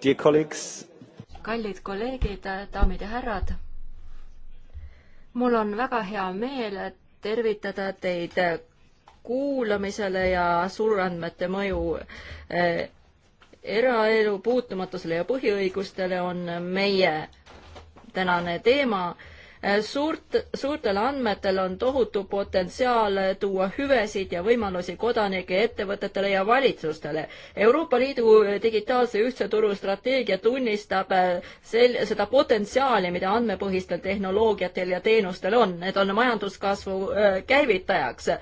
kallid kolleegid, daamid ja härrad. mul on väga hea meel tervitada teid kuulamisele ja suurandmete mõju eh, eraelu puutumatusele ja põhiõigustele on meie tänane teema Eh, suurt, suurtel andmetel on tohutu potentsiaal eh, tuua hüvesid ja võimalusi kodanike, ettevõtetele ja valitsustele. Euroopa Liidu eh, digitaalse ühtse turu strateegia tunnistab sel-, seda potentsiaali, mida andmepõhistel tehnoloogiatel ja teenustel on. Need on majanduskasvu käivitajaks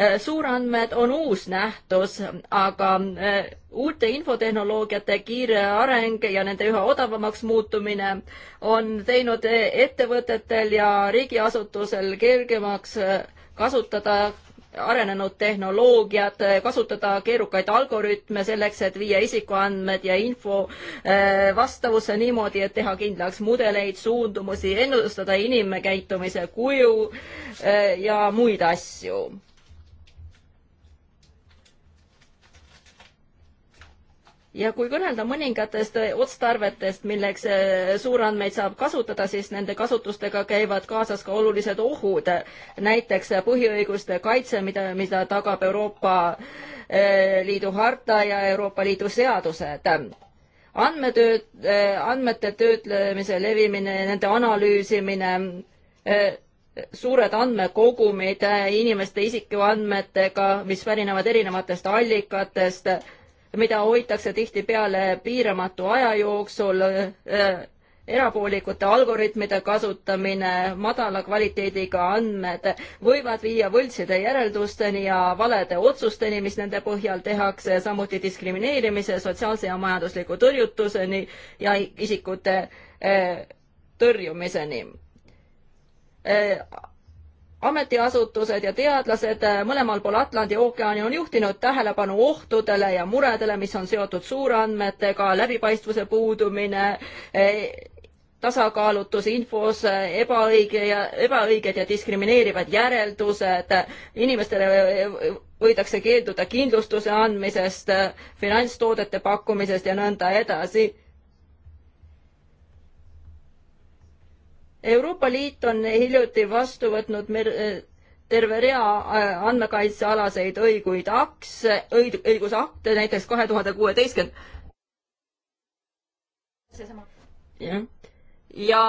Äh, suurandmed on uus nähtus, aga äh, uute infotehnoloogiate kiire areng ja nende üha odavamaks muutumine on teinud äh, ettevõtetel ja riigiasutusel kergemaks kasutada arenenud tehnoloogiat, kasutada keerukaid algoritme selleks, et viia isikuandmed ja info vastavusse niimoodi, et teha kindlaks mudeleid, suundumusi, ennustada inimkäitumise kuju ja muid asju ja kui kõnelda mõningatest otstarvetest, milleks äh, suurandmeid saab kasutada, siis nende kasutustega käivad kaasas ka olulised ohud. näiteks põhiõiguste kaitse, mida, mida tagab Euroopa äh, Liidu harta ja Euroopa Liidu seadused andmetööt-, äh, andmete töötlemise levimine, nende analüüsimine, suured andmekogumid inimeste isikuandmetega, mis pärinevad erinevatest allikatest mida hoitakse tihtipeale piiramatu aja jooksul äh,, erapoolikute algoritmide kasutamine, madala kvaliteediga andmed võivad viia võltside järeldusteni ja valede otsusteni, mis nende põhjal tehakse, samuti diskrimineerimise, sotsiaalse ja majandusliku tõrjutuseni ja isikute äh, tõrjumiseni äh, ametiasutused ja teadlased äh, mõlemal pool Atlandi ookeani on juhtinud tähelepanu ohtudele ja muredele, mis on seotud suurandmetega, läbipaistvuse puudumine, e, tasakaalutus infos, e, ebaõige ja, ebaõiged ja diskrimineerivad järeldused, inimestele e, võidakse keelduda kindlustuse andmisest, finantstoodete pakkumisest ja nõnda edasi Euroopa Liit on hiljuti vastu võtnud terve rea äh, andmekaitsealaseid õiguid aks, õig-, õigusakte, näiteks kahe tuhande kuueteistkümne. seesama. jah. ja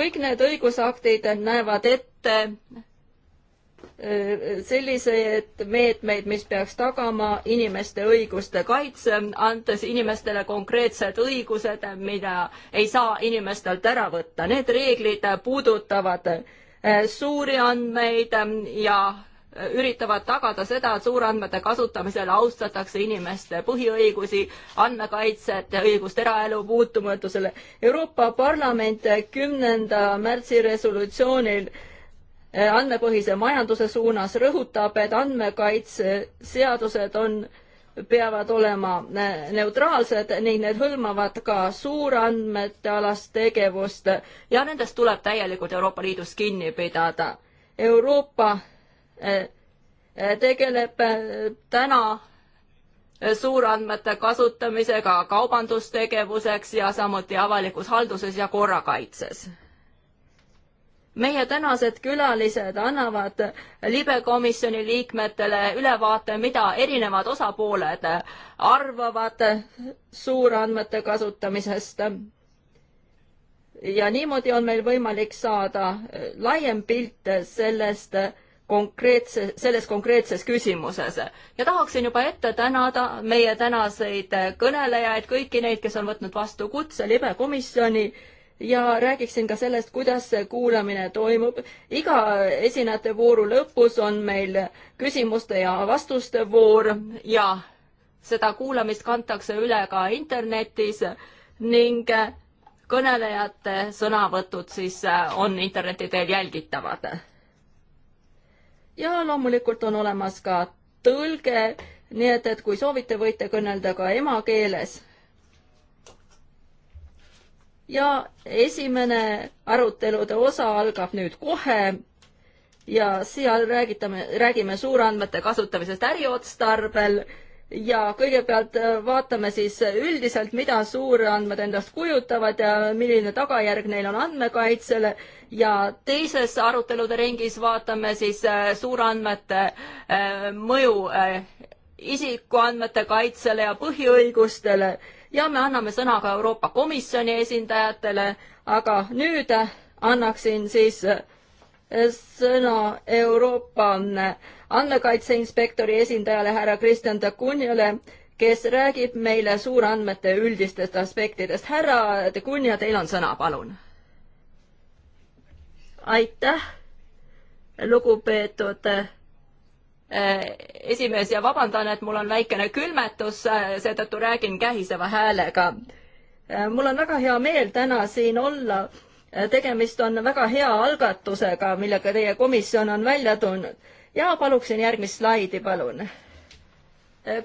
kõik need õigusaktid näevad ette selliseid meetmeid, mis peaks tagama inimeste õiguste kaitse, andes inimestele konkreetsed õigused, mida ei saa inimestelt ära võtta. Need reeglid puudutavad eh, suuri andmeid eh, ja eh, üritavad tagada seda, et suurandmete kasutamisel austatakse inimeste põhiõigusi, andmekaitset, õigust eraelu puutumatusele. Euroopa Parlament kümnenda märtsi resolutsioonil Äh, andmepõhise majanduse suunas, rõhutab, et andmekaitseseadused on, peavad olema äh, neutraalsed ning need hõlmavad ka suurandmete alast tegevust ja nendest tuleb täielikult Euroopa Liidus kinni pidada. Euroopa äh, tegeleb täna suurandmete kasutamisega kaubandustegevuseks ja samuti avalikus halduses ja korrakaitses meie tänased külalised annavad libekomisjoni liikmetele ülevaate, mida erinevad osapooled arvavad suurandmete kasutamisest. ja niimoodi on meil võimalik saada laiem pilt sellest konkreetse, selles konkreetses küsimuses. ja tahaksin juba ette tänada meie tänaseid kõnelejaid, kõiki neid, kes on võtnud vastu kutse libekomisjoni ja räägiksin ka sellest, kuidas see kuulamine toimub. iga esinejate vooru lõpus on meil küsimuste ja vastuste voor ja seda kuulamist kantakse üle ka internetis ning kõnelejate sõnavõtud siis äh, on interneti teel jälgitavad. ja loomulikult on olemas ka tõlge, nii et, et kui soovite, võite kõnelda ka emakeeles ja esimene arutelude osa algab nüüd kohe ja seal räägitame, räägime suurandmete kasutamisest äriotstarbel ja kõigepealt äh, vaatame siis üldiselt, mida suurandmed endast kujutavad ja milline tagajärg neil on andmekaitsele ja teises arutelude ringis vaatame siis äh, suurandmete äh, mõju isikuandmete kaitsele ja põhiõigustele ja me anname sõna ka Euroopa Komisjoni esindajatele, aga nüüd annaksin siis eh, sõna Euroopa andmekaitse inspektori esindajale härra Kristjan Takunjale, kes räägib meile suurandmete üldistest aspektidest. härra Takunja, teil on sõna, palun. aitäh, lugupeetud eh, Äh, esimees ja vabandan, et mul on väikene külmetus, äh, seetõttu räägin kähiseva häälega. Äh, mul on väga hea meel täna siin olla. tegemist on väga hea algatusega, millega teie komisjon on välja tulnud ja paluksin järgmist slaidi, palun.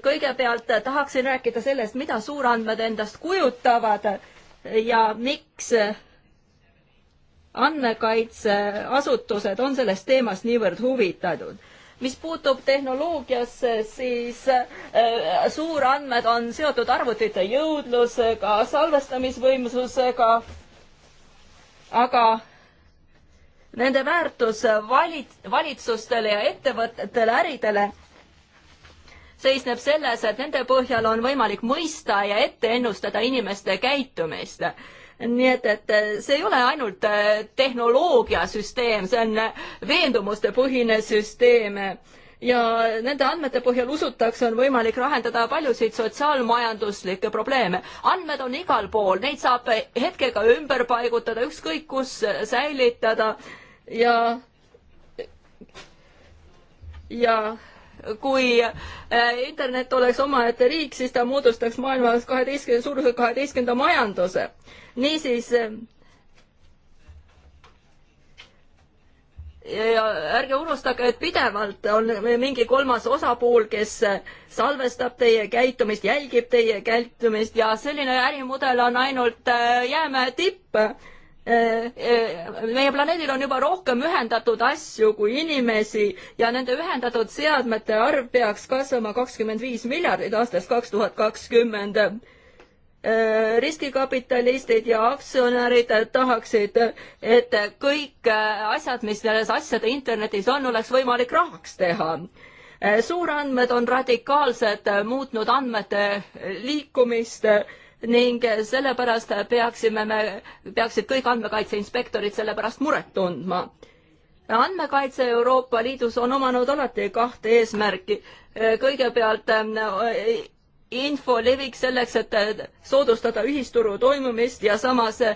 kõigepealt tahaksin rääkida sellest, mida suurandmed endast kujutavad ja miks andmekaitseasutused on sellest teemast niivõrd huvitatud mis puutub tehnoloogiasse, siis äh, suurandmed on seotud arvutite jõudlusega, salvestamisvõimsusega, aga nende väärtus valit-, valitsustele ja ettevõtetele, äridele seisneb selles, et nende põhjal on võimalik mõista ja ette ennustada inimeste käitumist nii et, et see ei ole ainult äh, tehnoloogiasüsteem, see on äh, veendumuste põhine süsteem ja nende andmete põhjal usutakse, on võimalik lahendada paljusid sotsiaalmajanduslikke probleeme. andmed on igal pool, neid saab hetkega ümber paigutada, ükskõik kus äh, säilitada ja ja kui äh, internet oleks omaette riik, siis ta moodustaks maailmas kaheteistkümne, suuruselt kaheteistkümnenda majanduse. niisiis äh, ja, ja ärge unustage, et pidevalt on mingi kolmas osapool, kes äh, salvestab teie käitumist, jälgib teie käitumist ja selline ärimudel on ainult jäämäe tipp Äh, äh, meie planeedil on juba rohkem ühendatud asju kui inimesi ja nende ühendatud seadmete arv peaks kasvama kakskümmend viis miljardit aastast kaks tuhat kakskümmend. Äh, riskikapitalistid ja aktsionärid tahaksid, et kõik asjad, mis selles asjade internetis on, oleks võimalik rahaks teha suurandmed on radikaalselt muutnud andmete liikumist ning sellepärast peaksime me, peaksid kõik andmekaitse inspektorid selle pärast muret tundma. andmekaitse Euroopa Liidus on omanud alati kahte eesmärki. kõigepealt eh, info levik selleks, et soodustada ühisturu toimumist ja samas eh,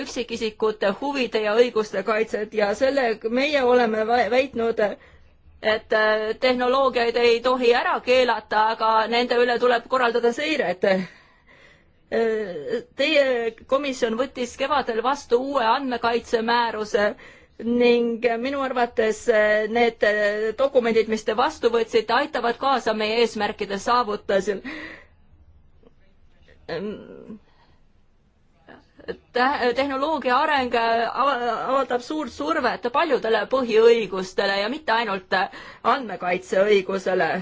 üksikisikute huvide ja õiguste kaitset ja selle meie oleme väitnud, et eh, tehnoloogiaid ei tohi ära keelata, aga nende üle tuleb korraldada seiret. Teie komisjon võttis kevadel vastu uue andmekaitsemääruse ning minu arvates need dokumendid, mis te vastu võtsite, aitavad kaasa meie eesmärkide saavutamisel tehnoloogia areng avaldab suurt survet paljudele põhiõigustele ja mitte ainult andmekaitseõigusele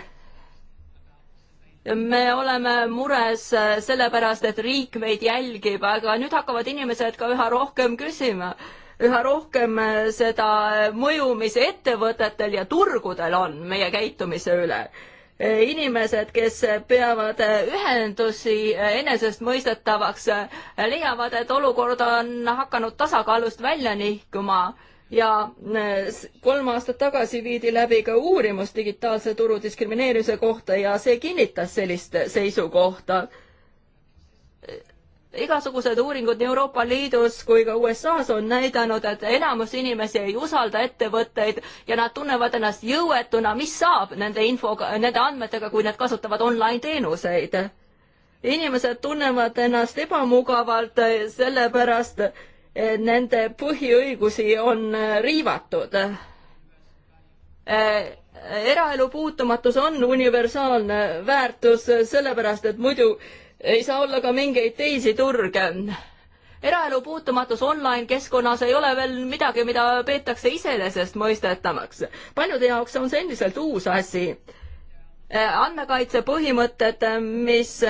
me oleme mures äh, sellepärast, et riik meid jälgib, aga nüüd hakkavad inimesed ka üha rohkem küsima, üha rohkem äh, seda mõju, mis ettevõtetel ja turgudel on meie käitumise üle äh, inimesed, kes peavad ühendusi enesestmõistetavaks, leiavad, et olukord on hakanud tasakaalust välja nihkuma ja äh, kolm aastat tagasi viidi läbi ka uurimus digitaalse turu diskrimineerimise kohta ja see kinnitas sellist seisukohta. igasugused uuringud nii Euroopa Liidus kui ka USA-s on näidanud, et enamus inimesi ei usalda ettevõtteid ja nad tunnevad ennast jõuetuna, mis saab nende infoga, nende andmetega, kui nad kasutavad online teenuseid inimesed tunnevad ennast ebamugavalt sellepärast, nende põhiõigusi on äh, riivatud. Äh, eraelu puutumatus on universaalne väärtus, sellepärast et muidu ei saa olla ka mingeid teisi turge. eraelu puutumatus online keskkonnas ei ole veel midagi, mida peetakse iseenesestmõistetavaks. paljude jaoks on see endiselt uus asi. Äh, andmekaitse põhimõtted, mis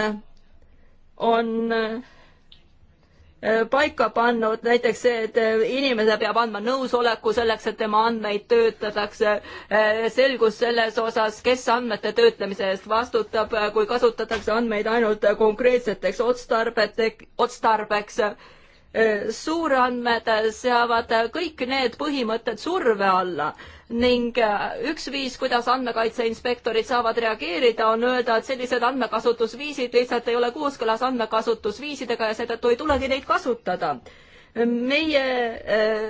on Äh, paika pannud, näiteks see, et äh, inimene peab andma nõusoleku selleks, et tema andmeid töötatakse, äh, selgus selles osas, kes andmete töötlemise eest vastutab, kui kasutatakse andmeid ainult konkreetseteks otstarbetek-, otstarbeks, otstarbeks suurandmed seavad kõik need põhimõtted surve alla ning üks viis, kuidas andmekaitse inspektorid saavad reageerida, on öelda, et sellised andmekasutusviisid lihtsalt ei ole kooskõlas andmekasutusviisidega ja seetõttu ei tulegi neid kasutada. meie äh,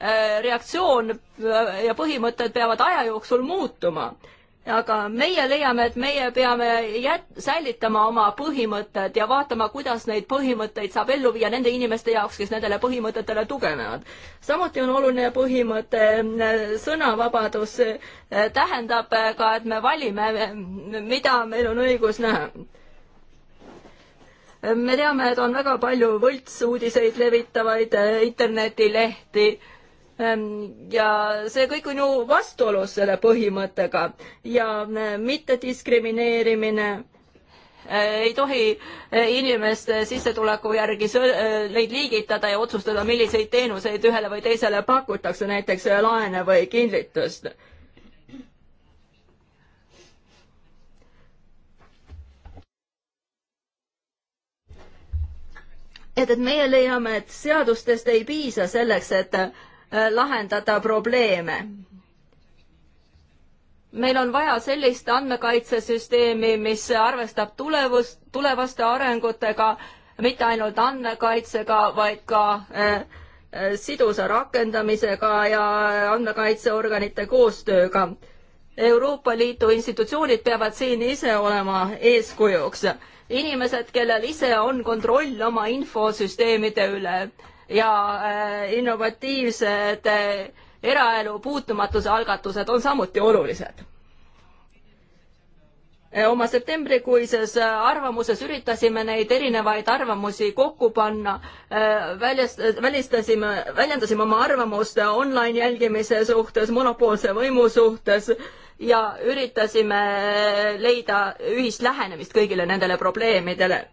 äh reaktsioon äh, ja põhimõtted peavad aja jooksul muutuma aga meie leiame, et meie peame jät-, säilitama oma põhimõtted ja vaatama, kuidas neid põhimõtteid saab ellu viia nende inimeste jaoks, kes nendele põhimõtetele tugenevad. samuti on oluline põhimõte, sõnavabadus eh, tähendab eh, ka, et me valime, eh, mida meil on õigus näha me teame, et on väga palju võltsuudiseid levitavaid internetilehti Ehm, ja see kõik on ju vastuolus selle põhimõttega ja ehm, mittediskrimineerimine eh, ei tohi eh, inimeste sissetuleku järgi eh, neid liigitada ja otsustada, milliseid teenuseid ühele või teisele pakutakse, näiteks laene või kindlitust. et, et meie leiame, et seadustest ei piisa selleks, et Äh, lahendada probleeme. meil on vaja sellist andmekaitsesüsteemi, mis arvestab tulevust, tulevaste arengutega, mitte ainult andmekaitsega, vaid ka äh, äh, sidusa rakendamisega ja andmekaitseorganite koostööga. Euroopa Liidu institutsioonid peavad siin ise olema eeskujuks. inimesed, kellel ise on kontroll oma infosüsteemide üle, ja äh, innovatiivsed äh, eraelu puutumatuse algatused on samuti olulised. Äh, oma septembrikuises arvamuses üritasime neid erinevaid arvamusi kokku panna, väljas, välistasime, väljendasime oma arvamust online jälgimise suhtes, monopoolse võimu suhtes ja üritasime leida ühist lähenemist kõigile nendele probleemidele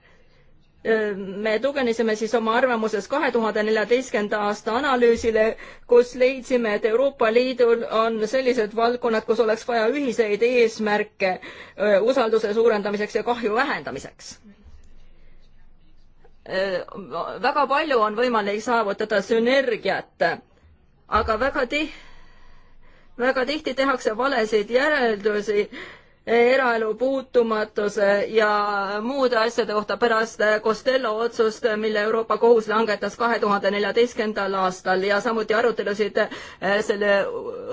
me tugevnesime siis oma arvamuses kahe tuhande neljateistkümnenda aasta analüüsile, kus leidsime, et Euroopa Liidul on sellised valdkonnad, kus oleks vaja ühiseid eesmärke usalduse suurendamiseks ja kahju vähendamiseks. väga palju on võimalik saavutada sünergiat, aga väga tihti väga tihti tehakse valesid järeldusi eraelu puutumatuse ja muude asjade kohta pärast Costello otsust, mille Euroopa Kohus langetas kahe tuhande neljateistkümnendal aastal ja samuti arutelusid eh, selle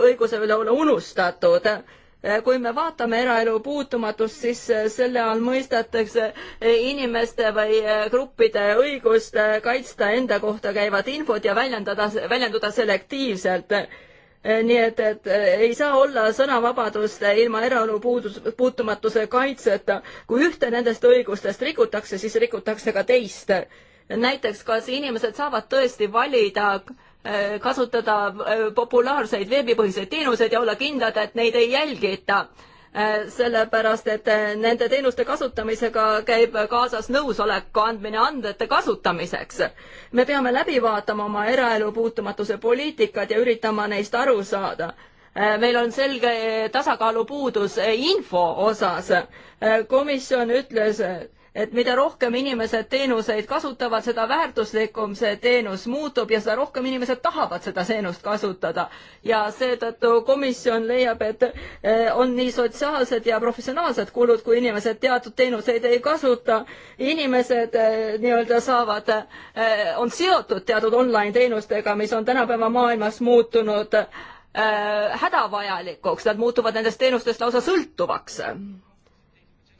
õiguse üle olla unustatud eh, kui me vaatame eraelu puutumatust, siis eh, selle all mõistetakse inimeste või gruppide õigust kaitsta enda kohta käivat infot ja väljendada, väljenduda selektiivselt Äh, nii et, et äh, ei saa olla sõnavabadust äh, ilma eraelu puudus, puutumatuse kaitseta. kui ühte nendest õigustest rikutakse, siis rikutakse ka teist. näiteks, kas inimesed saavad tõesti valida kasutada populaarseid veebipõhiseid teenuseid ja olla kindlad, et neid ei jälgita Äh, sellepärast et äh, nende teenuste kasutamisega käib kaasas nõusoleku andmine andmete kasutamiseks. me peame läbi vaatama oma eraelu puutumatuse poliitikad ja üritama neist aru saada äh, meil on selge tasakaalu puudus info osas. komisjon ütles, et mida rohkem inimesed teenuseid kasutavad, seda väärtuslikum see teenus muutub ja seda rohkem inimesed tahavad seda teenust kasutada. ja seetõttu komisjon leiab, et eh, on nii sotsiaalsed ja professionaalsed kulud, kui inimesed teatud teenuseid ei kasuta. inimesed eh, nii-öelda saavad, eh, on seotud teatud online teenustega, mis on tänapäeva maailmas muutunud hädavajalikuks, nad muutuvad nendest teenustest lausa sõltuvaks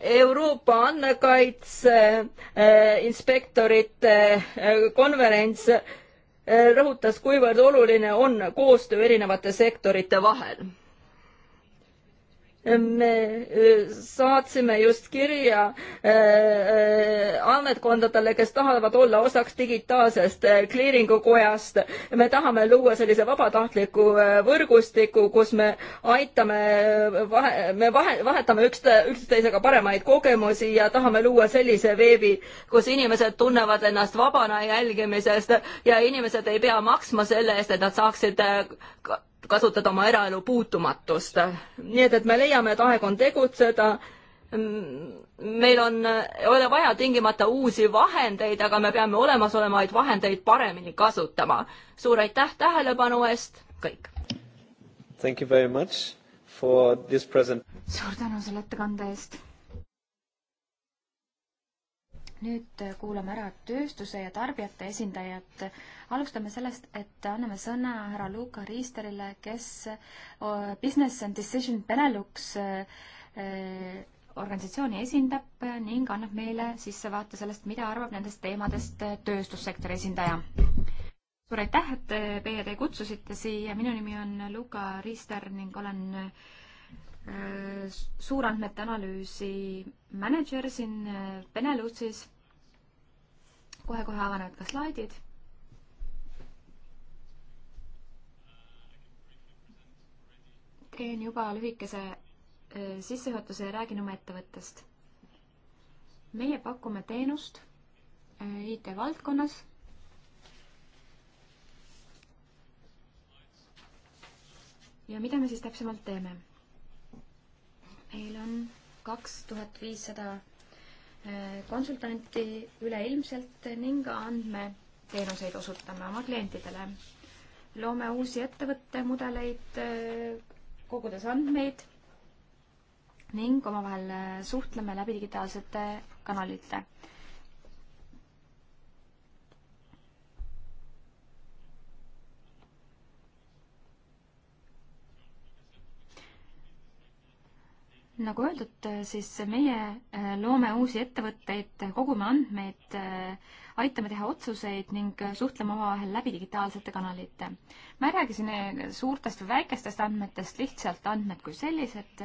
Euroopa andmekaitseinspektorite eh, eh, konverents eh, rõhutas, kuivõrd oluline on koostöö erinevate sektorite vahel me äh, saatsime just kirja äh, äh, ametkondadele, kes tahavad olla osaks digitaalsest clearing'u kojast. me tahame luua sellise vabatahtliku võrgustiku, kus me aitame, vahe, me vahe, vahetame üks, üksteisega paremaid kogemusi ja tahame luua sellise veebi, kus inimesed tunnevad ennast vabana jälgimisest ja inimesed ei pea maksma selle eest, et nad saaksid kasutada oma eraelu puutumatust. nii et, et me leiame, et aeg on tegutseda meil on, ei ole vaja tingimata uusi vahendeid, aga me peame olemasolevaid vahendeid paremini kasutama. suur aitäh tähelepanu eest, kõik! Thank you very much for this present. suur tänu selle ettekande eest nüüd äh, kuulame ära tööstuse ja tarbijate esindajad. alustame sellest, et anname sõna härra Luka Riisterile, kes äh, Business and Decision Benelux äh, organisatsiooni esindab ning annab meile sissevaate sellest, mida arvab nendest teemadest tööstussektori esindaja. suur aitäh, et meie te kutsusite siia, minu nimi on Luka Riister ning olen äh, suurandmete analüüsi mänedžer siin Beneluxis. Äh, kohe-kohe avanevad ka slaidid. teen juba lühikese äh, sissejuhatuse ja räägin oma ettevõttest. meie pakume teenust äh, IT-valdkonnas ja mida me siis täpsemalt teeme? meil on kaks tuhat viissada eh, konsultanti üleilmselt ning andmeteenuseid osutame oma klientidele. loome uusi ettevõttemudeleid, eh, kogudes andmeid ning omavahel eh, suhtleme läbi digitaalsete kanalite nagu öeldud, siis meie äh, loome uusi ettevõtteid, kogume andmeid, äh, aitame teha otsuseid ning äh, suhtleme omavahel läbi digitaalsete kanalite. ma ei räägi siin suurtest või väikestest andmetest, lihtsalt andmed kui sellised.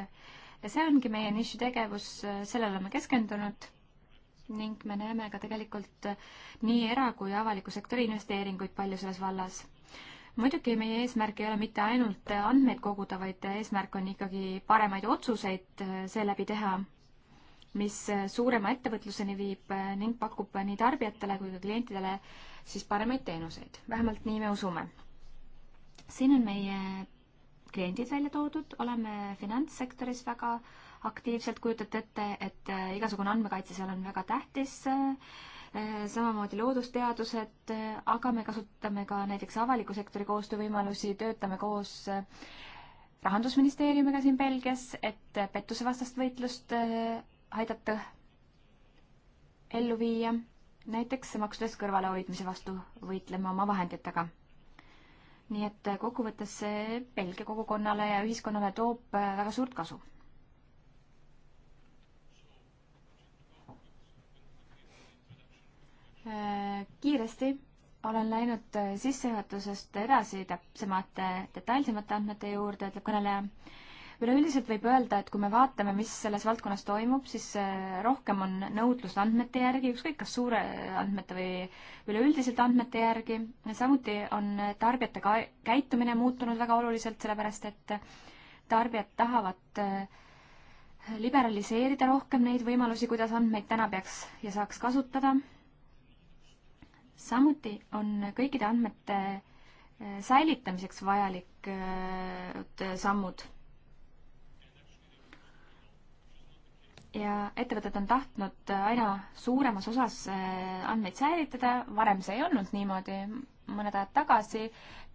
ja see ongi meie nišitegevus, sellele oleme keskendunud ning me näeme ka tegelikult nii era- kui avaliku sektori investeeringuid palju selles vallas muidugi meie eesmärk ei ole mitte ainult andmeid koguda, vaid eesmärk on ikkagi paremaid otsuseid seeläbi teha, mis suurema ettevõtluseni viib ning pakub nii tarbijatele kui ka klientidele siis paremaid teenuseid. vähemalt nii me usume. siin on meie kliendid välja toodud, oleme finantssektoris väga aktiivselt, kujutate ette, et igasugune andmekaitse seal on väga tähtis äh, Äh, samamoodi loodusteadused, äh, aga me kasutame ka näiteks avaliku sektori koostöövõimalusi, töötame koos äh, rahandusministeeriumiga siin Belgias, et pettusevastast võitlust aidata ellu viia, näiteks maksudest kõrvalehoidmise vastu võitlema oma vahenditega nii et kokkuvõttes see Belgia kogukonnale ja ühiskonnale toob väga suurt kasu. Äh, kiiresti olen läinud äh, sissejuhatusest edasi täpsemate, detailsemate andmete juurde, ütleb kõneleja. üleüldiselt võib öelda, et kui me vaatame, mis selles valdkonnas toimub, siis äh, rohkem on nõudlust andmete järgi, ükskõik kas suure andmete või üleüldiselt andmete järgi. samuti on tarbijate ka käitumine muutunud väga oluliselt, sellepärast et tarbijad tahavad liberaliseerida rohkem neid võimalusi, kuidas andmeid täna peaks ja saaks kasutada samuti on kõikide andmete äh, säilitamiseks vajalikud äh, sammud. ja ettevõtted on tahtnud äh, aina suuremas osas andmeid säilitada, varem see ei olnud niimoodi, mõned ajad tagasi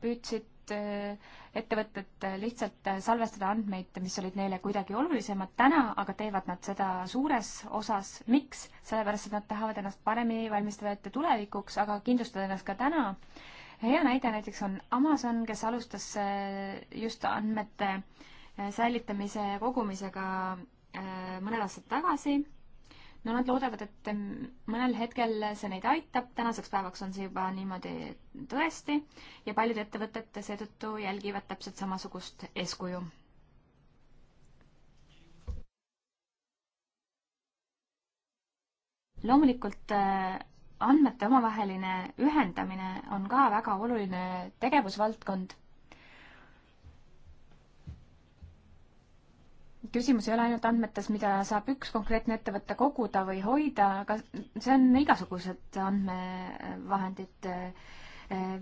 püüdsid äh, ettevõtted äh, lihtsalt äh, salvestada andmeid, mis olid neile kuidagi olulisemad täna, aga teevad nad seda suures osas. miks? sellepärast, et nad tahavad ennast paremini valmistada ette tulevikuks, aga kindlustada ennast ka täna. hea näide näiteks on Amazon, kes alustas just andmete säilitamise ja kogumisega mõned aastad tagasi no nad loodavad, et mõnel hetkel see neid aitab, tänaseks päevaks on see juba niimoodi tõesti ja paljud ettevõtted seetõttu jälgivad täpselt samasugust eeskuju. loomulikult eh, andmete omavaheline ühendamine on ka väga oluline tegevusvaldkond küsimus ei ole ainult andmetes, mida saab üks konkreetne ettevõte koguda või hoida, aga see on igasugused andmevahendid.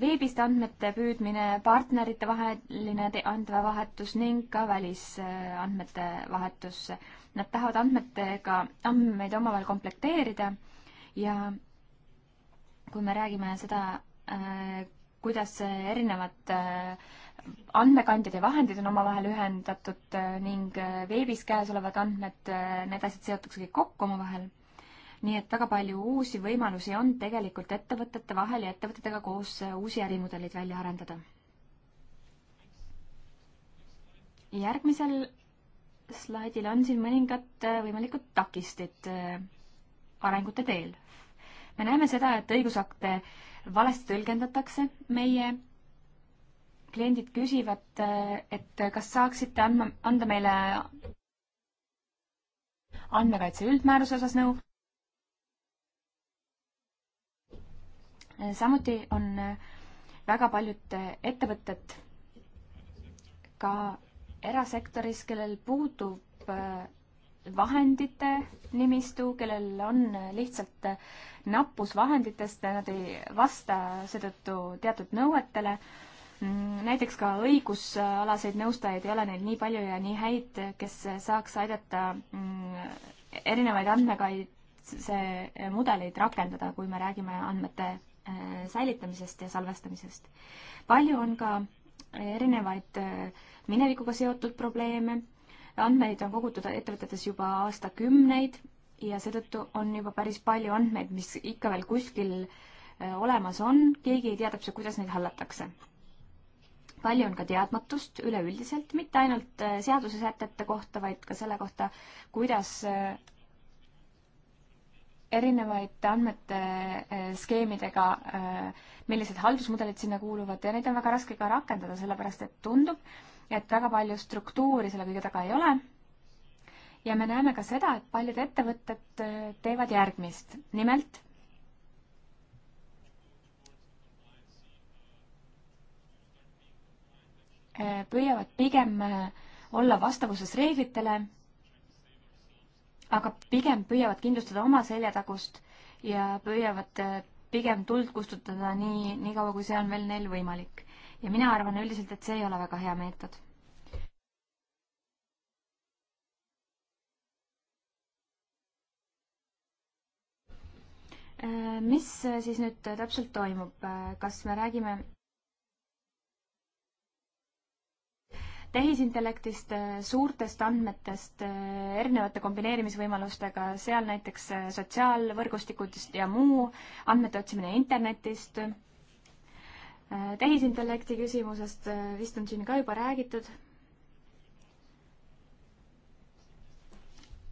veebist andmete püüdmine, partnerite vaheline andmevahetus ning ka välisandmete vahetus. Nad tahavad andmetega andmeid omavahel komplekteerida ja kui me räägime seda äh, kuidas erinevad äh, andmekandjad ja vahendid on omavahel ühendatud äh, ning äh, veebis käesolevad andmed, need asjad seotakse kõik kokku omavahel. nii et väga palju uusi võimalusi on tegelikult ettevõtete vahel ja ettevõtetega koos uusi ärimudeleid välja arendada. järgmisel slaidil on siin mõningad võimalikud takistid arengute teel. me näeme seda, et õigusakte äh, valesti tõlgendatakse. meie kliendid küsivad, et kas saaksite andma, anda meile andmekaitse üldmääruse osas nõu. samuti on väga paljud ettevõtted ka erasektoris, kellel puudub vahendite nimistu, kellel on lihtsalt nappus vahenditest, nad ei vasta seetõttu teatud nõuetele. näiteks ka õigusalaseid nõustajaid ei ole neil nii palju ja nii häid, kes saaks aidata mm, erinevaid andmekaitsemudeleid rakendada, kui me räägime andmete äh, säilitamisest ja salvestamisest. palju on ka erinevaid äh, minevikuga seotud probleeme andmeid on kogutud ettevõtetes juba aastakümneid ja seetõttu on juba päris palju andmeid, mis ikka veel kuskil äh, olemas on, keegi ei tea täpselt, kuidas neid hallatakse. palju on ka teadmatust üleüldiselt, mitte ainult äh, seadusesätete kohta, vaid ka selle kohta, kuidas äh, erinevaid andmete skeemidega, millised haldusmudelid sinna kuuluvad ja neid on väga raske ka rakendada, sellepärast et tundub, et väga palju struktuuri selle kõige taga ei ole. ja me näeme ka seda, et paljud ettevõtted äh, teevad järgmist, nimelt äh, püüavad pigem äh, olla vastavuses reeglitele, aga pigem püüavad kindlustada oma seljatagust ja püüavad pigem tuld kustutada nii, niikaua kui see on veel neil võimalik ja mina arvan üldiselt, et see ei ole väga hea meetod. Äh, mis siis nüüd täpselt toimub, äh, kas me räägime tehisintellektist, äh, suurtest andmetest, erinevate kombineerimisvõimalustega, seal näiteks sotsiaalvõrgustikud ja muu, andmete otsimine internetist Äh, tehisintellekti küsimusest äh, vist on siin ka juba räägitud.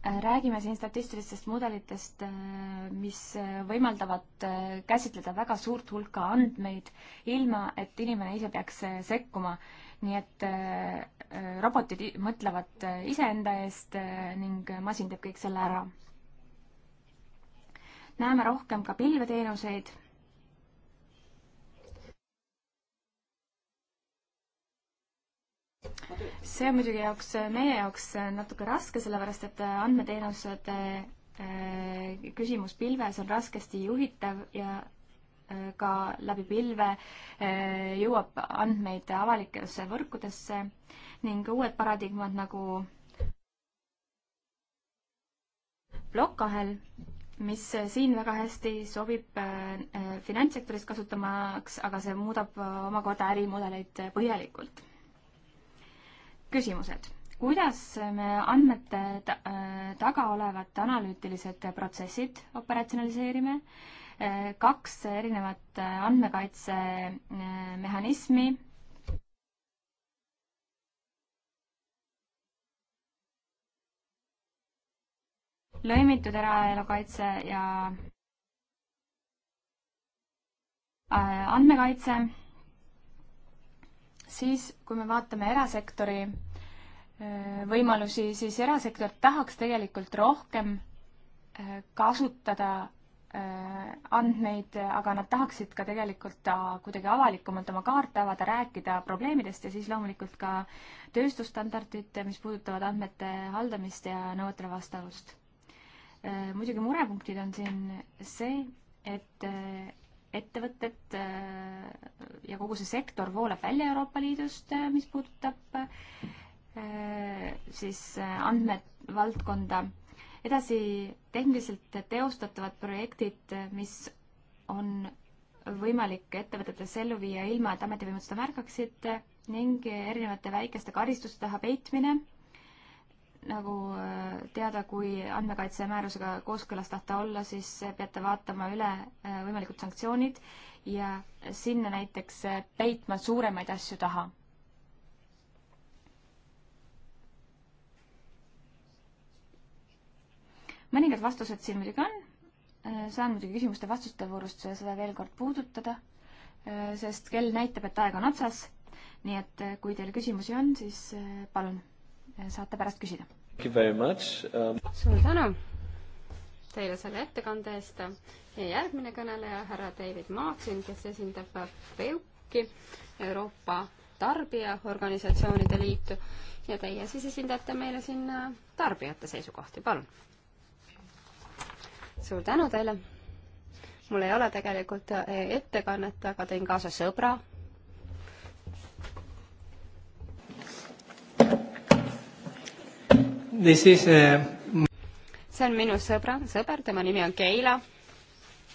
Äh, räägime siin statistilistest mudelitest, mis võimaldavad käsitleda väga suurt hulka andmeid, ilma et inimene ise peaks sekkuma. nii et robotid mõtlevad iseenda eest ning masin teeb kõik selle ära. näeme rohkem ka pilveteenuseid see on muidugi jaoks, meie jaoks natuke raske, sellepärast et äh, andmeteenuste äh, äh, küsimus pilves on raskesti juhitav ja ka läbi pilve jõuab andmeid avalikesse võrkudesse ning uued paradigmad nagu plokahel, mis siin väga hästi sobib finantssektoris kasutamaks, aga see muudab omakorda ärimudeleid põhjalikult küsimused. kuidas me andmete äh, taga olevad analüütilised protsessid operatsionaliseerime? Äh, kaks erinevat äh, andmekaitsemehhanismi lõimitud eraelukaitse ja andmekaitse, siis kui me vaatame erasektori Äh, võimalusi, siis erasektor tahaks tegelikult rohkem äh, kasutada äh, andmeid, aga nad tahaksid ka tegelikult kuidagi avalikumalt oma kaarte avada, rääkida probleemidest ja siis loomulikult ka tööstusstandardid, mis puudutavad andmete haldamist ja nõuetele vastavust. muidugi murepunktid on siin see, et ettevõtted ja kogu see sektor voolab välja Euroopa Liidust, mis puudutab Äh, siis äh, andmevaldkonda. edasi tehniliselt teostatavad projektid, äh, mis on võimalik ettevõtetes ellu viia ilma, et ametivõimud seda märkaksid ning erinevate väikeste karistuste taha peitmine, nagu teada, kui andmekaitse määrusega kooskõlas tahta olla, siis peate vaatama üle võimalikud sanktsioonid ja sinna näiteks peitma suuremaid asju taha mõningad vastused siin muidugi on, äh, saan muidugi küsimuste-vastuste voorust seda veel kord puudutada, äh, sest kell näitab, et aeg on otsas, nii et äh, kui teil küsimusi on, siis palun, saate pärast küsida. Um... suur tänu teile selle ettekande eest ja järgmine kõneleja, härra David Martin, kes esindab Peuki Euroopa Tarbijaorganisatsioonide Liitu ja teie siis esindate meile siin tarbijate seisukohti, palun suur tänu teile. mul ei ole tegelikult eh, ettekannet, aga tõin kaasa sõbra. Is, uh... see on minu sõbra, sõber, tema nimi on Keila.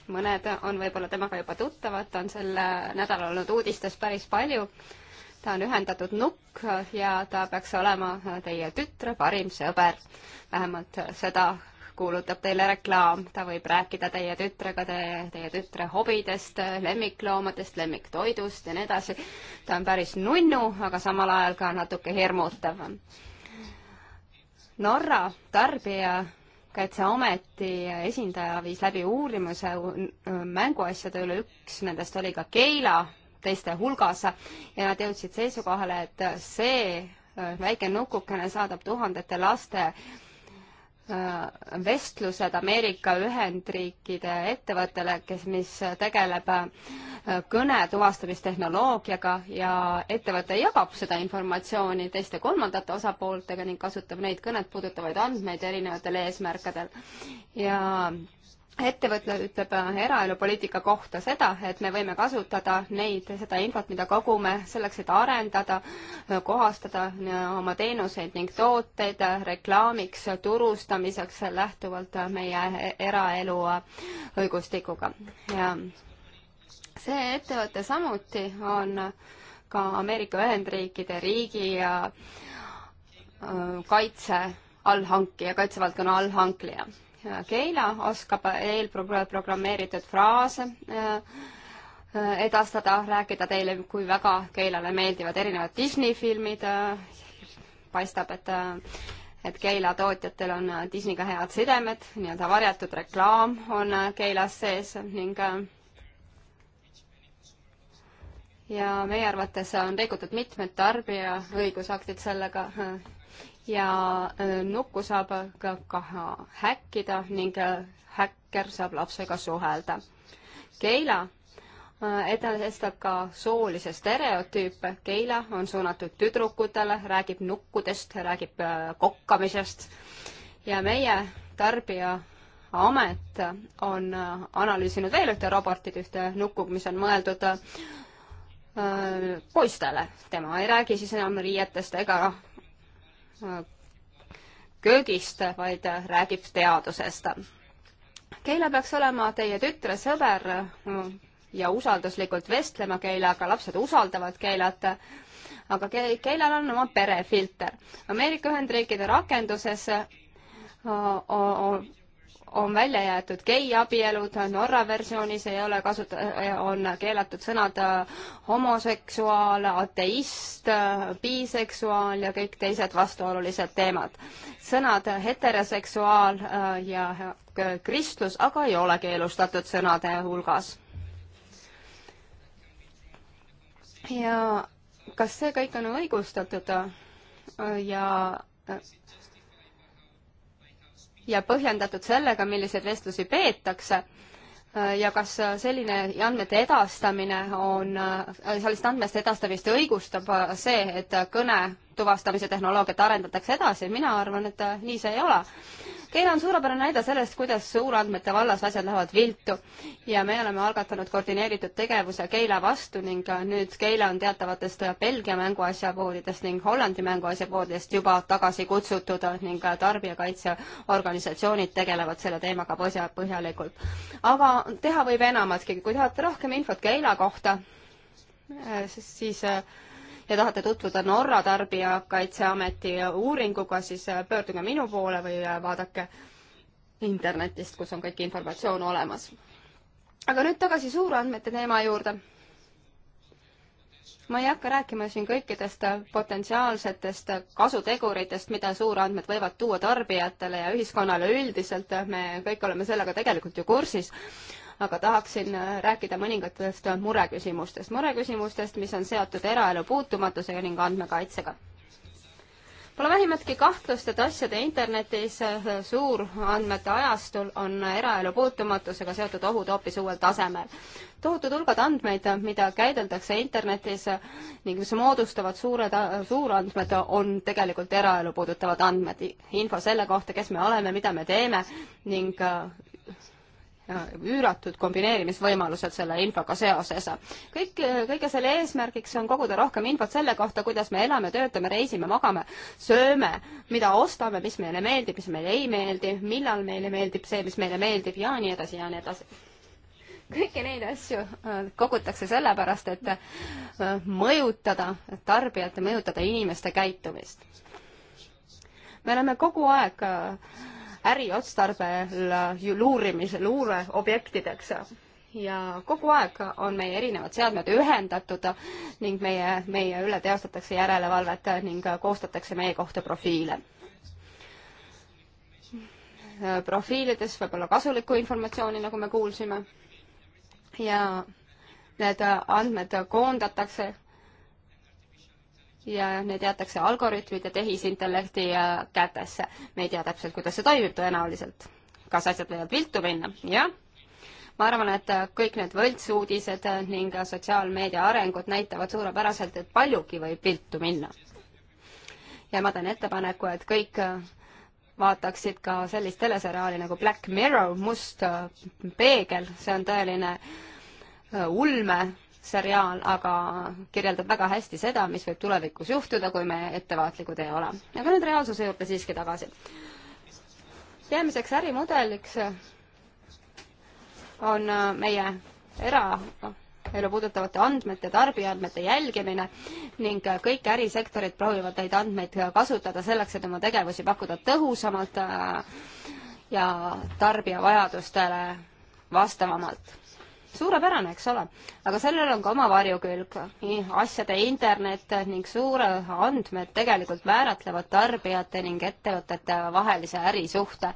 mõned on võib-olla temaga juba tuttavad, ta on sel eh, nädalal olnud uudistes päris palju ta on ühendatud nukk ja ta peaks olema teie tütre parim sõber. vähemalt seda kuulutab teile reklaam, ta võib rääkida teie tütrega te, teie tütre hobidest, lemmikloomadest, lemmiktoidust ja nii edasi. ta on päris nunnu, aga samal ajal ka natuke hirmutav. Norra tarbija Kaitseameti esindaja viis läbi uurimuse mänguasjade üle, üks nendest oli ka Keila teiste hulgas ja nad jõudsid seisukohale, et see väike nukukene saadab tuhandete laste Äh, vestlused Ameerika Ühendriikide ettevõttele, kes, mis tegeleb äh, kõne tuvastamistehnoloogiaga ja ettevõte jagab seda informatsiooni teiste kolmandate osapooltega ning kasutab neid kõnet puudutavaid andmeid erinevatel eesmärkidel. ja ettevõte ütleb äh, eraelupoliitika kohta seda, et me võime kasutada neid, seda infot, mida kogume selleks, et arendada, äh, kohastada äh, oma teenuseid ning tooteid reklaamiks, turustamiseks lähtuvalt meie eraelu õigustikuga. ja see ettevõte samuti on ka Ameerika Ühendriikide riigi ja kaitse allhankija, kaitsevaldkonna allhankija Keila oskab eelprogrammeeritud fraase äh, edastada, rääkida teile, kui väga Keilale meeldivad erinevad Disney filmid. paistab, et, äh, et Keila tootjatel on äh, Disneyga head sidemed, nii-öelda varjatud reklaam on Keilas sees ning ja meie arvates on rikutud mitmed tarbija õigusaktid sellega ja äh, nukku saab ka, ka häkkida ning äh, häkker saab lapsega suhelda. Keila äh, edestab ka soolise stereotüüpe, Keila on suunatud tüdrukutele, räägib nukkudest, räägib kokkamisest ja meie tarbija amet on analüüsinud veel ühte robotit, ühte nukku, mis on mõeldud poistele. tema ei räägi siis enam riietest ega köögist, vaid räägib teadusest. Keila peaks olema teie tütre sõber ja usalduslikult vestlema Keilaga, lapsed usaldavad Keilat, aga Keilal on oma perefilter. Ameerika Ühendriikide rakenduses on välja jäetud geiabielud, Norra versioonis ei ole kasuta-, on keelatud sõnad äh, homoseksuaal, ateist, äh, biseksuaal ja kõik teised vastuolulised teemad. sõnad heteroseksuaal äh, ja kristlus aga ei ole keelustatud sõnade hulgas. ja kas see kõik on õigustatud ja ja põhjendatud sellega, milliseid vestlusi peetakse äh, ja kas selline andmete edastamine on, äh, sellist andmeste edastamist õigustab äh, see, et kõne tuvastamise tehnoloogiat arendatakse edasi, mina arvan, et nii see ei ole. Keila on suurepärane näide sellest, kuidas suurandmete vallas asjad lähevad viltu ja me oleme algatanud koordineeritud tegevuse Keila vastu ning nüüd Keila on teatavatest Belgia mänguasjapoodidest ning Hollandi mänguasjapoodidest juba tagasi kutsutud ning tarbijakaitseorganisatsioonid tegelevad selle teemaga põhja, põhjalikult. aga teha võib enamatki, kui tahate rohkem infot Keila kohta, siis, siis eh, ja tahate tutvuda Norra Tarbijakaitseameti uuringuga, siis äh, pöörduge minu poole või äh, vaadake internetist, kus on kõik informatsioon olemas. aga nüüd tagasi suurandmete teema juurde. ma ei hakka rääkima siin kõikidest äh, potentsiaalsetest kasuteguritest, mida suurandmed võivad tuua tarbijatele ja ühiskonnale üldiselt, me kõik oleme sellega tegelikult ju kursis aga tahaksin äh, rääkida mõningatest äh, mureküsimustest, mureküsimustest, mis on seotud eraelu puutumatusega ning andmekaitsega. Pole vähimatki kahtlust, et asjade internetis äh, suurandmete ajastul on eraelu puutumatusega seotud ohud hoopis uuel tasemel. tohutud hulgad andmeid, mida käideldakse internetis ning mis moodustavad suured, suurandmed, on tegelikult eraelu puudutavad andmed. info selle kohta, kes me oleme, mida me teeme ning Äh, üüratud kombineerimisvõimalused selle infoga seoses. kõik, kõige selle eesmärgiks on koguda rohkem infot selle kohta, kuidas me elame, töötame, reisime, magame, sööme, mida ostame, mis meile meeldib, mis meile ei meeldi, millal meile meeldib see, mis meile meeldib ja nii edasi ja nii edasi kõiki neid asju äh, kogutakse sellepärast, et äh, mõjutada tarbijate, mõjutada inimeste käitumist. me oleme kogu aeg äh, äriotstarbel luurimise, luureobjektideks ja kogu aeg on meie erinevad seadmed ühendatud ning meie, meie üle teostatakse järelevalvet ning koostatakse meie kohta profiile. profiilides võib olla kasulikku informatsiooni, nagu me kuulsime, ja need andmed koondatakse ja need jäetakse algoritmid ja tehisintellekti kätesse. me ei tea täpselt, kuidas see toimib tõenäoliselt. kas asjad võivad viltu minna? jah. ma arvan, et kõik need võltsuudised ning sotsiaalmeedia arengud näitavad suurepäraselt, et paljugi võib viltu minna. ja ma teen ettepaneku, et kõik vaataksid ka sellist teleseriaali nagu Black Mirror, must peegel, see on tõeline äh, ulme seriaal aga kirjeldab väga hästi seda, mis võib tulevikus juhtuda, kui me ettevaatlikud ei ole. aga nüüd reaalsuse juurde siiski tagasi. peamiseks ärimudeliks on äh, meie eraelu puudutavate andmete, tarbijaandmete jälgimine ning äh, kõik ärisektorid proovivad neid andmeid kasutada selleks, et oma tegevusi pakkuda tõhusamalt äh, ja tarbija vajadustele vastavamalt suurepärane, eks ole, aga sellel on ka oma varjukülg. asjade internet ning suure andmed tegelikult määratlevad tarbijate ning ettevõtete vahelise ärisuhte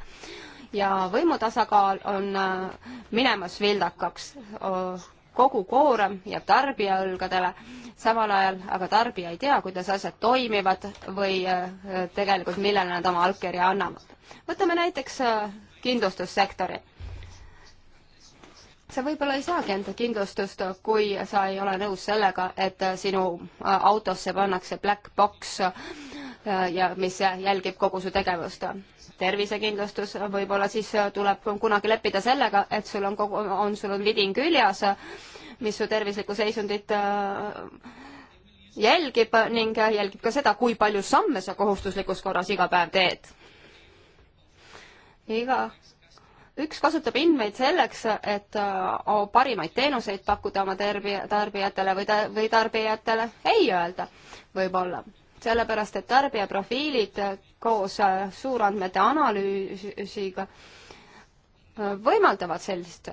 ja võimu tasakaal on äh, minemas vildakaks. kogu koorem jääb tarbija õlgadele, samal ajal aga tarbija ei tea, kuidas asjad toimivad või äh, tegelikult, millele nad oma allkirja annavad. võtame näiteks äh, kindlustussektori sa võib-olla ei saagi enda kindlustust, kui sa ei ole nõus sellega, et sinu autosse pannakse black box äh, ja mis jälgib kogu su tegevust. tervisekindlustus, võib-olla siis tuleb kunagi leppida sellega, et sul on kogu, on sul on vidin küljas, mis su tervislikku seisundit äh, jälgib ning jälgib ka seda, kui palju samme sa kohustuslikus korras iga päev teed. iga üks kasutab Inmaid selleks, et oh, parimaid teenuseid pakkuda oma tarbija, tarbijatele või ta-, või tarbijatele ei öelda võib-olla. sellepärast, et tarbija profiilid äh, koos äh, suurandmete analüüsiga võimaldavad sellist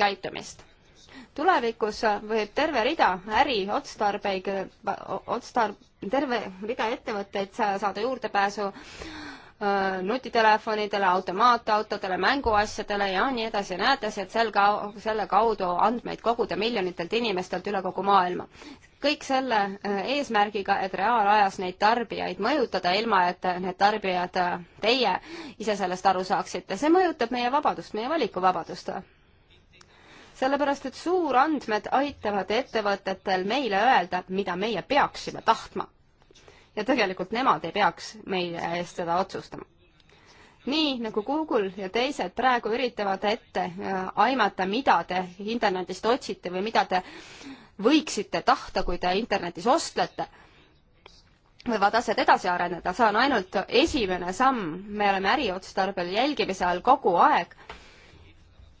käitumist. tulevikus võib terve rida äri otstarbeid, otstar-, terve rida ettevõtteid saada juurdepääsu Äh, nutitelefonidele, automaatautodele, mänguasjadele ja nii edasi ja nii edasi, et sel ka-, selle kaudu andmeid koguda miljonitelt inimestelt üle kogu maailma. kõik selle äh, eesmärgiga, et reaalajas neid tarbijaid mõjutada, ilma et need tarbijad, äh, teie ise sellest aru saaksite. see mõjutab meie vabadust, meie valikuvabadust sellepärast, et suurandmed aitavad ettevõtetel meile öelda, mida meie peaksime tahtma ja tegelikult nemad ei peaks meie eest seda otsustama. nii nagu Google ja teised praegu üritavad ette äh, aimata, mida te internetist otsite või mida te võiksite tahta, kui te internetis ostlete, võivad asjad edasi areneda, see on ainult esimene samm, me oleme äriotstarbel jälgimise all kogu aeg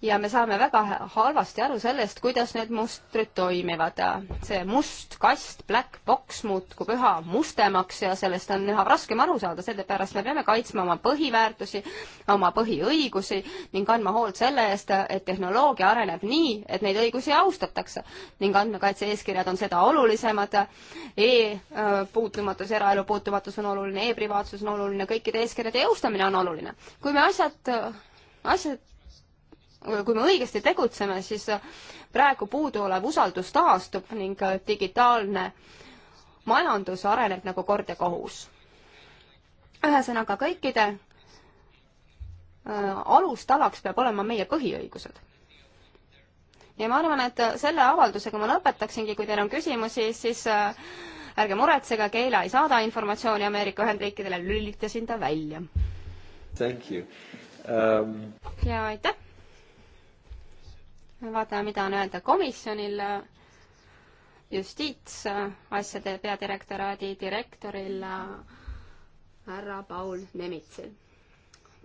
ja me saame väga halvasti aru sellest, kuidas need mustrid toimivad. see must kast, black box muutub üha mustemaks ja sellest on üha raskem aru saada, sellepärast me peame kaitsma oma põhiväärtusi, oma põhiõigusi ning andma hoolt selle eest, et tehnoloogia areneb nii, et neid õigusi austatakse. ning andmekaitse eeskirjad on seda olulisemad e. E-puutumatus, eraelu puutumatus on oluline e, e-privaatsus on oluline, kõikide eeskirjade jõustamine on oluline. kui me asjad, asjad kui me õigesti tegutseme, siis praegu puuduolev usaldus taastub ning digitaalne majandus areneb nagu kord ja kohus. ühesõnaga, kõikide äh, alustalaks peab olema meie põhiõigused. ja ma arvan, et selle avaldusega ma lõpetaksingi, kui teil on küsimusi, siis äh, ärge muretsege, Keila ei saada informatsiooni Ameerika Ühendriikidele, lülitasin ta välja. Um... ja aitäh! vaatame, mida on öelda komisjonil, justiitsasjade peadirektoraadi direktoril härra Paul Nemitsil.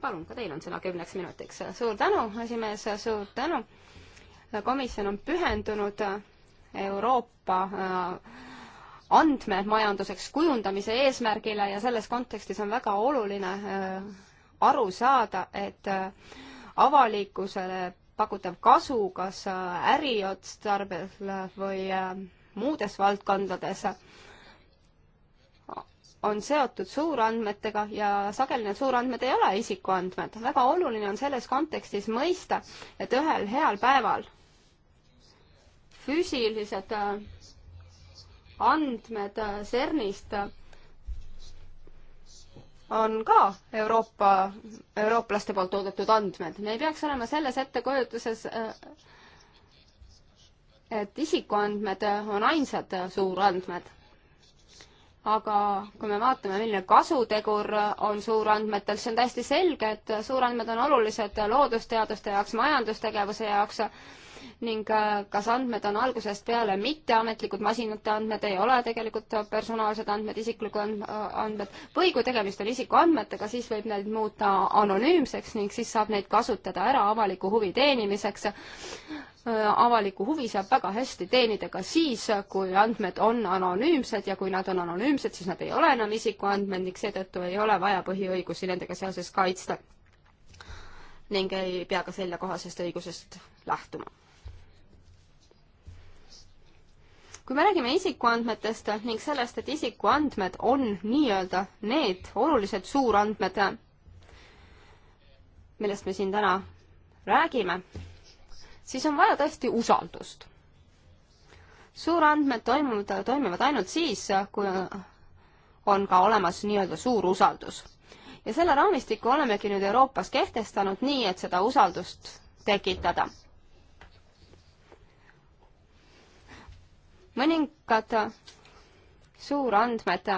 palun, ka teil on sõna kümneks minutiks. suur tänu, esimees, suur tänu. komisjon on pühendunud Euroopa äh, andmemajanduseks kujundamise eesmärgile ja selles kontekstis on väga oluline äh, aru saada, et äh, avalikkusele pakutav kasu kas äh, äriotstarbel või äh, muudes valdkondades on seotud suurandmetega ja sageli need suurandmed ei ole isikuandmed. väga oluline on selles kontekstis mõista, et ühel heal päeval füüsilised äh, andmed CERNist on ka Euroopa, eurooplaste poolt toodetud andmed. me ei peaks olema selles ettekujutuses, äh, et isikuandmed on ainsad suurandmed. aga kui me vaatame, milline kasutegur on suurandmetel, siis on täiesti selge, et suurandmed on olulised loodusteaduste jaoks, majandustegevuse jaoks, ning äh, kas andmed on algusest peale mitteametlikud, masinate andmed ei ole tegelikult personaalsed andmed, isiklikud äh, andmed, või kui tegemist on isikuandmetega, siis võib neid muuta anonüümseks ning siis saab neid kasutada ära avaliku huvi teenimiseks. Äh, avalikku huvi saab väga hästi teenida ka siis, kui andmed on anonüümsed ja kui nad on anonüümsed, siis nad ei ole enam isikuandmed ning seetõttu ei ole vaja põhiõigusi nendega seoses kaitsta ning ei pea ka sellekohasest õigusest lähtuma kui me räägime isikuandmetest ning sellest, et isikuandmed on nii-öelda need olulised suurandmed, millest me siin täna räägime, siis on vaja tõesti usaldust. suurandmed toimuvad, toimivad ainult siis, kui on ka olemas nii-öelda suur usaldus. ja selle raamistiku olemegi nüüd Euroopas kehtestanud nii, et seda usaldust tekitada mõningad suurandmed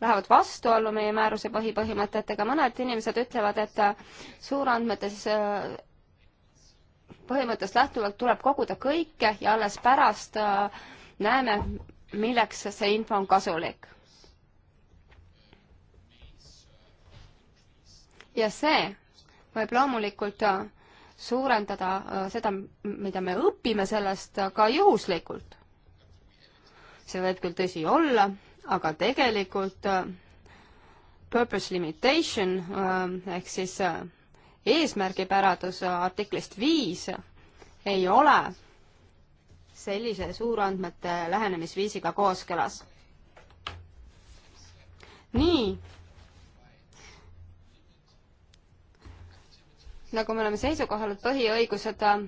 lähevad vastuollu meie määruse põhipõhimõtetega, mõned inimesed ütlevad, et suurandmetes äh, põhimõttest lähtuvalt tuleb koguda kõike ja alles pärast äh, näeme, milleks see info on kasulik. ja see võib loomulikult äh, suurendada äh, seda, mida me õpime sellest äh, ka juhuslikult. see võib küll tõsi olla, aga tegelikult äh, purpose limitation ehk siis eesmärgipäradus artiklist viis ei ole sellise suurandmete lähenemisviisiga kooskõlas. nii nagu me oleme seisukohal, et põhiõigused äh,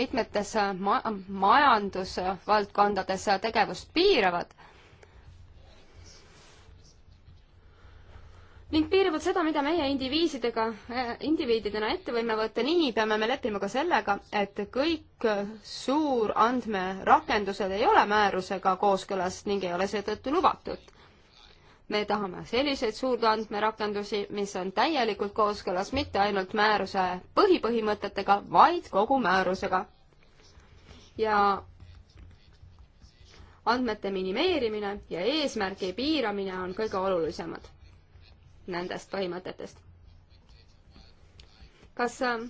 mitmetes äh, ma-, majandusvaldkondades äh, tegevust piiravad ning piiravad seda, mida meie indiviisidega, indiviididena ette võime võtta, nii peame me leppima ka sellega, et kõik suurandmerakendused ei ole määrusega kooskõlas ning ei ole seetõttu lubatud me tahame selliseid suurdandmerakendusi, mis on täielikult kooskõlas mitte ainult määruse põhipõhimõtetega, vaid kogu määrusega. ja andmete minimeerimine ja eesmärgi piiramine on kõige olulisemad nendest põhimõtetest. kas äh,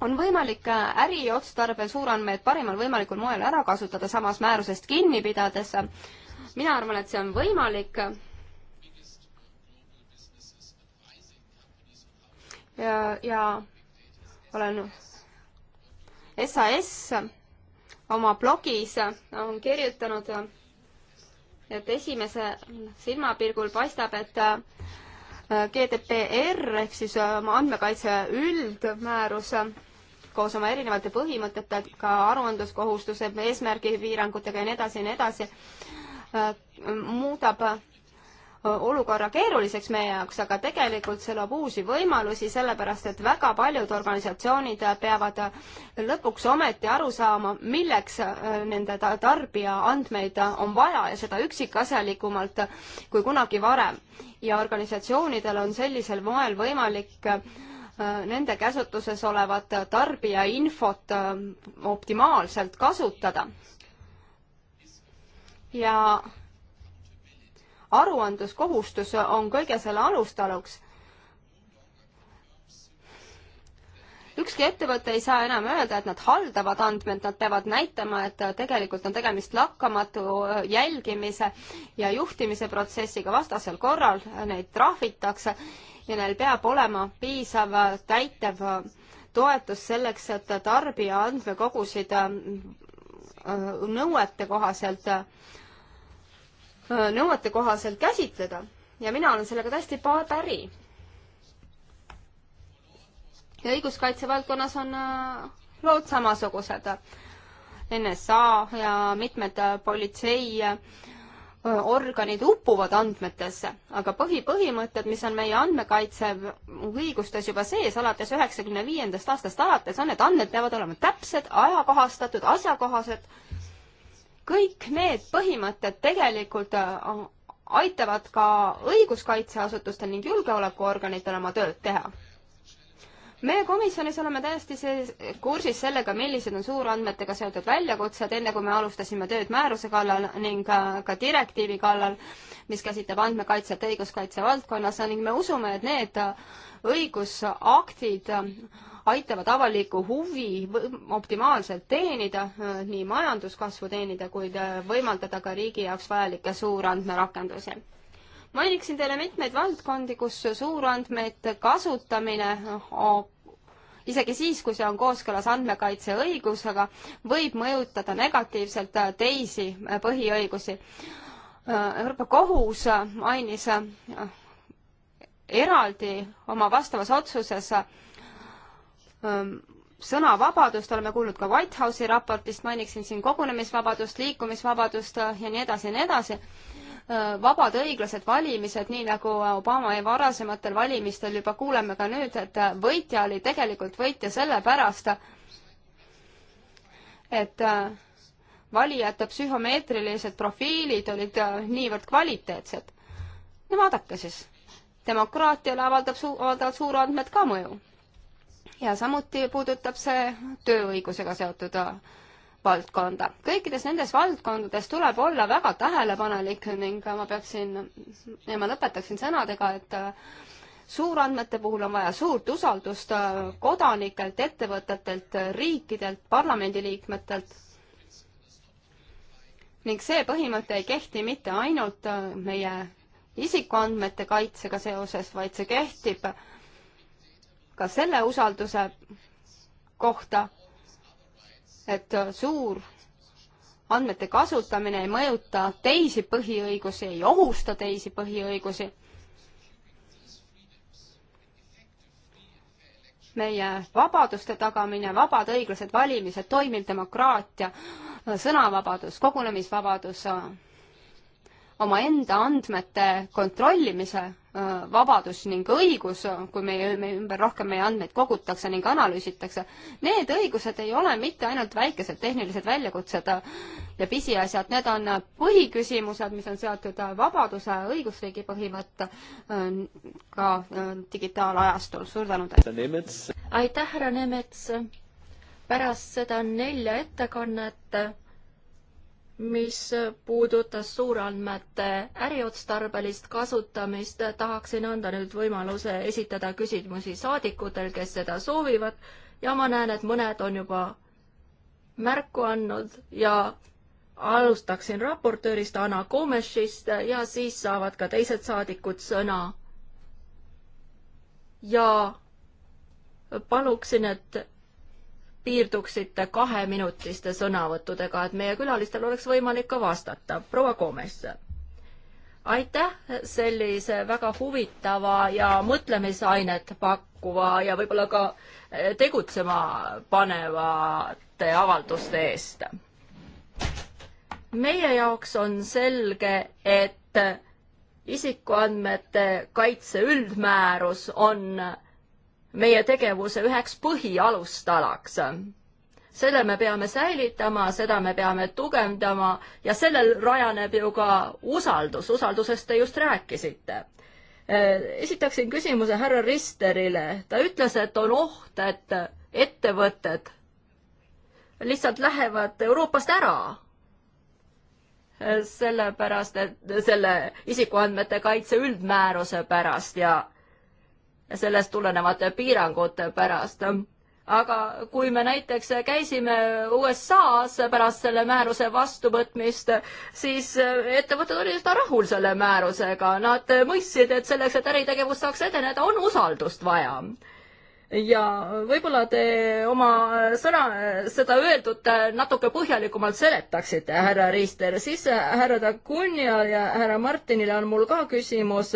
on võimalik äh, äriotstarbel suurandmeid parimal võimalikul moel ära kasutada, samas määrusest kinni pidades? mina arvan, et see on võimalik ja, ja olen SAS oma blogis on kirjutanud, et esimese silmapilgul paistab, et äh, GDPR ehk siis äh, andmekaitse üldmäärus koos oma erinevate põhimõtetega, aruandluskohustuse, eesmärgipiirangutega ja nii edasi ja nii edasi, äh, muudab olukorra keeruliseks meie jaoks, aga tegelikult see loob uusi võimalusi, sellepärast et väga paljud organisatsioonid peavad lõpuks ometi aru saama, milleks nende tarbija andmeid on vaja ja seda üksikasjalikumalt kui kunagi varem. ja organisatsioonidel on sellisel moel võimalik nende käsutuses olevat tarbija infot optimaalselt kasutada. ja aruandluskohustus on kõige selle alustaluks. ükski ettevõte ei saa enam öelda, et nad haldavad andmed, nad peavad näitama, et tegelikult on tegemist lakkamatu jälgimise ja juhtimise protsessiga, vastasel korral neid trahvitakse ja neil peab olema piisav täitev toetus selleks, et tarbija andmekogusid äh, nõuete kohaselt Äh, nõuetekohaselt käsitleda ja mina olen sellega täiesti päri. ja õiguskaitse valdkonnas on äh, lood samasugused. NSA ja mitmed äh, politsei organid upuvad andmetesse, aga põhipõhimõtted, mis on meie andmekaitse õigustes juba sees alates üheksakümne viiendast aastast alates, on, et andmed peavad olema täpsed, ajakohastatud, asjakohased kõik need põhimõtted tegelikult äh, aitavad ka õiguskaitseasutustel ning julgeolekuorganitel oma tööd teha. meie komisjonis oleme täiesti sees, kursis sellega, millised on suurandmetega seotud väljakutsed, enne kui me alustasime tööd määruse kallal ning ka, äh, ka direktiivi kallal, mis käsitleb andmekaitset õiguskaitse valdkonnas ning me usume, et need äh, õigusaktid aitavad avalikku huvi optimaalselt teenida, äh, nii majanduskasvu teenida, kuid äh, võimaldada ka riigi jaoks vajalikke suurandmerakendusi. mainiksin teile mitmeid valdkondi, kus suurandmete kasutamine äh, isegi siis, kui see on kooskõlas andmekaitse õigusega, võib mõjutada negatiivselt teisi põhiõigusi. Euroopa Kohus mainis eraldi oma vastavas otsuses sõnavabadust, oleme kuulnud ka White House'i raportist, mainiksin siin kogunemisvabadust, liikumisvabadust äh, ja nii edasi ja nii edasi. vabad õiglased valimised, nii nagu Obama ja varasematel valimistel juba kuuleme ka nüüd, et äh, võitja oli tegelikult võitja sellepärast, et äh, valijate psühhomeetrilised profiilid olid niivõrd kvaliteetsed. no vaadake siis, demokraatiale avaldab suu-, avaldavad suurandmed ka mõju ja samuti puudutab see tööõigusega seotud äh, valdkonda. kõikides nendes valdkondades tuleb olla väga tähelepanelik ning ma peaksin ja ma lõpetaksin sõnadega, et äh, suurandmete puhul on vaja suurt usaldust äh, kodanikelt, ettevõtetelt, riikidelt, parlamendiliikmetelt. ning see põhimõte ei kehti mitte ainult meie isikuandmete kaitsega seoses, vaid see kehtib ka selle usalduse kohta, et suur andmete kasutamine ei mõjuta teisi põhiõigusi, ei ohusta teisi põhiõigusi. meie vabaduste tagamine, vabad õiglased valimised, toimiv demokraatia, sõnavabadus, kogunemisvabadus omaenda andmete kontrollimise vabadus ning õigus, kui meie, meie ümber rohkem meie andmeid kogutakse ning analüüsitakse, need õigused ei ole mitte ainult väikesed tehnilised väljakutsed ja pisiasjad, need on põhiküsimused, mis on seotud vabaduse, õigusriigi põhimõtte ka digitaalajastul. suur tänu teile! aitäh, härra Nemets! pärast seda nelja ettekannet mis puudutas suurandmete äriotstarbelist kasutamist, tahaksin anda nüüd võimaluse esitada küsimusi saadikutel, kes seda soovivad ja ma näen, et mõned on juba märku andnud ja alustaksin raportöörist Anna Komešist ja siis saavad ka teised saadikud sõna. ja paluksin, et piirduksite kaheminutiste sõnavõttudega, et meie külalistel oleks võimalik ka vastata. proua Komes. aitäh sellise väga huvitava ja mõtlemisainet pakkuva ja võib-olla ka eh, tegutsema panevate avalduste eest. meie jaoks on selge, et isikuandmete kaitse üldmäärus on meie tegevuse üheks põhialustalaks. selle me peame säilitama, seda me peame tugevdama ja sellel rajaneb ju ka usaldus, usaldusest te just rääkisite. Eh, esitaksin küsimuse härra Risterile, ta ütles, et on oht, et ettevõtted lihtsalt lähevad Euroopast ära eh, sellepärast, et selle isikuandmete kaitse üldmääruse pärast ja sellest tulenevate piirangute pärast. aga kui me näiteks käisime USA-s pärast selle määruse vastuvõtmist, siis ettevõtted olid üsna rahul selle määrusega, nad mõistsid, et selleks, et äritegevus saaks edeneda, on usaldust vaja ja võib-olla te oma sõna, seda öeldut natuke põhjalikumalt seletaksite, härra Riister, siis härra Takunja ja härra Martinile on mul ka küsimus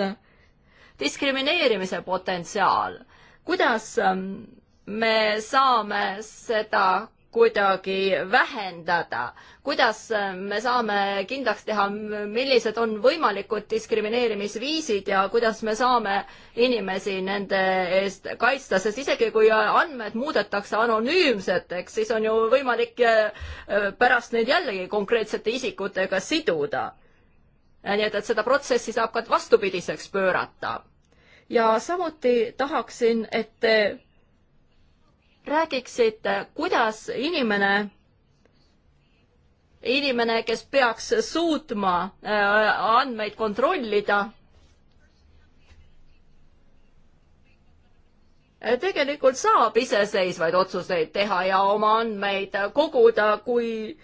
diskrimineerimise potentsiaal. kuidas ähm, me saame seda kuidagi vähendada, kuidas ähm, me saame kindlaks teha, millised on võimalikud diskrimineerimisviisid ja kuidas me saame inimesi nende eest kaitsta, sest isegi kui andmed muudetakse anonüümseteks, siis on ju võimalik äh, pärast neid jällegi konkreetsete isikutega siduda Äh, nii et, et seda protsessi saab ka vastupidiseks pöörata. ja samuti tahaksin, et te räägiksite, kuidas inimene inimene, kes peaks suutma äh, andmeid kontrollida. Äh, tegelikult saab iseseisvaid otsuseid teha ja oma andmeid koguda, kui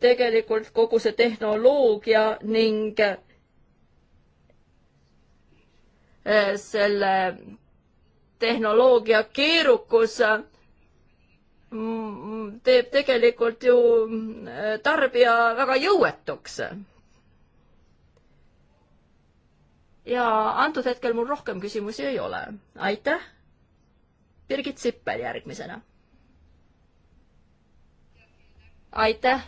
tegelikult kogu see tehnoloogia ning äh, selle tehnoloogia keerukus mm, teeb tegelikult ju äh, tarbija väga jõuetuks. ja antud hetkel mul rohkem küsimusi ei ole. aitäh. Birgit Sipper järgmisena. aitäh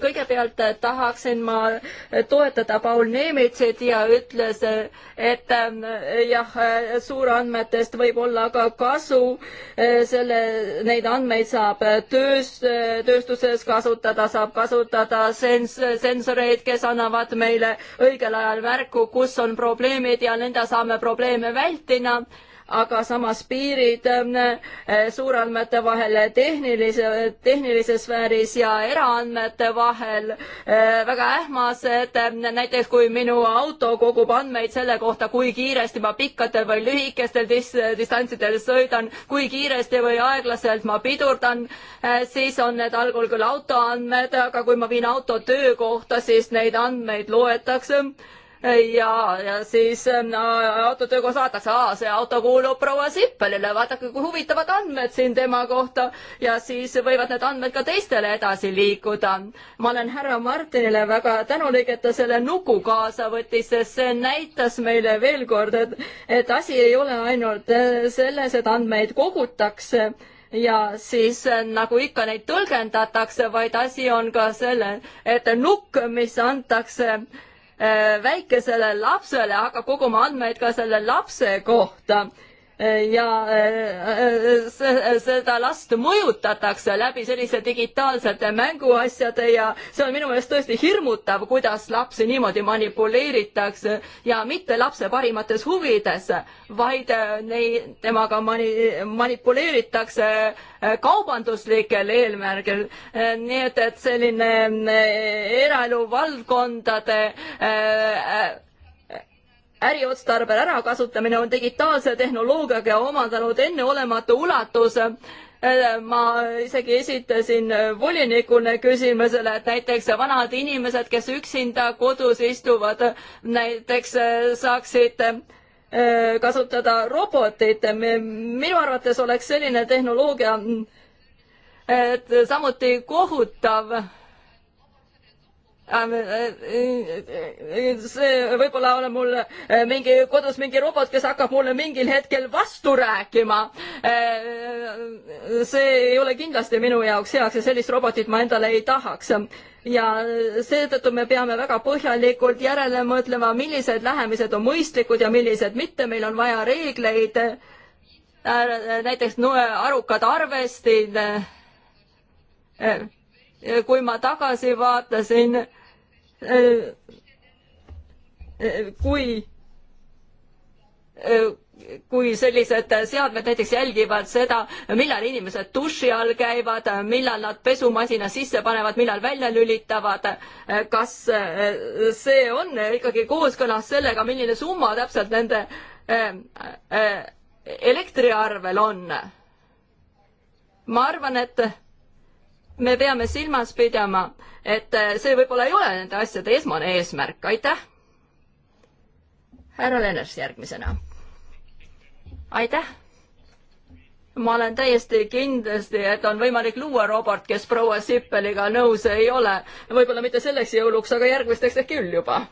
kõigepealt tahaksin ma toetada Paul Neemetsit ja ütles, et ähm, jah, suurandmetest võib olla ka kasu, selle, neid andmeid saab töös, tööstuses kasutada, saab kasutada sens-, sensoreid, kes annavad meile õigel ajal märku, kus on probleemid ja nõnda saame probleeme vältida aga samas piirid ähm, äh, suurandmete vahel äh, tehnilise, tehnilises sfääris ja eraandmete vahel äh, väga ähmased. Ähm, näiteks kui minu auto kogub andmeid selle kohta, kui kiiresti ma pikkadel või lühikestel dis-, distantsidel sõidan, kui kiiresti või aeglaselt ma pidurdan, siis on need algul küll autoandmed, aga kui ma viin auto töökohta, siis neid andmeid loetakse ja, ja siis äh, no, autotöökohas vaadatakse, aa, see auto kuulub proua Sippelile, vaadake, kui huvitavad andmed siin tema kohta ja siis võivad need andmed ka teistele edasi liikuda. ma olen härra Martinile väga tänulik, et ta selle nuku kaasa võttis, sest see näitas meile veel kord, et, et asi ei ole ainult äh, selles, et andmeid kogutakse ja siis äh, nagu ikka neid tõlgendatakse, vaid asi on ka selle, et nukk, mis antakse Äh, väikesele lapsele hakkab koguma andmeid ka selle lapse kohta ja äh, äh, seda last mõjutatakse läbi sellise digitaalsete mänguasjade ja see on minu meelest tõesti hirmutav, kuidas lapsi niimoodi manipuleeritakse ja mitte lapse parimates huvides, vaid äh, neid, temaga mani-, manipuleeritakse kaubanduslikel eesmärgil. nii et, et selline eraelu valdkondade äh, äriotstarbel ärakasutamine on digitaalse tehnoloogiaga omandanud enneolematu ulatuse äh, ma isegi esitasin volinikule küsimusele, et näiteks vanad inimesed, kes üksinda kodus istuvad, näiteks äh, saaksid äh, kasutada robotit. minu arvates oleks selline tehnoloogia mm, samuti kohutav Ähm, äh, äh, äh, see võib-olla on mul mingi kodus mingi robot, kes hakkab mulle mingil hetkel vastu rääkima. see ei ole kindlasti minu jaoks heaks ja sellist robotit ma endale ei tahaks ja seetõttu me peame väga põhjalikult järele mõtlema, millised lähemised on mõistlikud ja millised mitte, meil on vaja reegleid, näiteks no, arukad arvestid kui ma tagasi vaatasin, äh, äh, kui, äh, kui sellised seadmed näiteks jälgivad seda, millal inimesed duši all käivad, millal nad pesumasina sisse panevad, millal välja lülitavad, kas see on ikkagi kooskõlas sellega, milline summa täpselt nende elektriarvel on? ma arvan, et me peame silmas pidama, et äh, see võib-olla ei ole nende asjade esmane eesmärk, aitäh. härra Lenners järgmisena. aitäh. ma olen täiesti kindlasti, et on võimalik luua robot, kes proua Sippeliga nõus ei ole. võib-olla mitte selleks jõuluks, aga järgmisteks ehk küll juba.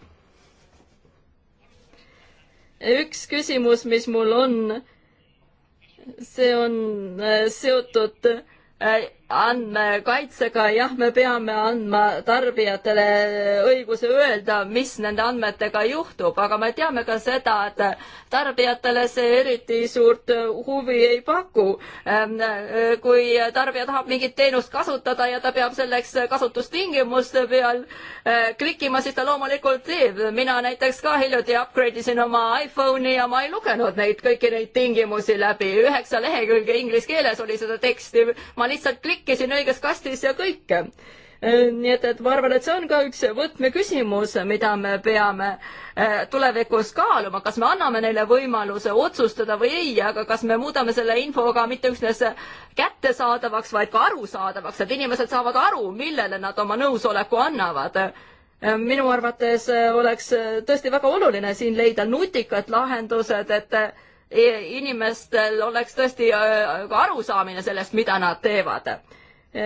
üks küsimus, mis mul on, see on äh, seotud äh, andmekaitsega, jah, me peame andma tarbijatele õiguse öelda, mis nende andmetega juhtub, aga me teame ka seda, et tarbijatele see eriti suurt huvi ei paku. Ehm, kui tarbija tahab mingit teenust kasutada ja ta peab selleks kasutustingimuste peal eh, klikkima, siis ta loomulikult teeb. mina näiteks ka hiljuti upgrade isin oma iPhone'i ja ma ei lugenud neid kõiki neid tingimusi läbi, üheksa lehekülge inglise keeles oli seda teksti, ma lihtsalt klikkisin kõike siin õiges kastis ja kõike äh, nii et, et ma arvan, et see on ka üks võtmeküsimus, mida me peame äh, tulevikus kaaluma, kas me anname neile võimaluse otsustada või ei, aga kas me muudame selle info ka mitte üksnes kättesaadavaks, vaid ka arusaadavaks, et inimesed saavad aru, millele nad oma nõusoleku annavad äh, minu arvates oleks tõesti väga oluline siin leida nutikad lahendused, et E, inimestel oleks tõesti äh, nagu arusaamine sellest, mida nad teevad e,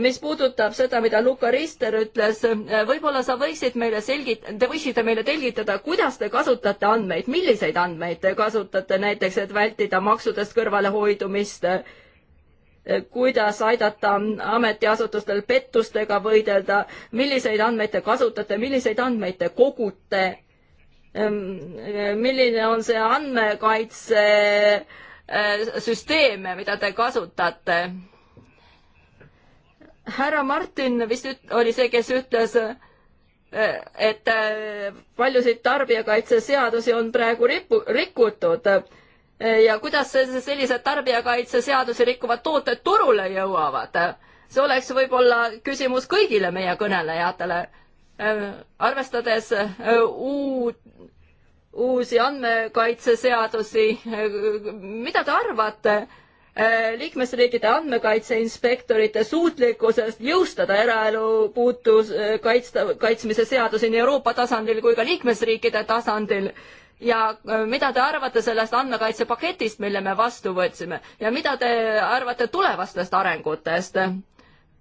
mis puudutab seda, mida Luka Rister ütles, e, võib-olla sa võiksid meile selgit-, te võiksite meile telgitada, kuidas te kasutate andmeid, milliseid andmeid te kasutate näiteks, et vältida maksudest kõrvalehoidumist, kuidas aidata ametiasutustel pettustega võidelda, milliseid andmeid te kasutate, milliseid andmeid te kogute Ehm, milline on see andmekaitsesüsteem, äh, mida te kasutate? härra Martin vist üt-, oli see, kes ütles, äh, et äh, paljusid tarbijakaitseseadusi on praegu ripu-, rikutud ja kuidas sellised tarbijakaitseseadusi rikkuvad tooted turule jõuavad? see oleks võib-olla küsimus kõigile meie kõnelejatele Äh, arvestades äh, uut uusi andmekaitseseadusi, äh, mida te arvate liikmesriikide andmekaitseinspektorite suutlikkusest jõustada eraelu puutus, kaitsta, kaitsmise seadusi nii Euroopa tasandil kui ka liikmesriikide tasandil ja mida te arvate sellest andmekaitsepaketist, mille me vastu võtsime ja mida te arvate tulevastest arengutest?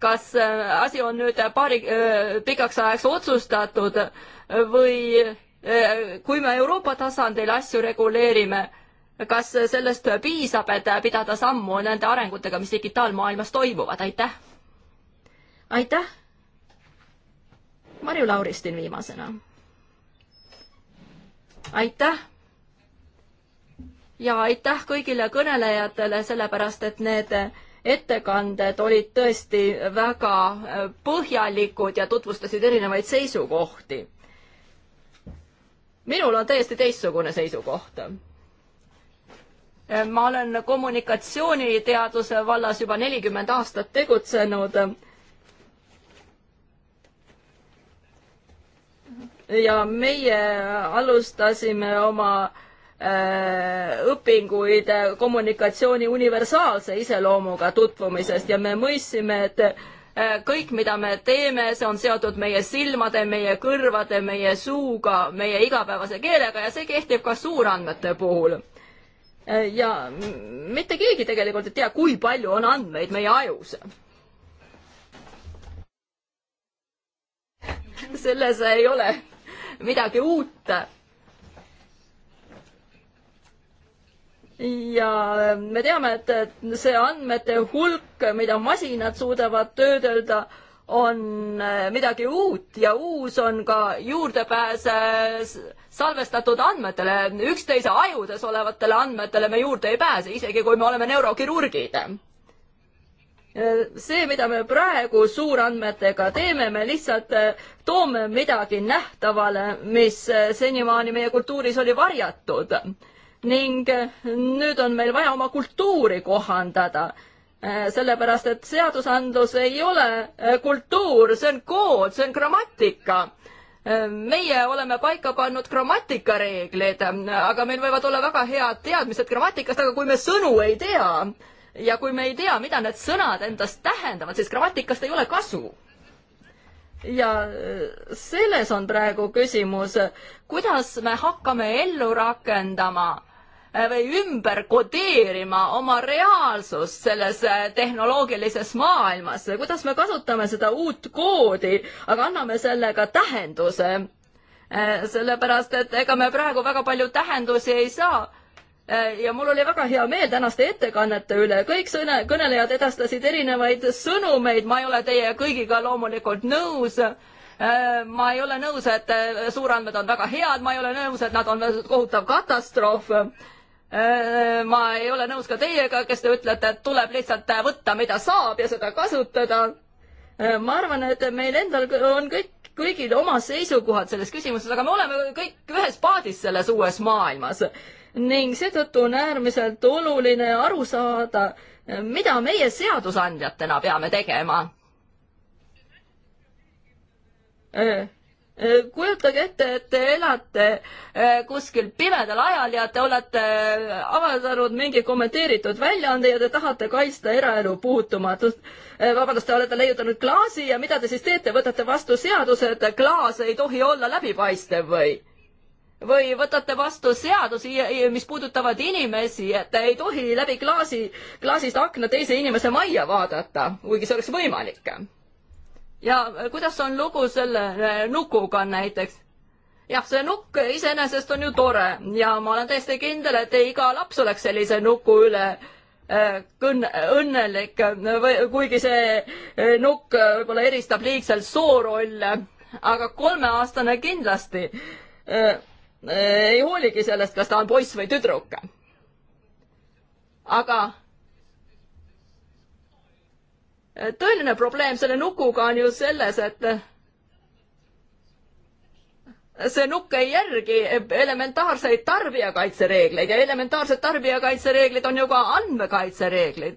kas äh, asi on nüüd paari, äh, pikaks ajaks otsustatud või äh, kui me Euroopa tasandil asju reguleerime, kas sellest piisab, et pidada sammu nende arengutega, mis digitaalmaailmas toimuvad, aitäh! aitäh! Marju Lauristin viimasena. aitäh! ja aitäh kõigile kõnelejatele, sellepärast et need ettekanded olid tõesti väga äh, põhjalikud ja tutvustasid erinevaid seisukohti. minul on täiesti teistsugune seisukoht. Äh, ma olen kommunikatsiooniteaduse vallas juba nelikümmend aastat tegutsenud ja meie alustasime oma Äh, õpinguid äh, kommunikatsiooni universaalse iseloomuga tutvumisest ja me mõistsime, et äh, kõik, mida me teeme, see on seotud meie silmade, meie kõrvade, meie suuga, meie igapäevase keelega ja see kehtib ka suurandmete puhul. ja mitte keegi tegelikult ei tea, kui palju on andmeid meie ajus selles ei ole midagi uut. ja ähm, me teame, et see andmete hulk, mida masinad suudavad töödelda, on äh, midagi uut ja uus on ka juurdepääs äh, salvestatud andmetele, üksteise ajudes olevatele andmetele me juurde ei pääse, isegi kui me oleme neurokirurgid. Äh, see, mida me praegu suurandmetega teeme, me lihtsalt toome midagi nähtavale, mis senimaani meie kultuuris oli varjatud ning eh, nüüd on meil vaja oma kultuuri kohandada eh, sellepärast et seadusandlus ei ole eh, kultuur, see on kood, see on grammatika. meie oleme paika pannud grammatikareeglid, aga meil võivad olla väga head teadmised grammatikast, aga kui me sõnu ei tea ja kui me ei tea, mida need sõnad endast tähendavad, siis grammatikast ei ole kasu ja selles on praegu küsimus, kuidas me hakkame ellu rakendama äh, või ümber kodeerima oma reaalsust selles äh, tehnoloogilises maailmas, kuidas me kasutame seda uut koodi, aga anname sellega tähenduse. Äh, sellepärast, et ega me praegu väga palju tähendusi ei saa äh, ja mul oli väga hea meel tänaste ettekannete üle, kõik sõne, kõnelejad edastasid erinevaid sõnumeid, ma ei ole teie kõigiga loomulikult nõus ma ei ole nõus, et suurandmed on väga head, ma ei ole nõus, et nad on kohutav katastroof. Äh, ma ei ole nõus ka teiega, kes te ütlete, et tuleb lihtsalt võtta, mida saab ja seda kasutada. Äh, ma arvan, et meil endal on kõik, kõigil oma seisukohad selles küsimuses, aga me oleme kõik ühes paadis selles uues maailmas ning seetõttu on äärmiselt oluline aru saada, mida meie seadusandjatena peame tegema äh, Äh, kujutage ette, et te elate äh, kuskil pimedal ajal ja te olete äh, avaldanud mingi kommenteeritud väljaande ja te tahate kaitsta eraelu puutumatust. vabandust, te olete leiutanud klaasi ja mida te siis teete, võtate vastu seaduse, et klaas ei tohi olla läbipaistev või? või võtate vastu seadusi, mis puudutavad inimesi, et ei tohi läbi klaasi, klaasist akna teise inimese majja vaadata, kuigi see oleks võimalik ja kuidas on lugu selle äh, nukuga näiteks? jah, see nukk iseenesest on ju tore ja ma olen täiesti kindel, et iga laps oleks sellise nuku üle äh, kõn-, õnnelik või kuigi see äh, nukk võib-olla eristab liigselt soorolle, aga kolmeaastane kindlasti ei hooligi sellest, kas ta on poiss või tüdruk. aga tõeline probleem selle nukuga on ju selles, et see nukk ei järgi elementaarseid tarbijakaitsereegleid ja elementaarsed tarbijakaitsereeglid on ju ka andmekaitsereeglid.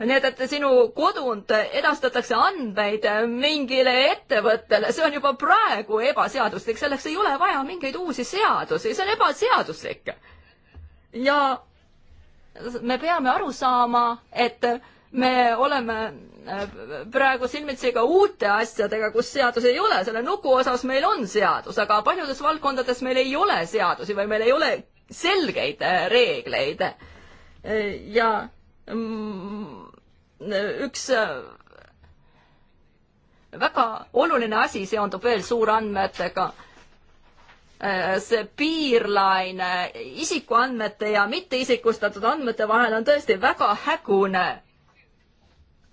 nii et, et sinu kodunt edastatakse andmeid mingile ettevõttele, see on juba praegu ebaseaduslik, selleks ei ole vaja mingeid uusi seadusi, see on ebaseaduslik. ja me peame aru saama, et me oleme praegu silmitsi ka uute asjadega, kus seadusi ei ole, selle nuku osas meil on seadus, aga paljudes valdkondades meil ei ole seadusi või meil ei ole selgeid äh, reegleid. ja mm, üks äh, väga oluline asi seondub veel suurandmetega äh, see piirlaine isikuandmete ja mitteisikustatud andmete vahel on tõesti väga hägune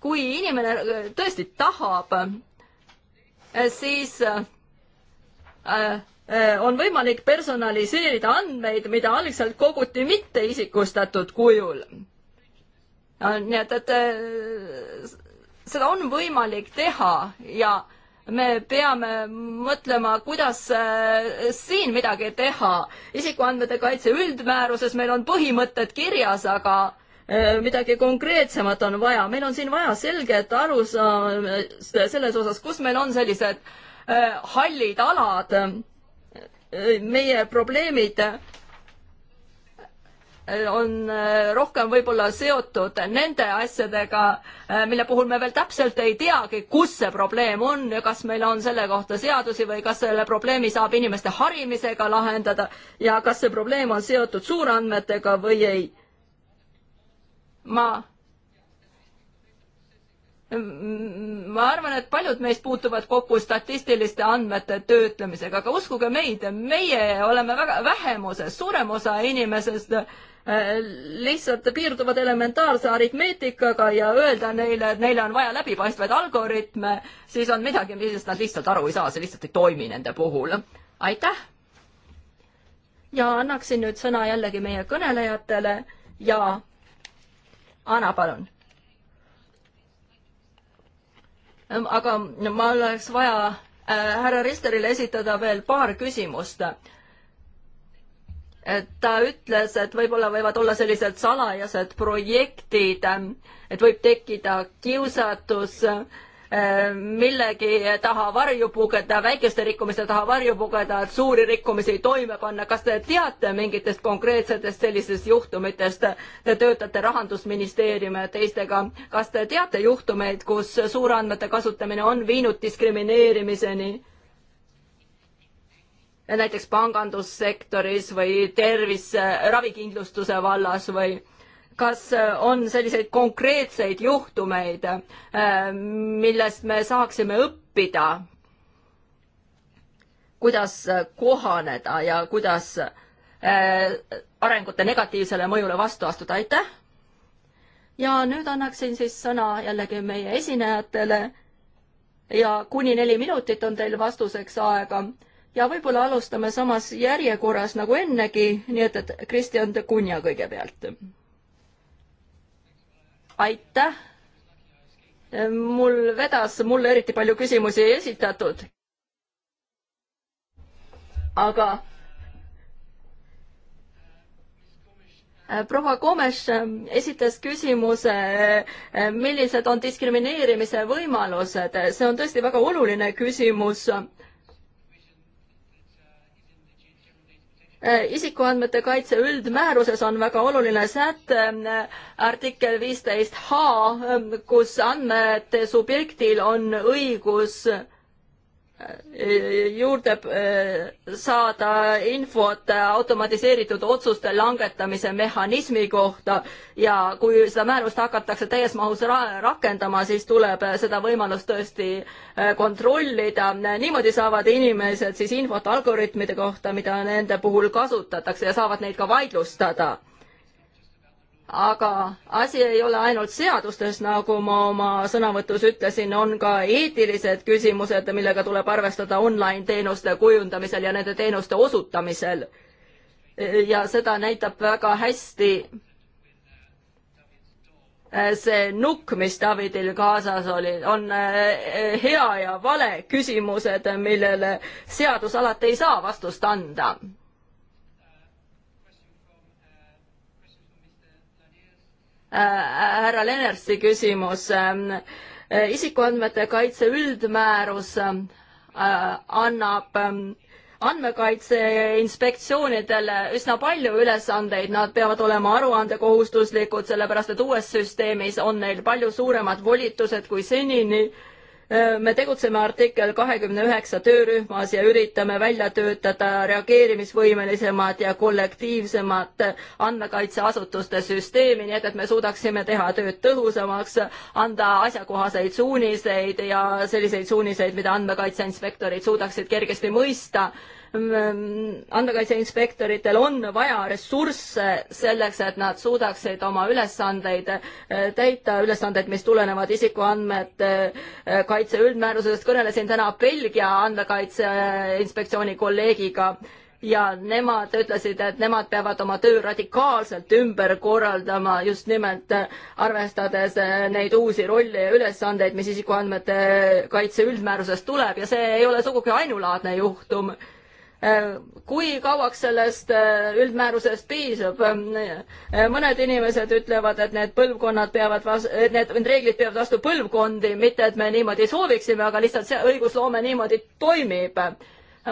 kui inimene äh, tõesti tahab, äh, siis äh, on võimalik personaliseerida andmeid, mida algselt koguti mitte isikustatud kujul. nii et, et seda on võimalik teha ja me peame mõtlema, kuidas siin midagi teha. isikuandmete kaitse üldmääruses meil on põhimõtted kirjas, aga Äh, midagi konkreetsemat on vaja, meil on siin vaja selget arusaama selles osas, kus meil on sellised äh, hallid alad, äh, meie probleemid on rohkem võib-olla seotud nende asjadega, mille puhul me veel täpselt ei teagi, kus see probleem on ja kas meil on selle kohta seadusi või kas selle probleemi saab inimeste harimisega lahendada ja kas see probleem on seotud suurandmetega või ei ma ma arvan, et paljud meist puutuvad kokku statistiliste andmete töötlemisega, aga uskuge meid, meie oleme väga vähemuses, suurem osa inimesest äh, lihtsalt piirduvad elementaarse aritmeetikaga ja öelda neile, et neile on vaja läbipaistvaid algoritme, siis on midagi, millest nad lihtsalt aru ei saa, see lihtsalt ei toimi nende puhul. aitäh! ja annaksin nüüd sõna jällegi meie kõnelejatele ja Anna, palun. Ehm, aga ma oleks vaja äh, härra Risterile esitada veel paar küsimust et ta ütles, et võib-olla võivad olla sellised salajased projektid, ehm, et võib tekkida kiusatus Äh, millegi taha varju pugeda, väikeste rikkumiste taha varju pugeda, et suuri rikkumisi toime panna. kas te teate mingitest konkreetsetest sellistest juhtumitest? Te töötate rahandusministeeriumi ja teistega. kas te teate juhtumeid, kus suurandmete kasutamine on viinud diskrimineerimiseni? näiteks pangandussektoris või tervis, ravikindlustuse vallas või kas äh, on selliseid konkreetseid juhtumeid, äh, millest me saaksime õppida, kuidas äh, kohaneda ja kuidas arengute negatiivsele mõjule vastu astuda, aitäh! ja nüüd annaksin siis sõna jällegi meie esinejatele ja kuni neli minutit on teil vastuseks aega ja võib-olla alustame samas järjekorras nagu ennegi, nii et, et Kristjan Kunja kõigepealt aitäh. mul vedas, mulle eriti palju küsimusi ei esitatud. aga äh, proua Komes äh, esitas küsimuse, äh, millised on diskrimineerimise võimalused, see on tõesti väga oluline küsimus Äh, isikuandmete kaitse üldmääruses on väga oluline säte, äh, artikkel viisteist H, ähm, kus andmete subjektil on õigus juurde äh, saada infot automatiseeritud otsuste langetamise mehhanismi kohta ja kui seda määrust hakatakse täies mahus ra rakendama, siis tuleb seda võimalust tõesti äh, kontrollida. niimoodi saavad inimesed siis infot algoritmide kohta, mida nende puhul kasutatakse ja saavad neid ka vaidlustada aga asi ei ole ainult seadustes, nagu ma oma sõnavõtus ütlesin, on ka eetilised küsimused, millega tuleb arvestada online teenuste kujundamisel ja nende teenuste osutamisel. ja seda näitab väga hästi äh, see nukk, mis Davidil kaasas oli, on äh, hea ja vale küsimused, millele seadus alati ei saa vastust anda Äh, härra Lennersi küsimus. Ähm, äh, isikuandmete kaitse üldmäärus äh, annab ähm, andmekaitse inspektsioonidele üsna palju ülesandeid, nad peavad olema aruandekohustuslikud, sellepärast et uues süsteemis on neil palju suuremad volitused kui senini me tegutseme artikkel kahekümne üheksa töörühmas ja üritame välja töötada reageerimisvõimelisemad ja kollektiivsemad andmekaitseasutuste süsteemi, nii et, et me suudaksime teha tööd tõhusamaks, anda asjakohaseid suuniseid ja selliseid suuniseid, mida andmekaitse inspektorid suudaksid kergesti mõista Ähm, andmekaitse inspektoritel on vaja ressursse selleks, et nad suudaksid oma ülesandeid äh, täita, ülesandeid, mis tulenevad isikuandmete äh, kaitse üldmäärusest, kõnelesin täna Belgia andmekaitse inspektsiooni kolleegiga ja nemad ütlesid, et nemad peavad oma töö radikaalselt ümber korraldama just nimelt äh, arvestades neid uusi rolle ja ülesandeid, mis isikuandmete kaitse üldmäärusest tuleb ja see ei ole sugugi ainulaadne juhtum kui kauaks sellest äh, üldmäärusest piisab? Äh, mõned inimesed ütlevad, et need põlvkonnad peavad, et need, need reeglid peavad vastu põlvkondi, mitte et me niimoodi sooviksime, aga lihtsalt see õigusloome niimoodi toimib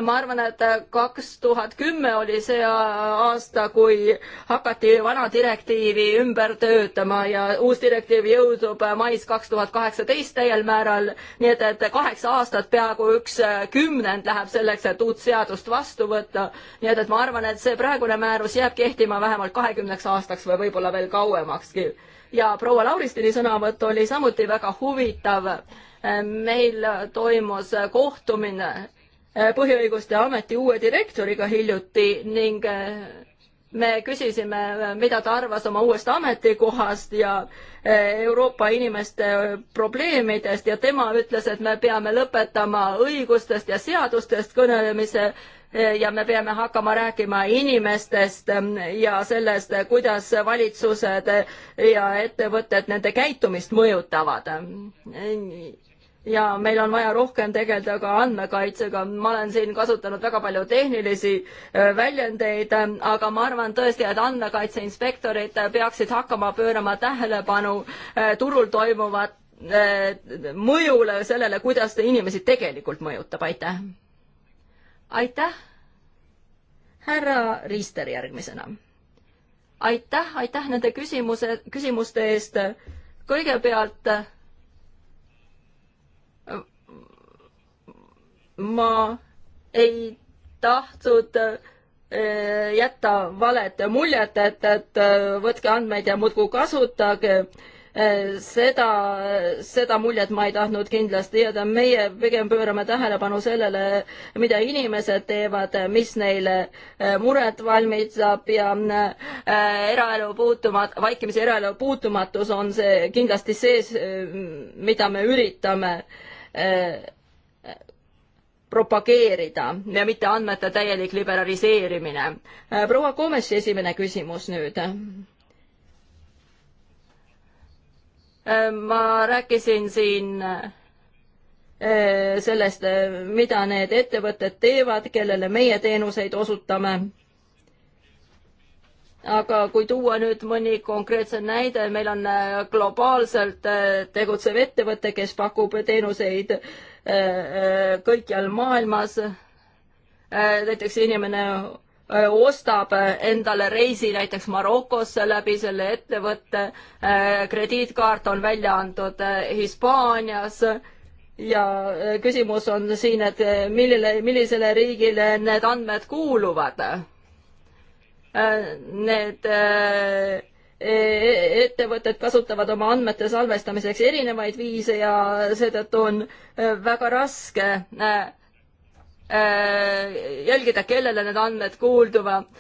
ma arvan, et kaks tuhat kümme oli see aasta, kui hakati vana direktiivi ümber töötama ja uus direktiiv jõudub mais kaks tuhat kaheksateist täiel määral, nii et, et kaheksa aastat, peaaegu üks kümnend läheb selleks, et uut seadust vastu võtta. nii et, et ma arvan, et see praegune määrus jääb kehtima vähemalt kahekümneks aastaks või võib-olla veel kauemakski ja proua Lauristini sõnavõtt oli samuti väga huvitav. meil toimus kohtumine Äh, põhiõiguste ameti uue direktoriga hiljuti ning äh, me küsisime, äh, mida ta arvas oma uuest ametikohast ja Euroopa inimeste probleemidest ja tema ütles, et me peame lõpetama õigustest ja seadustest kõnelemise ja me peame hakkama rääkima inimestest ähm, ja sellest, kuidas valitsused ja ettevõtted nende käitumist mõjutavad ja meil on vaja rohkem tegeleda ka andmekaitsega. ma olen siin kasutanud väga palju tehnilisi äh, väljendeid, äh, aga ma arvan tõesti, et andmekaitseinspektorid äh, peaksid hakkama pöörama tähelepanu turul toimuvat mõjule sellele, kuidas ta inimesi tegelikult mõjutab, aitäh. aitäh. härra Riister järgmisena. aitäh, aitäh nende küsimuse, küsimuste eest. kõigepealt ma ei tahtnud eh, jätta valet muljet, et, et eh, võtke andmeid ja muudkui kasutage eh, seda, seda muljet ma ei tahtnud kindlasti jääda, meie pigem pöörame tähelepanu sellele, mida inimesed teevad, mis neile muret valmistab ja eraelu puutumat-, vaikimise eraelu puutumatus on see kindlasti sees, mida me üritame propageerida ja mitte andmete täielik liberaliseerimine. Äh, proua Komesi esimene küsimus nüüd. Äh, ma rääkisin siin äh, sellest, mida need ettevõtted teevad, kellele meie teenuseid osutame. aga kui tuua nüüd mõni konkreetne näide, meil on globaalselt tegutsev ettevõte, kes pakub teenuseid kõikjal maailmas. näiteks inimene äh, ostab äh, endale reisi näiteks Marokosse läbi selle ettevõtte, äh, krediitkaart on välja antud Hispaanias ja küsimus on siin, et millele, millisele riigile need andmed kuuluvad. Need E, e, ettevõtted kasutavad oma andmete salvestamiseks erinevaid viise ja seetõttu on e, väga raske jälgida, kellele need andmed kuulduvad.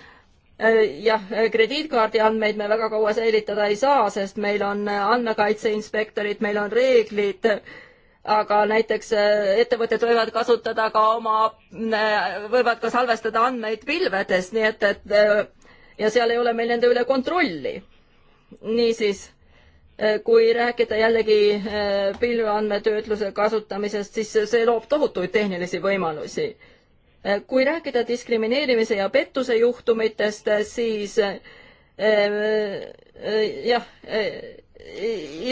jah, krediitkaardi andmeid me väga kaua säilitada ei saa, sest meil on andmekaitseinspektorid, meil on reeglid, aga näiteks ettevõtted võivad kasutada ka oma, võivad ka salvestada andmeid pilvedest, nii et, et ja seal ei ole meil nende üle kontrolli niisiis, äh, kui rääkida jällegi äh, pilveandmetöötluse kasutamisest, siis see loob tohutuid tehnilisi võimalusi. Äh, kui rääkida diskrimineerimise ja pettuse juhtumitest, siis jah,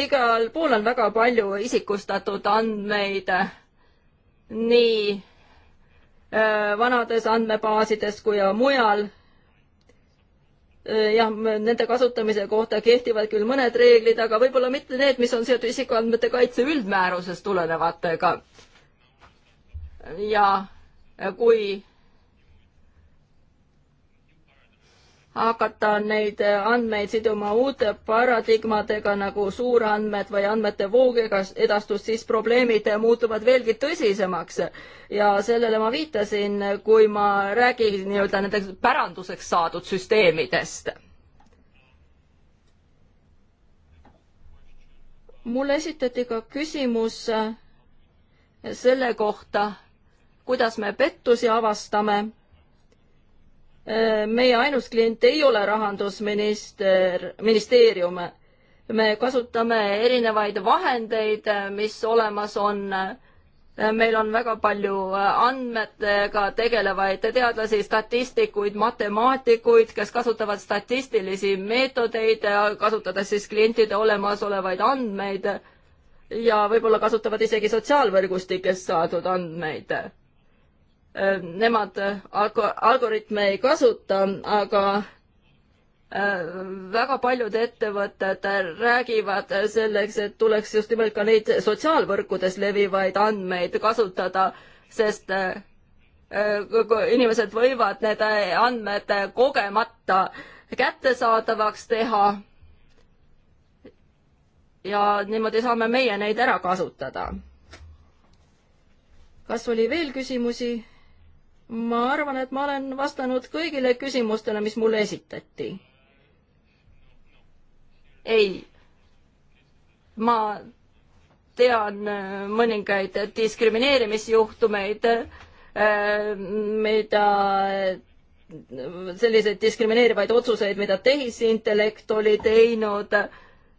igal pool on väga palju isikustatud andmeid, nii vanades andmebaasides kui mujal Äh, jah, nende kasutamise kohta kehtivad küll mõned reeglid, aga võib-olla mitte need, mis on seotud isikuandmete kaitse üldmäärusest tulenevatega. ja kui hakata neid eh, andmeid siduma uute paradigmadega nagu suurandmed või andmete voogega edastus, siis probleemid muutuvad veelgi tõsisemaks. ja sellele ma viitasin, kui ma räägin nii-öelda nendeks päranduseks saadud süsteemidest. mulle esitati ka küsimus eh, selle kohta, kuidas me pettusi avastame Äh, meie ainus klient ei ole rahandusminister, ministeerium. me kasutame erinevaid vahendeid, mis olemas on. Äh, meil on väga palju äh, andmetega tegelevaid teadlasi, statistikuid, matemaatikuid, kes kasutavad statistilisi meetodeid, kasutades siis klientide olemasolevaid andmeid ja võib-olla kasutavad isegi sotsiaalvõrgustikest saadud andmeid Äh, nemad äh, alg-, algoritme ei kasuta, aga äh, väga paljud ettevõtted räägivad selleks, et tuleks just nimelt ka neid sotsiaalvõrkudes levivaid andmeid kasutada, sest inimesed võivad need andmed kogemata kättesaadavaks teha. ja niimoodi saame meie neid ära kasutada. kas oli veel küsimusi? ma arvan, et ma olen vastanud kõigile küsimustele, mis mulle esitati. ei, ma tean äh, mõningaid diskrimineerimisjuhtumeid, äh, mida, äh, selliseid diskrimineerivaid otsuseid, mida tehisintellekt oli teinud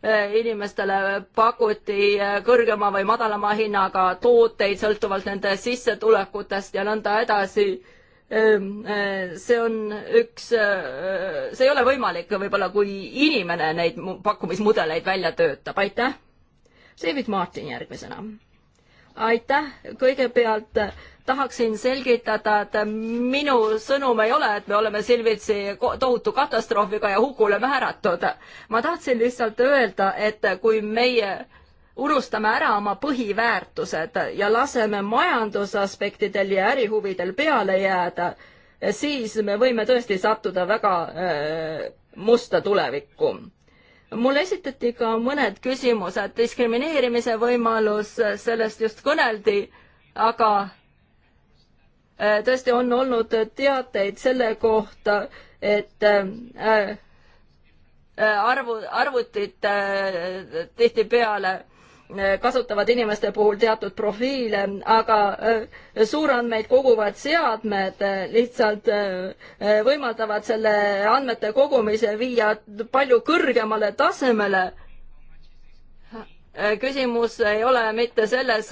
Eh, inimestele pakuti eh, kõrgema või madalama hinnaga tooteid sõltuvalt nende sissetulekutest ja nõnda edasi. Ehm, eh, see on üks, see ei ole võimalik võib-olla, kui inimene neid pakkumismudeleid välja töötab, aitäh. David Martin järgmisena aitäh, kõigepealt tahaksin selgitada, et minu sõnum ei ole, et me oleme silmitsi tohutu katastroofiga ja hukule määratud. ma tahtsin lihtsalt öelda, et kui meie unustame ära oma põhiväärtused ja laseme majandusaspektidel ja ärihuvidel peale jääda, siis me võime tõesti sattuda väga äh, musta tulevikku mulle esitati ka mõned küsimused, diskrimineerimise võimalus, sellest just kõneldi, aga äh, tõesti on olnud teateid selle kohta, et äh, äh, arvu, arvutid tihtipeale Äh, kasutavad inimeste puhul teatud profiile, aga äh, suurandmeid koguvad seadmed äh, lihtsalt võimaldavad selle andmete kogumise viia palju kõrgemale tasemele. küsimus ei ole mitte selles,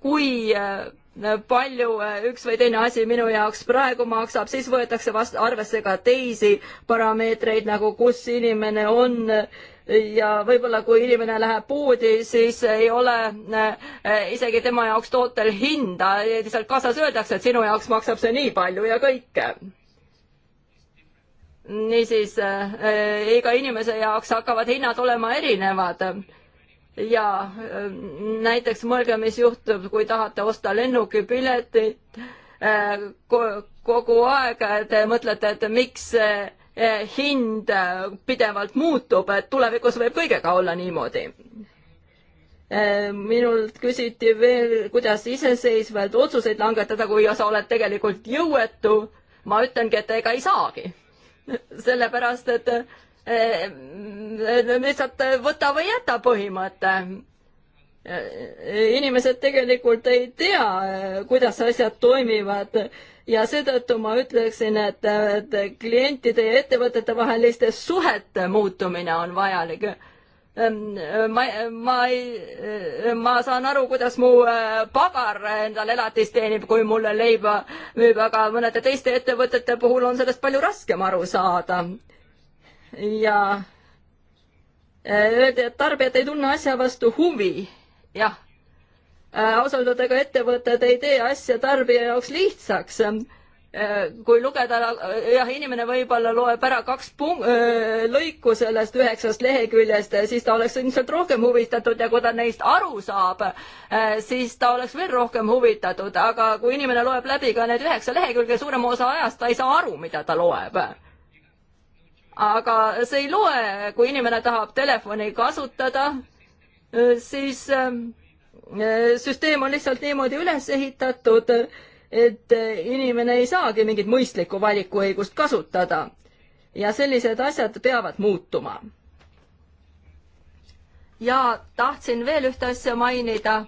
kui palju üks või teine asi minu jaoks praegu maksab, siis võetakse vast arvesse ka teisi parameetreid, nagu kus inimene on ja võib-olla kui inimene läheb poodi, siis ei ole äh, isegi tema jaoks tootel hinda, lihtsalt kaasas öeldakse, et sinu jaoks maksab see nii palju ja kõike niisiis äh, iga inimese jaoks hakkavad hinnad olema erinevad. ja äh, näiteks mõelge, mis juhtub, kui tahate osta lennukipiletit äh, ko. kogu aeg te mõtlete, et miks äh, Eh, hind eh, pidevalt muutub, et tulevikus võib kõigega olla niimoodi. Eh, minult küsiti veel, kuidas iseseisvalt otsuseid langetada, kui sa oled tegelikult jõuetu. ma ütlengi, et ega ei saagi. sellepärast, et lihtsalt võta või jäta põhimõte inimesed tegelikult ei tea, kuidas asjad toimivad ja seetõttu ma ütleksin, et, et klientide ja ettevõtete vaheliste suhete muutumine on vajalik. Ehm, ma, ma ei, ma saan aru, kuidas mu äh, pagar endale elatist teenib, kui mulle leiba müüb, aga mõnede teiste ettevõtete puhul on sellest palju raskem aru saada. ja äh, öeldi, et tarbijad ei tunne asja vastu huvi. jah ausaldadega äh, ettevõtted ei tee asja tarbija jaoks lihtsaks. Äh, kui lugeda, äh, jah, inimene võib-olla loeb ära kaks punk-, lõiku sellest üheksast leheküljest, siis ta oleks ilmselt rohkem huvitatud ja kui ta neist aru saab, siis ta oleks veel rohkem huvitatud, aga kui inimene loeb läbi ka need üheksa lehekülge, suurema osa ajast ta ei saa aru, mida ta loeb aga see ei loe, kui inimene tahab telefoni kasutada, siis äh, süsteem on lihtsalt niimoodi üles ehitatud, et inimene ei saagi mingit mõistlikku valikuõigust kasutada. ja sellised asjad peavad muutuma. ja tahtsin veel ühte asja mainida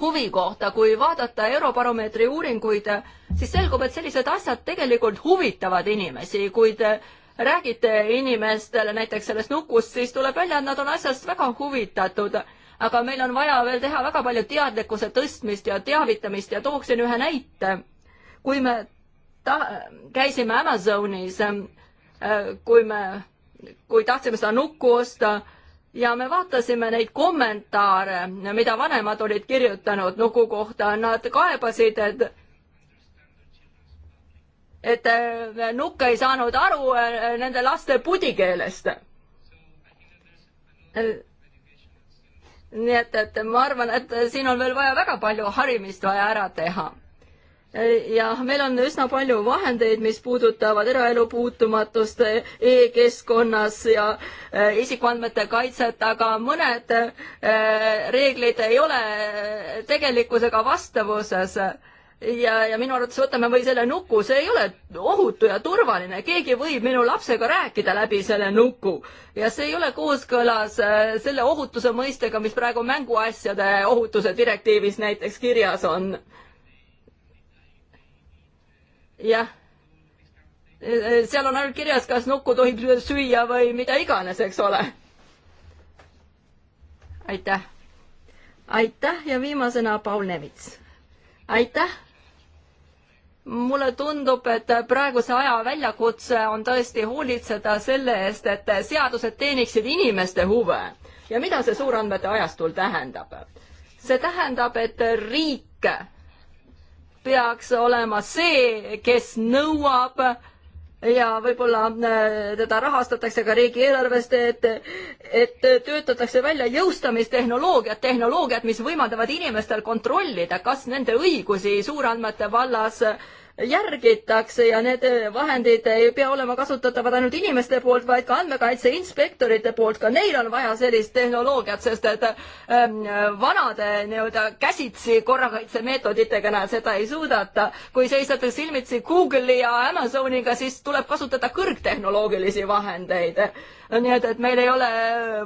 huvi kohta, kui vaadata Eurobaromeetri uuringuid, siis selgub, et sellised asjad tegelikult huvitavad inimesi, kuid räägite inimestele näiteks sellest nukust, siis tuleb välja, et nad on asjast väga huvitatud. aga meil on vaja veel teha väga palju teadlikkuse tõstmist ja teavitamist ja tooksin ühe näite. kui me ta-, käisime Amazonis, kui me, kui tahtsime seda nukku osta ja me vaatasime neid kommentaare, mida vanemad olid kirjutanud nuku kohta, nad kaebasid, et et äh, nukk ei saanud aru äh, nende laste pudikeelest. nii et, et ma arvan, et siin on veel vaja väga palju harimist vaja ära teha. ja meil on üsna palju vahendeid, mis puudutavad eraelu puutumatust e-keskkonnas ja äh, isikuandmete kaitset, aga mõned reeglid ei ole tegelikkusega vastavuses ja, ja minu arvates võtame või selle nuku, see ei ole ohutu ja turvaline, keegi võib minu lapsega rääkida läbi selle nuku ja see ei ole kooskõlas äh, selle ohutuse mõistega, mis praegu mänguasjade ohutuse direktiivis näiteks kirjas on. jah, äh, seal on ainult kirjas, kas nukku tohib süüa või mida iganes, eks ole. aitäh. aitäh ja viimasena Paul Nevits. aitäh mulle tundub, et praeguse aja väljakutse on tõesti hoolitseda selle eest, et seadused teeniksid inimeste huve. ja mida see suurandmete ajastul tähendab? see tähendab, et riik peaks olema see, kes nõuab ja võib-olla äh, teda rahastatakse ka riigieelarvest, et, et töötatakse välja jõustamistehnoloogiad, tehnoloogiad, mis võimaldavad inimestel kontrollida, kas nende õigusi suurandmete vallas äh, järgitakse ja need eh, vahendid ei pea olema kasutatavad ainult inimeste poolt, vaid ka andmekaitse inspektorite poolt, ka neil on vaja sellist tehnoloogiat, sest et ähm, vanade nii-öelda käsitsi korrakaitsemeetoditega näed, seda ei suudeta. kui seisate silmitsi Google'i ja Amazoniga, siis tuleb kasutada kõrgtehnoloogilisi vahendeid nii et, et meil ei ole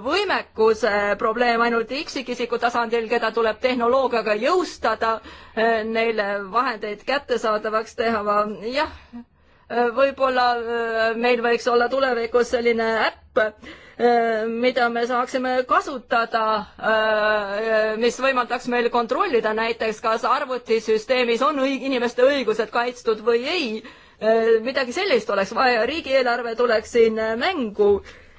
võimekuse äh, probleem ainult üksikisiku tasandil, keda tuleb tehnoloogiaga jõustada, äh, neile vahendeid kättesaadavaks teha, jah, äh, võib-olla meil võiks olla tulevikus selline äpp, mida me saaksime kasutada, mis võimaldaks meil kontrollida näiteks, kas arvutisüsteemis on õig-, inimeste õigused kaitstud või ei midagi sellist oleks vaja, riigieelarve tuleks siin mängu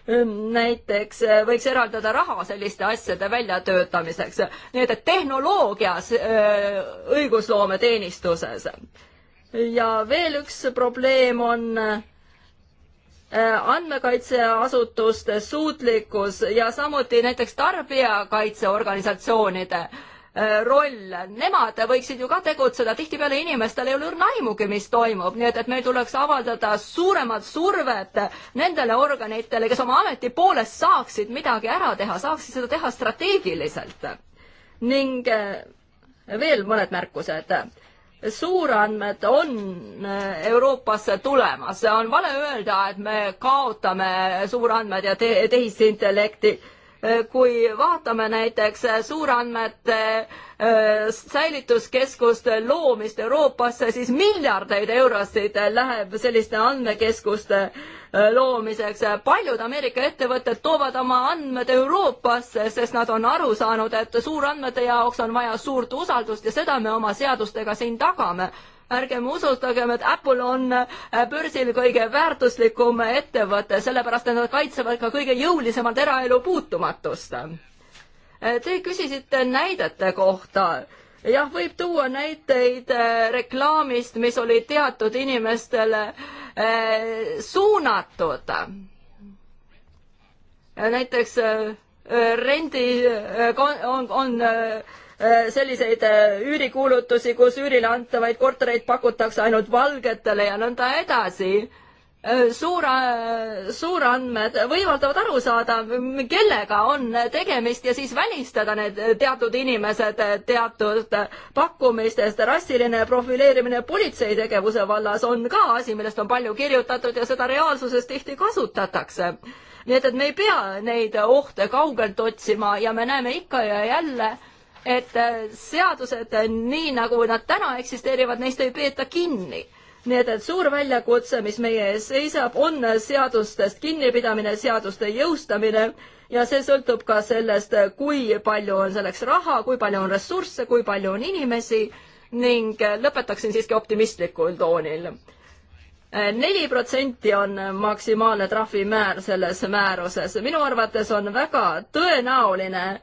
näiteks eh, võiks eraldada raha selliste asjade väljatöötamiseks. nii et tehnoloogias eh, õigusloome teenistuses. ja veel üks probleem on eh, andmekaitseasutuste suutlikkus ja samuti näiteks tarbijakaitseorganisatsioonide äh, Äh, roll, nemad võiksid ju ka tegutseda, tihtipeale inimestel ei ole õrna aimugi, mis toimub, nii et, et meil tuleks avaldada suuremat survet nendele organitele, kes oma ameti poolest saaksid midagi ära teha, saaksid seda teha strateegiliselt. ning äh, veel mõned märkused suurandmed on äh, Euroopasse tulemas, on vale öelda, et me kaotame suurandmed ja te tehisintellekti kui vaatame näiteks suurandmete äh, säilituskeskuste loomist Euroopasse, siis miljardeid eurosid läheb selliste andmekeskuste äh, loomiseks. paljud Ameerika ettevõtted toovad oma andmed Euroopasse, sest nad on aru saanud, et suurandmete jaoks on vaja suurt usaldust ja seda me oma seadustega siin tagame ärgem usutagem, et Apple on äh, börsil kõige väärtuslikum ettevõte, sellepärast et nad kaitsevad ka kõige jõulisemalt eraelu puutumatust. Äh, te küsisite näidete kohta jah, võib tuua näiteid äh, reklaamist, mis oli teatud inimestele suunatud. näiteks rendi on, on, on Äh, selliseid äh, üürikuulutusi, kus üürile antavaid kortereid pakutakse ainult valgetele ja nõnda edasi. Äh, suur, suurandmed võimaldavad aru saada, kellega on tegemist ja siis välistada need teatud inimesed teatud pakkumistest. rassiline profileerimine politsei tegevuse vallas on ka asi, millest on palju kirjutatud ja seda reaalsuses tihti kasutatakse nii et, et me ei pea neid ohte kaugelt otsima ja me näeme ikka ja jälle, et äh, seadused, äh, nii nagu nad täna eksisteerivad, neist ei peeta kinni. nii et, et suur väljakutse, mis meie ees seisab, on seadustest kinnipidamine, seaduste jõustamine ja see sõltub ka sellest, äh, kui palju on selleks raha, kui palju on ressursse, kui palju on inimesi ning lõpetaksin siiski optimistlikul toonil neli protsenti on maksimaalne trahvimäär selles määruses. minu arvates on väga tõenäoline,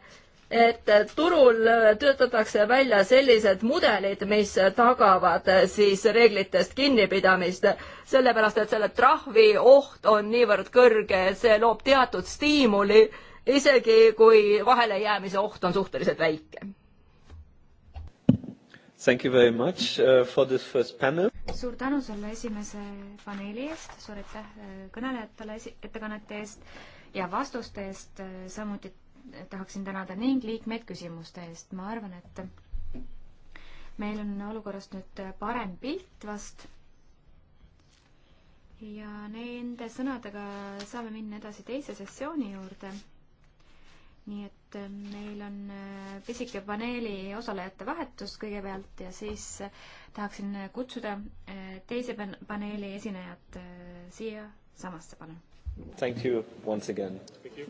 et turul töötatakse välja sellised mudelid, mis tagavad siis reeglitest kinnipidamist, sellepärast et selle trahvi oht on niivõrd kõrge, et see loob teatud stiimuli, isegi kui vahelejäämise oht on suhteliselt väike. Thank you very much uh, for this first panel. suur tänu selle esimese paneeli eest, suur aitäh uh, kõnelejatele esi-, ettekannete eest ja vastuste eest, uh, samuti tahaksin tänada ning liikmeid küsimuste eest. ma arvan, et meil on olukorrast nüüd parem pilt vast. ja nende sõnadega saame minna edasi teise sessiooni juurde. nii et meil on pisike paneeli osalejate vahetus kõigepealt ja siis tahaksin kutsuda teise paneeli esinejad siia samasse, palun. Thank you once again. Thank you.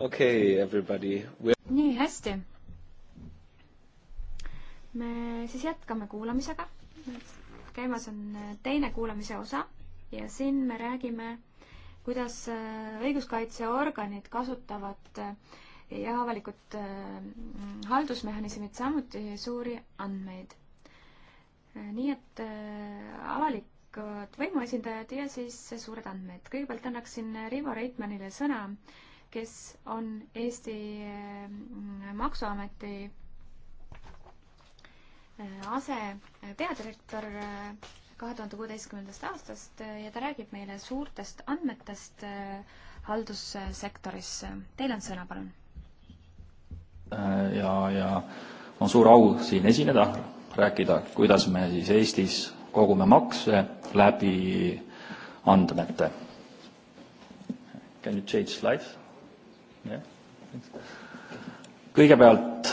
okei okay,, everybody We.... nii, hästi. me siis jätkame kuulamisega. käimas on teine kuulamise osa ja siin me räägime, kuidas äh, õiguskaitseorganid kasutavad äh, ja avalikud äh, haldusmehhanismid samuti suuri andmeid. nii et avalik avalikud võimuesindajad ja siis suured andmed. kõigepealt annaksin Rivo Reitmanile sõna äh, kes on Eesti eh, Maksuameti eh, asepeadirektor eh, kahe tuhande kuueteistkümnendast aastast ja ta räägib meile suurtest andmetest haldussektoris. Teil on sõna, palun. ja, ja on suur au siin esineda, rääkida, kuidas me siis Eestis kogume makse läbi andmete. Can you change slides? kõigepealt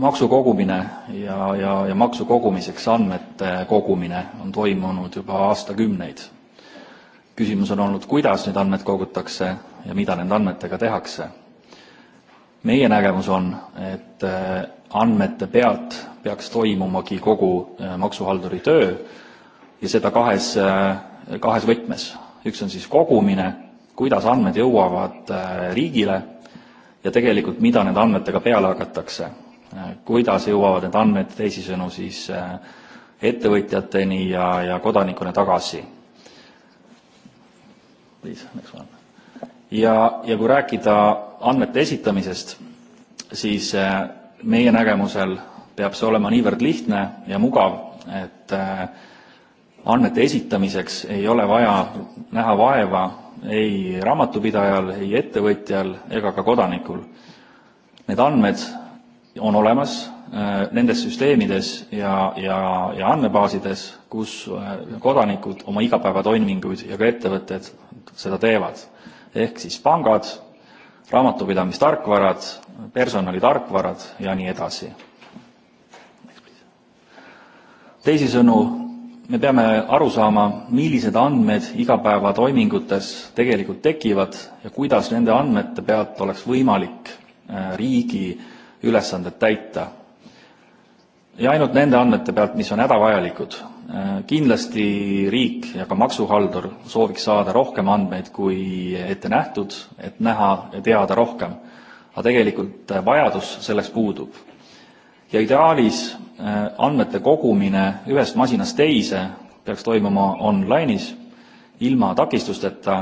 maksu kogumine ja, ja, ja maksu kogumiseks andmete kogumine on toimunud juba aastakümneid. küsimus on olnud, kuidas need andmed kogutakse ja mida nende andmetega tehakse. meie nägemus on, et eh, andmete pealt peaks toimumagi kogu eh, maksuhalduri töö ja seda kahes, eh, kahes võtmes. üks on siis kogumine kuidas andmed jõuavad äh, riigile ja tegelikult, mida nende andmetega peale hakatakse. Äh, kuidas jõuavad need andmed teisisõnu siis äh, ettevõtjateni ja, ja kodanikuna tagasi. ja, ja kui rääkida andmete esitamisest, siis meie nägemusel peab see olema niivõrd lihtne ja mugav, et andmete esitamiseks ei ole vaja näha vaeva ei raamatupidajal, ei ettevõtjal ega ka kodanikul. Need andmed on olemas äh, nendes süsteemides ja, ja, ja andmebaasides, kus äh, kodanikud oma igapäevatoiminguid ja ka ettevõtted seda teevad. ehk siis pangad, raamatupidamistarkvarad, personalitarkvarad ja nii edasi. teisisõnu, me peame aru saama, millised andmed igapäevatoimingutes tegelikult tekivad ja kuidas nende andmete pealt oleks võimalik äh, riigi ülesandeid täita. ja ainult nende andmete pealt, mis on hädavajalikud. Äh, kindlasti riik ja ka maksuhaldur sooviks saada rohkem andmeid kui ette nähtud, et näha ja teada rohkem. aga tegelikult äh, vajadus selleks puudub ja ideaalis äh, andmete kogumine ühest masinast teise peaks toimuma online'is ilma takistusteta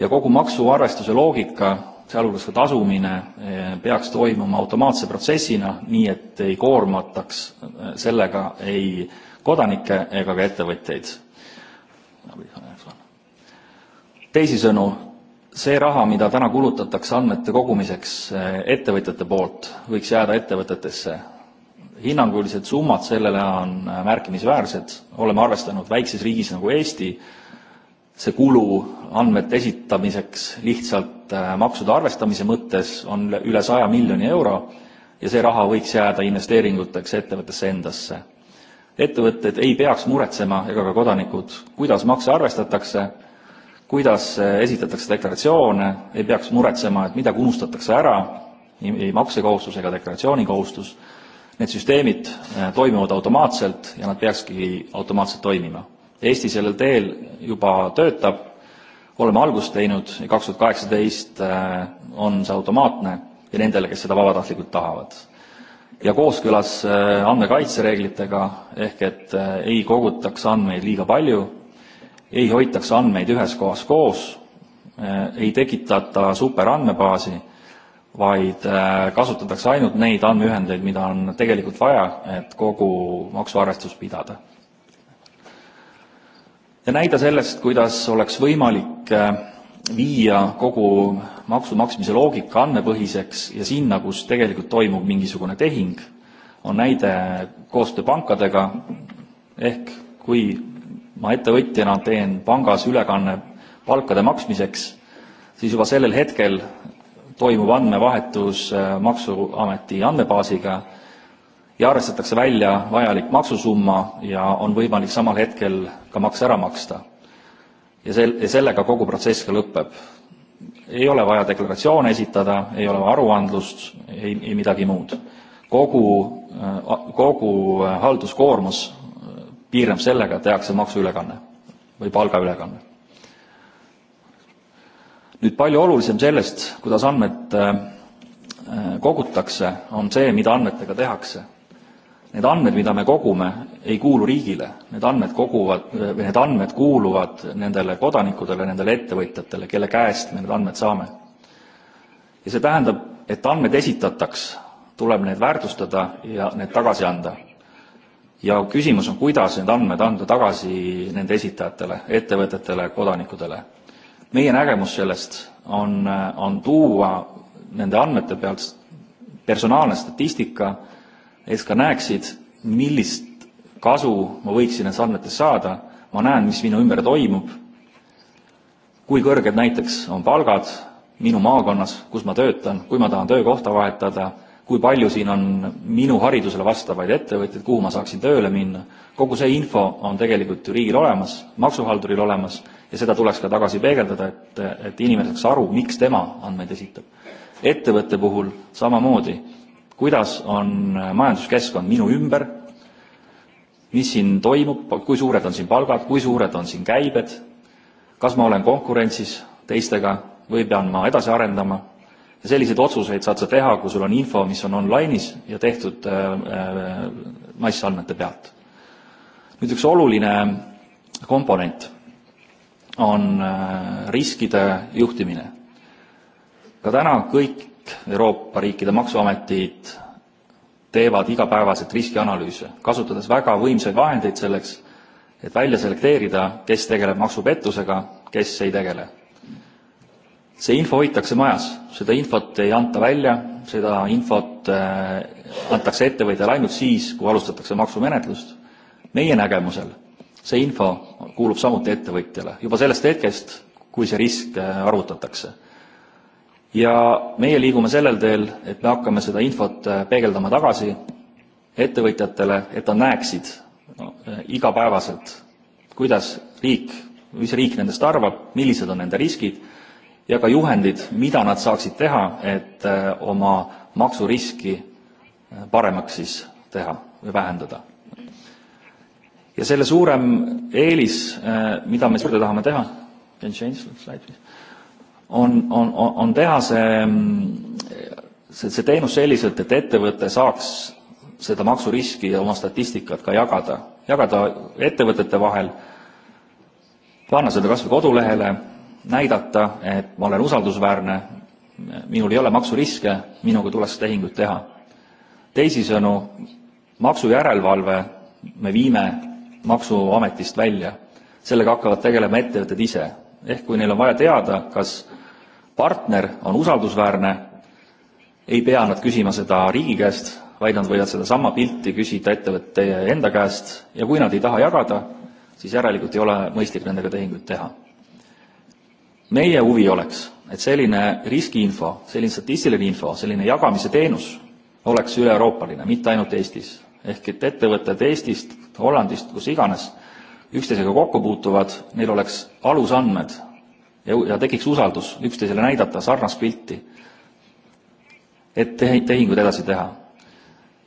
ja kogu maksuarvestuse loogika, sealhulgas ka tasumine, äh, peaks toimuma automaatse protsessina, nii et ei koormataks äh, sellega ei kodanikke ega ka ettevõtjaid. Nagu teisisõnu, see raha, mida täna kulutatakse andmete kogumiseks eh, ettevõtjate poolt, võiks jääda ettevõtetesse. hinnangulised summad sellele on eh, märkimisväärsed, oleme arvestanud väikses riigis nagu Eesti, see kulu andmete esitamiseks lihtsalt eh, maksude arvestamise mõttes on üle saja miljoni euro ja see raha võiks jääda investeeringuteks ettevõttesse endasse ettevõtted ei peaks muretsema ega ka kodanikud, kuidas makse arvestatakse, kuidas eh, esitatakse deklaratsioone, ei peaks muretsema, et midagi unustatakse ära, ei maksekohustus ega deklaratsioonikohustus, need süsteemid eh, toimivad automaatselt ja nad peakski automaatselt toimima. Eesti sellel teel juba töötab, oleme algust teinud ja kaks tuhat kaheksateist eh, on see automaatne ja nendele, kes seda vabatahtlikult tahavad ja kooskõlas andmekaitsereeglitega, ehk et ei kogutaks andmeid liiga palju ei hoitaks andmeid ühes kohas koos, äh, ei tekitata superandmebaasi, vaid äh, kasutatakse ainult neid andmeühendeid, mida on tegelikult vaja, et kogu maksuarvestus pidada. ja näide sellest, kuidas oleks võimalik äh, viia kogu maksu maksmise loogika andmepõhiseks ja sinna, kus tegelikult toimub mingisugune tehing, on näide koostöö pankadega, ehk kui ma ettevõtjana teen pangas ülekanne palkade maksmiseks, siis juba sellel hetkel toimub andmevahetus äh, Maksuameti andmebaasiga ja arvestatakse välja vajalik maksusumma ja on võimalik samal hetkel ka maks ära maksta. ja sel-, ja sellega kogu protsess ka lõpeb. ei ole vaja deklaratsioone esitada, ei ole vaja aruandlust, ei, ei midagi muud. kogu, äh, kogu äh, halduskoormus piirneb sellega, et tehakse maksuülekanne või palgaülekanne. nüüd palju olulisem sellest, kuidas andmed äh, äh, kogutakse, on see, mida andmetega tehakse. Need andmed, mida me kogume, ei kuulu riigile, need andmed koguvad, äh, või need andmed kuuluvad nendele kodanikudele, nendele ettevõtjatele, kelle käest me need andmed saame. ja see tähendab, et andmed esitataks, tuleb need väärtustada ja need tagasi anda ja küsimus on, kuidas need andmed anda tagasi nende esitajatele, ettevõtetele, kodanikudele. meie nägemus sellest on, on tuua nende andmete pealt personaalne statistika, et ka näeksid, millist kasu ma võiksin nendest andmetest saada, ma näen, mis minu ümber toimub, kui kõrged näiteks on palgad minu maakonnas, kus ma töötan, kui ma tahan töökohta vahetada, kui palju siin on minu haridusele vastavaid ettevõtteid, kuhu ma saaksin tööle minna. kogu see info on tegelikult ju riigil olemas, maksuhalduril olemas ja seda tuleks ka tagasi peegeldada, et, et inimene saaks aru, miks tema andmeid esitab. ettevõtte puhul samamoodi, kuidas on majanduskeskkond minu ümber, mis siin toimub, kui suured on siin palgad, kui suured on siin käibed, kas ma olen konkurentsis teistega või pean ma edasi arendama ja selliseid otsuseid saad sa teha, kui sul on info, mis on online'is ja tehtud äh, äh, massandmete pealt. nüüd üks oluline komponent on äh, riskide juhtimine. ka täna kõik Euroopa riikide maksuametid teevad igapäevaselt riskianalüüse, kasutades väga võimsaid vahendeid selleks, et välja selekteerida, kes tegeleb maksupettusega, kes ei tegele see info hoitakse majas, seda infot ei anta välja, seda infot äh, antakse ettevõtjale ainult siis, kui alustatakse maksumenetlust. meie nägemusel see info kuulub samuti ettevõtjale juba sellest hetkest, kui see risk äh, arvutatakse. ja meie liigume sellel teel, et me hakkame seda infot äh, peegeldama tagasi ettevõtjatele, et nad näeksid no, igapäevaselt, kuidas riik, mis riik nendest arvab, millised on nende riskid ja ka juhendid, mida nad saaksid teha, et äh, oma maksuriski äh, paremaks siis teha või vähendada. ja selle suurem eelis, äh, mida me juurde tahame teha, can change the slide please, on, on, on, on teha see, mm, see, see teenus selliselt, et ettevõte saaks seda maksuriski ja oma statistikat ka jagada, jagada ettevõtete vahel, panna seda kas või kodulehele näidata, et ma olen usaldusväärne, minul ei ole maksuriske, minuga tuleks tehinguid teha. teisisõnu, maksujärelevalve me viime Maksuametist välja. sellega hakkavad tegelema ettevõtted ise. ehk kui neil on vaja teada, kas partner on usaldusväärne, ei pea nad küsima seda riigi käest, vaid nad võivad sedasama pilti küsida ettevõtte enda käest ja kui nad ei taha jagada, siis järelikult ei ole mõistlik nendega tehinguid teha meie huvi oleks, et selline riskiinfo, selline statistiline info, selline jagamise teenus oleks üle-euroopaline, mitte ainult Eestis. ehk et ettevõtted Eestist, Hollandist, kus iganes üksteisega kokku puutuvad, neil oleks alusandmed ja, ja tekiks usaldus üksteisele näidata sarnast pilti, et tehe, tehinguid edasi teha.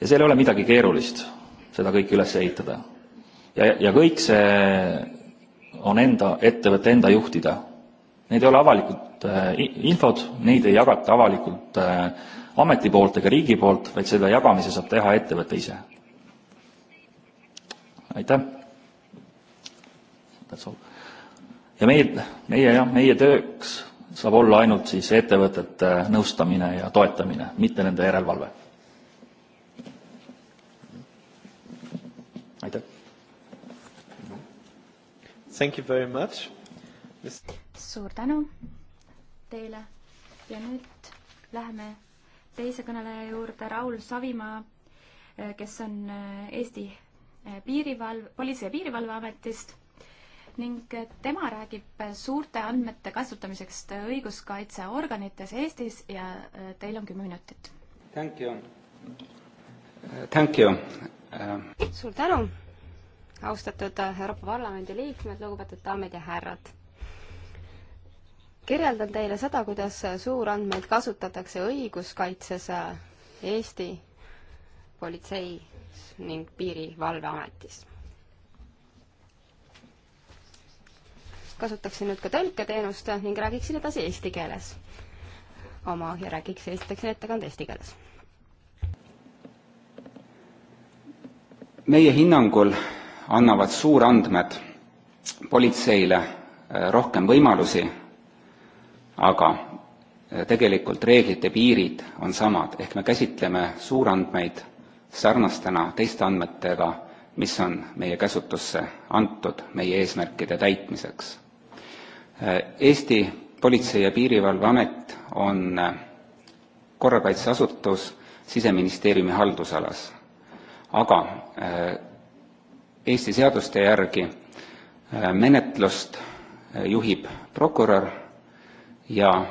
ja seal ei ole midagi keerulist, seda kõike üles ehitada. ja, ja kõik see on enda, ettevõtte enda juhtida Need ei ole avalikud äh, infod, neid ei jagata avalikult äh, ameti poolt ega riigi poolt, vaid selle jagamise saab teha ettevõte ise. aitäh! That's all. ja meil, meie jah, meie tööks saab olla ainult siis ettevõtete nõustamine ja toetamine, mitte nende järelevalve. aitäh! Thank you very much suur tänu teile ja nüüd läheme teise kõneleja juurde, Raul Savimaa, eh, kes on eh, Eesti eh, piirivalv-, Politsei- ja Piirivalveametist ning tema räägib suurte andmete kasutamisest õiguskaitseorganites Eestis ja teil on kümme minutit. Thank you. Thank you uh.... suur tänu, austatud Euroopa Parlamendi liikmed, lugupeetud daamid ja härrad kirjeldan teile seda, kuidas suurandmeid kasutatakse õiguskaitses Eesti politsei ning piirivalveametis. kasutaksin nüüd ka tõlketeenust ning räägiksin edasi eesti keeles oma ja räägiks, esitaksin ettekande eesti keeles. meie hinnangul annavad suurandmed politseile eh, rohkem võimalusi aga eh, tegelikult reeglite piirid on samad ehk me käsitleme suurandmeid sarnastena teiste andmetega mis on meie käsutusse antud meie eesmärkide täitmiseks eh, eesti politsei ja piirivalveamet on eh, korrakaitseasutus siseministeeriumi haldusalas aga eesti seaduste järgi menetlust juhib prokurör ja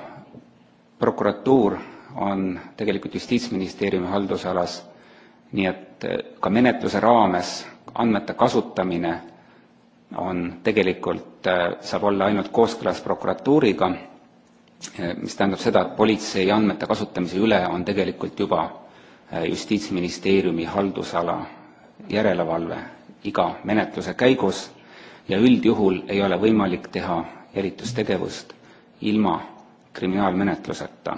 prokuratuur on tegelikult Justiitsministeeriumi haldusalas, nii et eh, ka menetluse raames andmete kasutamine on tegelikult, eh, saab olla ainult kooskõlas prokuratuuriga, eh, mis tähendab seda, et politsei andmete kasutamise üle on tegelikult juba Justiitsministeeriumi haldusala järelevalve iga menetluse käigus ja üldjuhul ei ole võimalik teha jälitustegevust ilma kriminaalmenetluseta.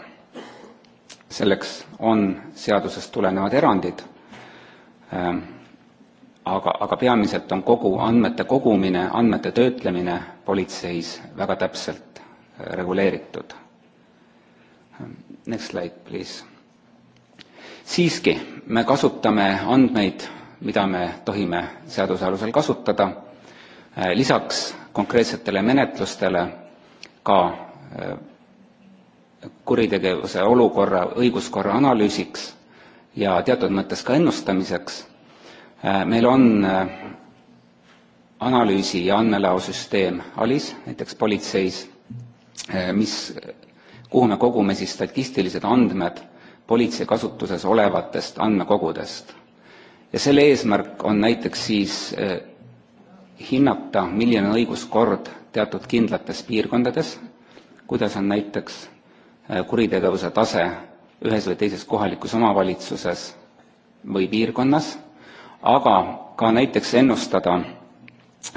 selleks on seadusest tulenevad erandid, ähm, aga, aga peamiselt on kogu andmete kogumine, andmete töötlemine politseis väga täpselt äh, reguleeritud. Ähm, next slide, please. siiski, me kasutame andmeid, mida me tohime seaduse alusel kasutada, äh, lisaks konkreetsetele menetlustele ka kuritegevuse olukorra õiguskorra analüüsiks ja teatud mõttes ka ennustamiseks. Äh, meil on äh, analüüsi ja andmelaosüsteem ALIS näiteks politseis, äh, mis, kuhu me kogume siis statistilised andmed politsei kasutuses olevatest andmekogudest. ja selle eesmärk on näiteks siis hinnata, milline on õiguskord teatud kindlates piirkondades kuidas on näiteks äh, kuritegevuse tase ühes või teises kohalikus omavalitsuses või piirkonnas, aga ka näiteks ennustada,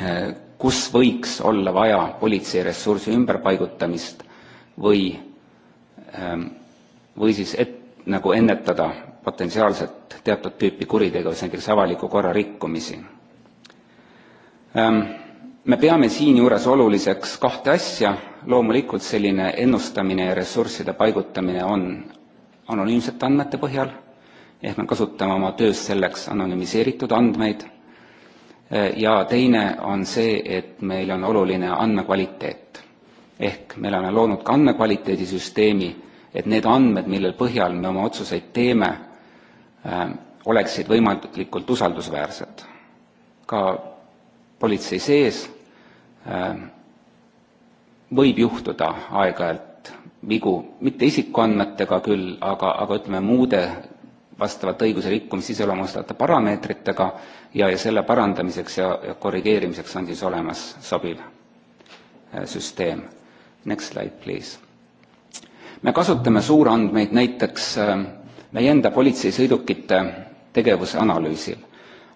äh, kus võiks olla vaja politseiressursi ümberpaigutamist või, ähm, või siis et, nagu ennetada potentsiaalselt teatud tüüpi kuritegevust, näiteks avaliku korra rikkumisi ähm, me peame siinjuures oluliseks kahte asja loomulikult selline ennustamine ja ressursside paigutamine on anonüümsete andmete põhjal ehk me kasutame oma töös selleks anonüümiseeritud andmeid ja teine on see et meil on oluline andmekvaliteet ehk me oleme loonud ka andmekvaliteedisüsteemi et need andmed mille põhjal me oma otsuseid teeme oleksid võimalikult usaldusväärsed ka politsei sees Äh, võib juhtuda aeg-ajalt vigu, mitte isikuandmetega küll, aga, aga ütleme muude vastavalt õiguse rikkumise iseloomustavate parameetritega ja, ja selle parandamiseks ja, ja korrigeerimiseks on siis olemas sobiv äh, süsteem. Next slide, please. me kasutame suurandmeid näiteks äh, meie enda politseisõidukite tegevuse analüüsil.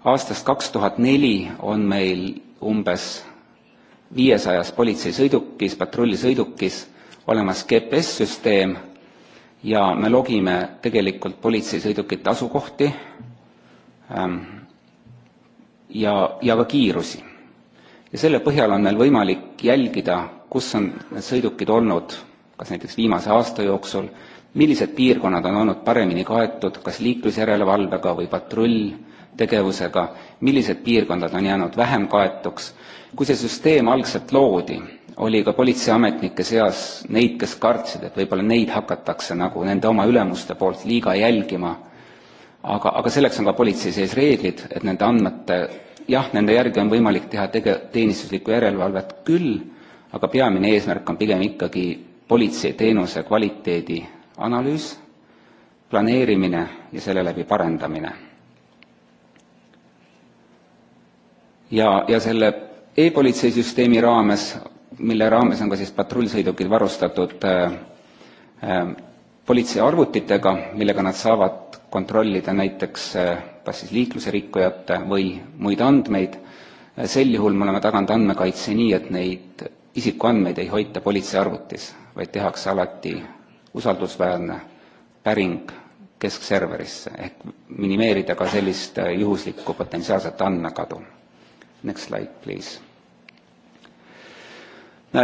aastast kaks tuhat neli on meil umbes viiesajas politseisõidukis patrullisõidukis olemas gps süsteem ja me logime tegelikult politseisõidukite asukohti ähm, ja ja ka kiirusi ja selle põhjal on meil võimalik jälgida kus on need sõidukid olnud kas näiteks viimase aasta jooksul millised piirkonnad on olnud paremini kaetud kas liiklusjärelevalvega või patrull tegevusega millised piirkonnad on jäänud vähem kaetuks kui see süsteem algselt loodi oli ka politseiametnike seas neid kes kartsid et võibolla neid hakatakse nagu nende oma ülemuste poolt liiga jälgima aga aga selleks on ka politsei sees reeglid et nende andmete jah nende järgi on võimalik teha tege- teenistuslikku järelevalvet küll aga peamine eesmärk on pigem ikkagi politseiteenuse kvaliteedi analüüs planeerimine ja selle läbi parendamine ja, ja selle e-politseisüsteemi raames, mille raames on ka siis patrullsõidukid varustatud äh, äh, politsei arvutitega, millega nad saavad kontrollida näiteks äh, kas siis liikluserikkujate või muid andmeid, äh, sel juhul me oleme taganud andmekaitse nii, et neid isikuandmeid ei hoita politsei arvutis, vaid tehakse alati usaldusväärne päring keskserverisse, ehk minimeerida ka sellist äh, juhuslikku potentsiaalset andmekadu Next slide, please.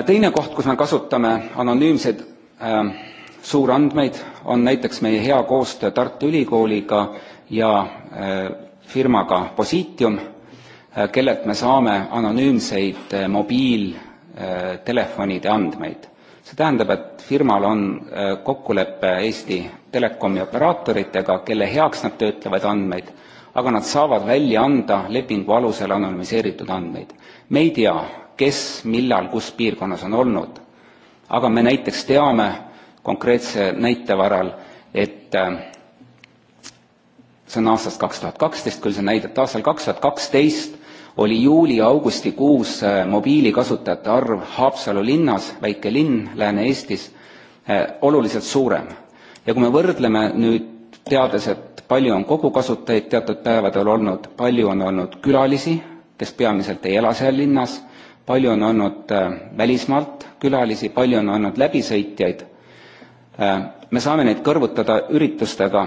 teine koht, kus me kasutame anonüümseid äh, suurandmeid, on näiteks meie hea koostöö Tartu Ülikooliga ja äh, firmaga Positium äh,, kellelt me saame anonüümseid äh, mobiiltelefonide äh, andmeid. see tähendab, et firmal on äh, kokkulepe Eesti telekomi operaatoritega, kelle heaks nad töötlevad andmeid aga nad saavad välja anda lepingu alusel anonüümiseeritud andmeid me ei tea kes millal kus piirkonnas on olnud aga me näiteks teame konkreetse näite varal et äh, see on aastast 2012 küll see näide et aastal 2012 oli juuli augustikuus äh, mobiilikasutajate arv haapsalu linnas väike linn lääne eestis äh, oluliselt suurem ja kui me võrdleme nüüd teades, et palju on kogukasutajaid teatud päevadel olnud, palju on olnud külalisi, kes peamiselt ei ela seal linnas, palju on olnud äh, välismaalt külalisi, palju on olnud läbisõitjaid, äh, me saame neid kõrvutada üritustega,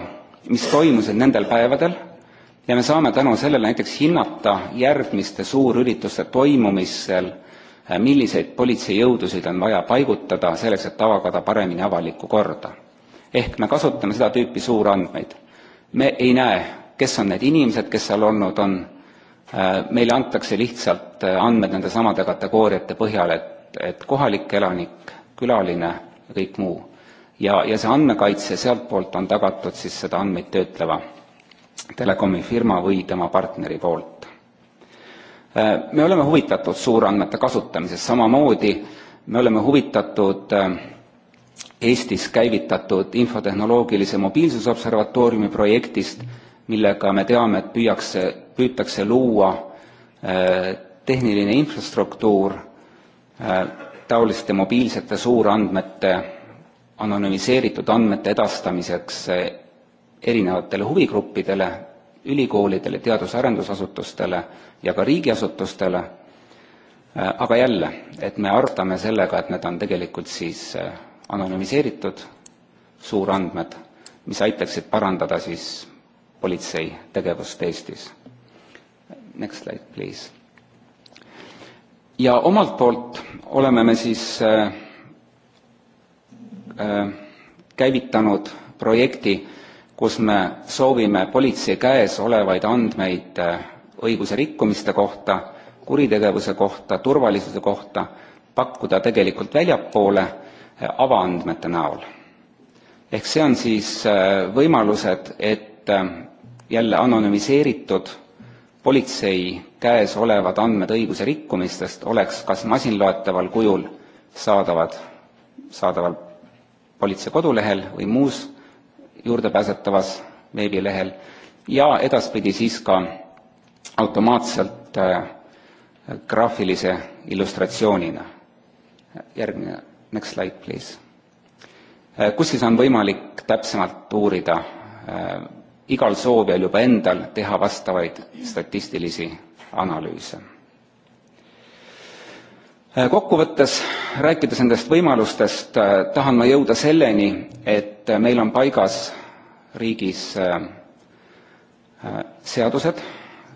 mis toimusid nendel päevadel ja me saame tänu sellele näiteks hinnata järgmiste suurürituste toimumisel, äh, milliseid politseijõudusid on vaja paigutada selleks, et avada paremini avalikku korda ehk me kasutame seda tüüpi suurandmeid me ei näe kes on need inimesed kes seal olnud on äh, meile antakse lihtsalt äh, andmed nendesamade kategooriate põhjal et et kohalik elanik külaline ja kõik muu ja ja see andmekaitse sealtpoolt on tagatud siis seda andmeid töötleva telekomi firma või tema partneri poolt äh, me oleme huvitatud suurandmete kasutamisest samamoodi me oleme huvitatud Eestis käivitatud infotehnoloogilise mobiilsusobservatooriumi projektist, millega me teame, et püüakse, püütakse luua äh, tehniline infrastruktuur äh, taoliste mobiilsete suurandmete, anonüümiseeritud andmete edastamiseks äh, erinevatele huvigruppidele, ülikoolidele, teadus- ja arendusasutustele ja ka riigiasutustele, aga jälle, et me arvestame sellega, et need on tegelikult siis anonüümiseeritud suurandmed, mis aitaksid parandada siis politsei tegevust Eestis. Next slide, please. ja omalt poolt oleme me siis äh, äh, käivitanud projekti, kus me soovime politsei käes olevaid andmeid äh, õiguserikkumiste kohta, kuritegevuse kohta, turvalisuse kohta pakkuda tegelikult väljapoole avaandmete näol. ehk see on siis äh, võimalused, et äh, jälle anonüümiseeritud politsei käes olevad andmed õiguse rikkumistest oleks kas masinloetaval kujul saadavad, saadaval politsei kodulehel või muus juurdepääsetavas veebilehel ja edaspidi siis ka automaatselt äh, graafilise illustratsioonina. järgmine Next slide, please. Äh, kus siis on võimalik täpsemalt uurida? Äh, igal soovijal juba endal teha vastavaid statistilisi analüüse. Äh, kokkuvõttes, rääkides nendest võimalustest, tahan ma jõuda selleni, et meil on paigas riigis seadused,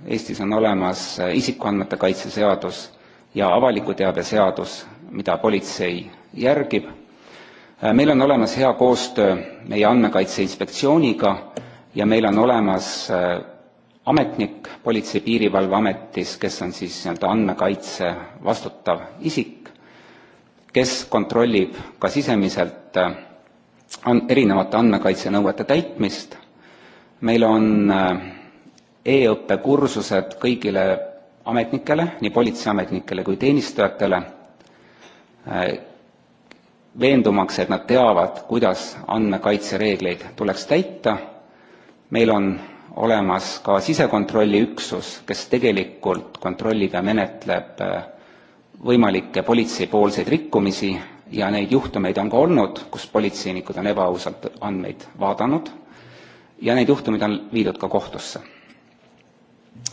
Eestis on olemas isikuandmete kaitse seadus ja avaliku teabe seadus mida politsei järgib äh, meil on olemas hea koostöö meie andmekaitse inspektsiooniga ja meil on olemas äh, ametnik politsei piirivalveametis kes on siis nii-öelda andmekaitse vastutav isik kes kontrollib ka sisemiselt äh, an- erinevate andmekaitsenõuete täitmist meil on e õppekursused kõigile ametnikele nii politseiametnikele kui teenistujatele Äh, veendumaks, et nad teavad, kuidas andmekaitsereegleid tuleks täita. meil on olemas ka sisekontrolliüksus, kes tegelikult kontrollib ja menetleb äh, võimalikke politseipoolseid rikkumisi ja neid juhtumeid on ka olnud, kus politseinikud on ebaausalt andmeid vaadanud ja neid juhtumeid on viidud ka kohtusse.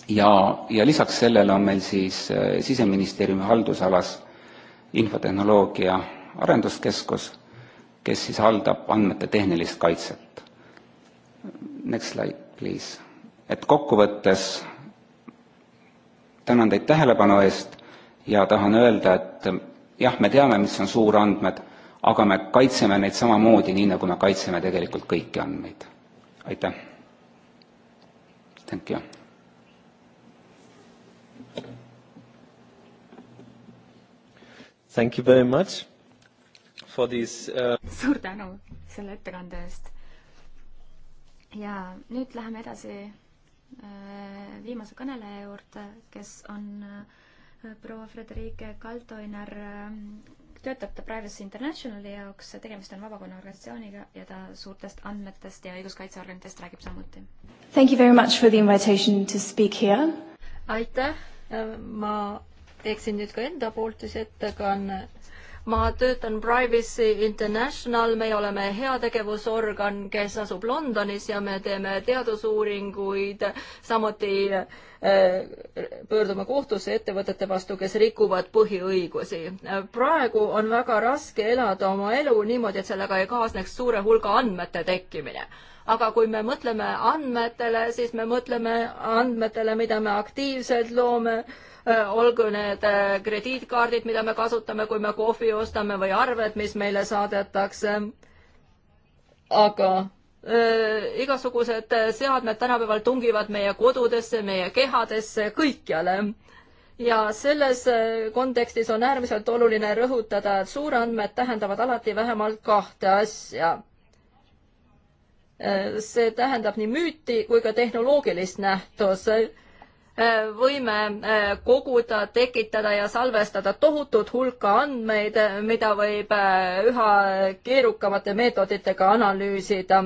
ja, ja lisaks sellele on meil siis äh, Siseministeeriumi haldusalas infotehnoloogia arenduskeskus, kes siis haldab andmete tehnilist kaitset. Next slide, please. et kokkuvõttes tänan teid tähelepanu eest ja tahan öelda, et jah, me teame, mis on suurandmed, aga me kaitseme neid samamoodi, nii nagu me kaitseme tegelikult kõiki andmeid. aitäh! Thank you. Thank you very much for this uh.... suur tänu selle ettekande eest. ja nüüd läheme edasi äh, viimase kõneleja juurde, kes on äh, proua Frederike Kaldoiner. töötab ta Privacy Internationali jaoks, tegemist on vabakonna organisatsiooniga ja ta suurtest andmetest ja õiguskaitseorganitest räägib samuti. Thank you very much for the invitation to speak here. aitäh, äh, ma teeksin nüüd ka enda poolt siis ettekanne. ma töötan Privacy International, meie oleme heategevusorgan, kes asub Londonis ja me teeme teadusuuringuid, samuti eh, pöördume kohtusse ettevõtete vastu, kes rikuvad põhiõigusi. praegu on väga raske elada oma elu niimoodi, et sellega ei kaasneks suure hulga andmete tekkimine aga kui me mõtleme andmetele, siis me mõtleme andmetele, mida me aktiivselt loome, äh, olgu need äh, krediitkaardid, mida me kasutame, kui me kohvi ostame või arved, mis meile saadetakse. aga äh, igasugused äh, seadmed tänapäeval tungivad meie kodudesse, meie kehadesse, kõikjale ja selles kontekstis on äärmiselt oluline rõhutada, et suurandmed tähendavad alati vähemalt kahte asja see tähendab nii müüti kui ka tehnoloogilist nähtust. võime e, koguda, tekitada ja salvestada tohutut hulka andmeid, mida võib e, üha keerukamate meetoditega analüüsida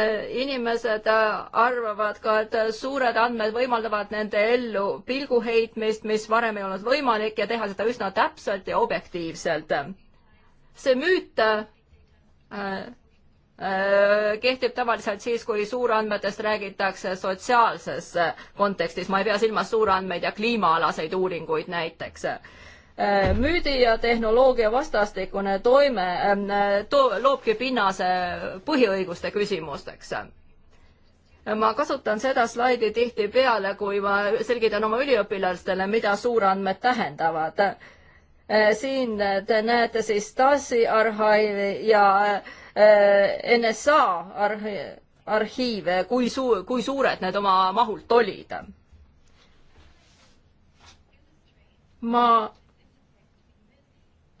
e, inimesed arvavad ka, et suured andmed võimaldavad nende ellu pilgu heitmist, mis varem ei olnud võimalik ja teha seda üsna täpselt ja objektiivselt. see müüt Äh, kehtib tavaliselt siis, kui suurandmetest räägitakse sotsiaalses äh, kontekstis, ma ei pea silmas suurandmeid ja kliimaalaseid uuringuid näiteks. Äh, müüdi ja tehnoloogia vastastikune toime to loobki pinnase põhiõiguste küsimusteks ma kasutan seda slaidi tihtipeale, kui ma selgitan oma üliõpilastele, mida suurandmed tähendavad. siin te näete siis Stasi arhiivi ja äh, Äh, NSA arhi arhiive, kui suu-, kui suured need oma mahult olid. ma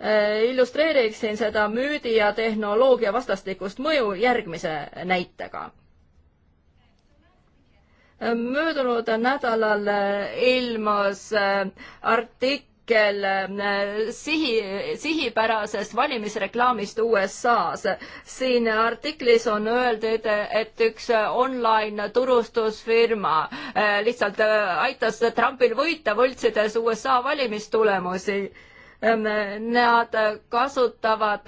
äh, illustreeriksin seda müüdi ja tehnoloogia vastastikust mõju järgmise näitega. möödunud nädalal ilmus äh, artik-, artikkel äh, sihi, sihipärasest valimisreklaamist USA-s. siin artiklis on öeldud, et üks online turustusfirma äh, lihtsalt äh, aitas Trumpil võita, võltsides USA valimistulemusi Nad kasutavad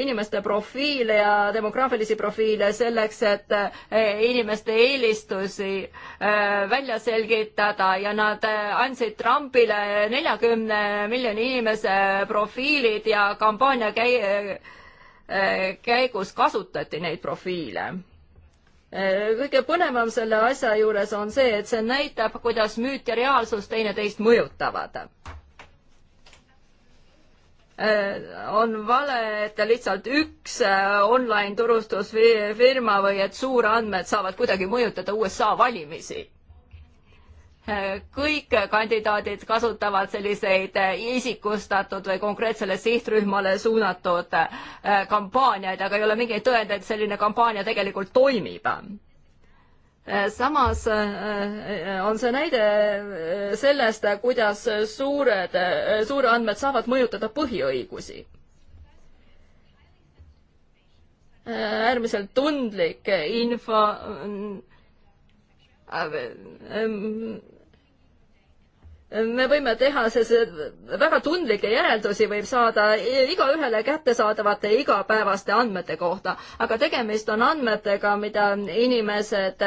inimeste profiile ja demograafilisi profiile selleks, et e, inimeste eelistusi e, välja selgitada ja nad andsid Trumpile neljakümne miljoni inimese profiilid ja kampaania käi-, e, käigus kasutati neid profiile kõige põnevam selle asja juures on see, et see näitab, kuidas müüt ja reaalsus teineteist mõjutavad. Äh, on vale, et lihtsalt üks äh, online turustusfirma või et suurandmed saavad kuidagi mõjutada USA valimisi. Äh, kõik kandidaadid kasutavad selliseid isikustatud või konkreetsele sihtrühmale suunatud kampaaniaid, aga ei ole mingeid tõendeid, et selline kampaania tegelikult toimib Äh, samas äh, on see näide äh, sellest, kuidas suured, suurandmed saavad mõjutada põhiõigusi. äärmiselt tundlik info me võime teha, sest väga tundlikke järeldusi võib saada igaühele kättesaadavate igapäevaste andmete kohta, aga tegemist on andmetega, mida inimesed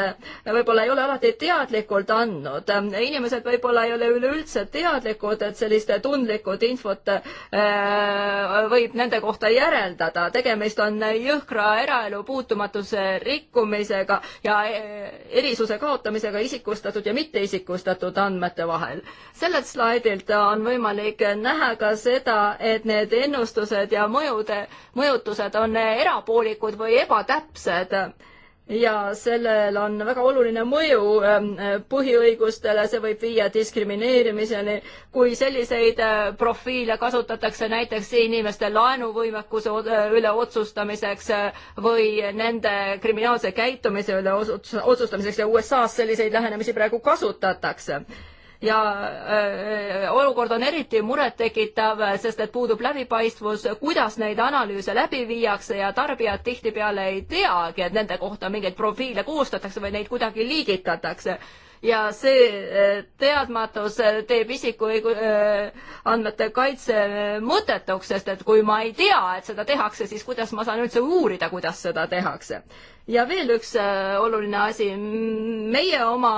võib-olla ei ole alati teadlikult andnud. inimesed võib-olla ei ole üleüldse teadlikud, et sellist tundlikud infot äh, võib nende kohta järeldada. tegemist on jõhkra eraelu puutumatuse rikkumisega ja äh, erisuse kaotamisega isikustatud ja mitteisikustatud andmete vahel sellelt slaidilt on võimalik näha ka seda, et need ennustused ja mõjude, mõjutused on erapoolikud või ebatäpsed ja sellel on väga oluline mõju ähm, põhiõigustele, see võib viia diskrimineerimiseni, kui selliseid äh, profiile kasutatakse näiteks inimeste laenuvõimekuse äh, üle otsustamiseks äh, või nende kriminaalse käitumise üle otsustamiseks ja USA-s selliseid lähenemisi praegu kasutatakse ja öö, äh, olukord on eriti murettekitav, sest et puudub läbipaistvus, kuidas neid analüüse läbi viiakse ja tarbijad tihtipeale ei teagi, et nende kohta mingeid profiile koostatakse või neid kuidagi liigitatakse ja see äh, teadmatus äh, teeb isiku äh, andmete kaitse mõttetuks, sest et kui ma ei tea, et seda tehakse, siis kuidas ma saan üldse uurida, kuidas seda tehakse. ja veel üks oluline asi, meie oma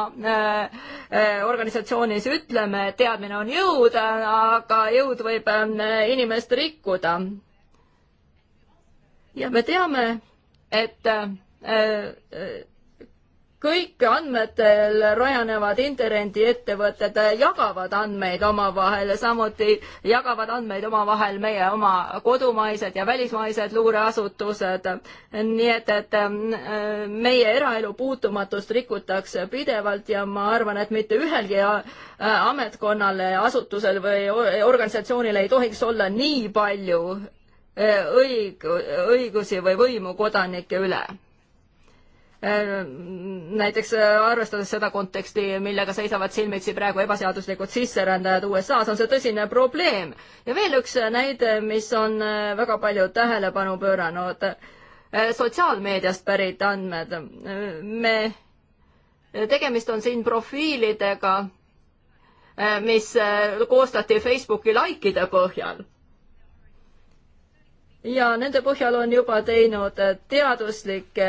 organisatsioonis ütleme, et teadmine on jõud, aga jõud võib inimest rikkuda. ja me teame, et kõik andmetel rajanevad internetiettevõtted jagavad andmeid omavahel, samuti jagavad andmeid omavahel meie oma kodumaised ja välismaised luureasutused. nii et, et äh, meie eraelu puutumatust rikutakse pidevalt ja ma arvan, et mitte ühelgi äh, ametkonnal, asutusel või organisatsioonil ei tohiks olla nii palju äh, õig-, õigusi või võimu kodanike üle Äh, näiteks äh, arvestades seda konteksti, millega seisavad silmitsi praegu ebaseaduslikud sisserändajad USA-s, on see tõsine probleem. ja veel üks äh, näide, mis on väga palju tähelepanu pööranud, sotsiaalmeediast pärit andmed. me, tegemist on siin profiilidega, mis koostati Facebooki likeide põhjal ja nende põhjal on juba teinud teaduslikke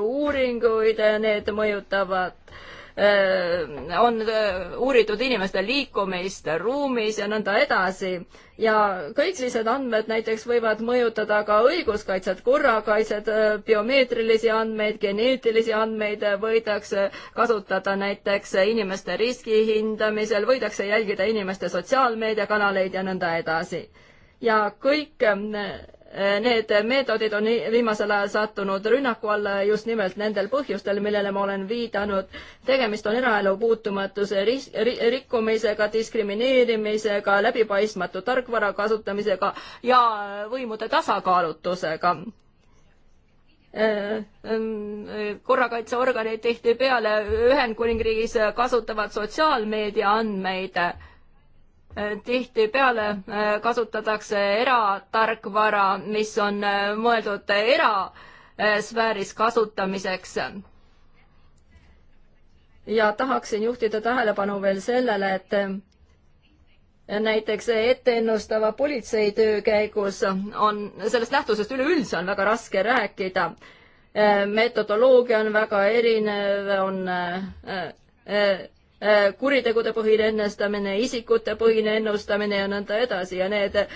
uuringuid, need mõjutavad äh, on äh, uuritud inimeste liikumist ruumis ja nõnda edasi. ja kõik sellised andmed näiteks võivad mõjutada ka õiguskaitset, korrakaitset, äh, biomeetrilisi andmeid, geneetilisi andmeid võidakse kasutada näiteks inimeste riski hindamisel, võidakse jälgida inimeste sotsiaalmeediakanaleid ja nõnda edasi. ja kõik Need meetodid on viimasel ajal sattunud rünnaku alla just nimelt nendel põhjustel, millele ma olen viidanud. tegemist on eraelu puutumatuse ris-, rikkumisega, diskrimineerimisega, läbipaistmatu tarkvara kasutamisega ja võimude tasakaalutusega korrakaitseorganid tihtipeale Ühendkuningriigis kasutavad sotsiaalmeedia andmeid tihtipeale äh, kasutatakse eratarkvara, mis on äh, mõeldud erasfääris kasutamiseks. ja tahaksin juhtida tähelepanu veel sellele, et äh, näiteks etteennustava politseitöö käigus on, sellest nähtusest üleüldse on väga raske rääkida. metodoloogia on väga erinev, on Äh, kuritegude põhine ennustamine, isikute põhine ennustamine ja nõnda edasi ja need äh,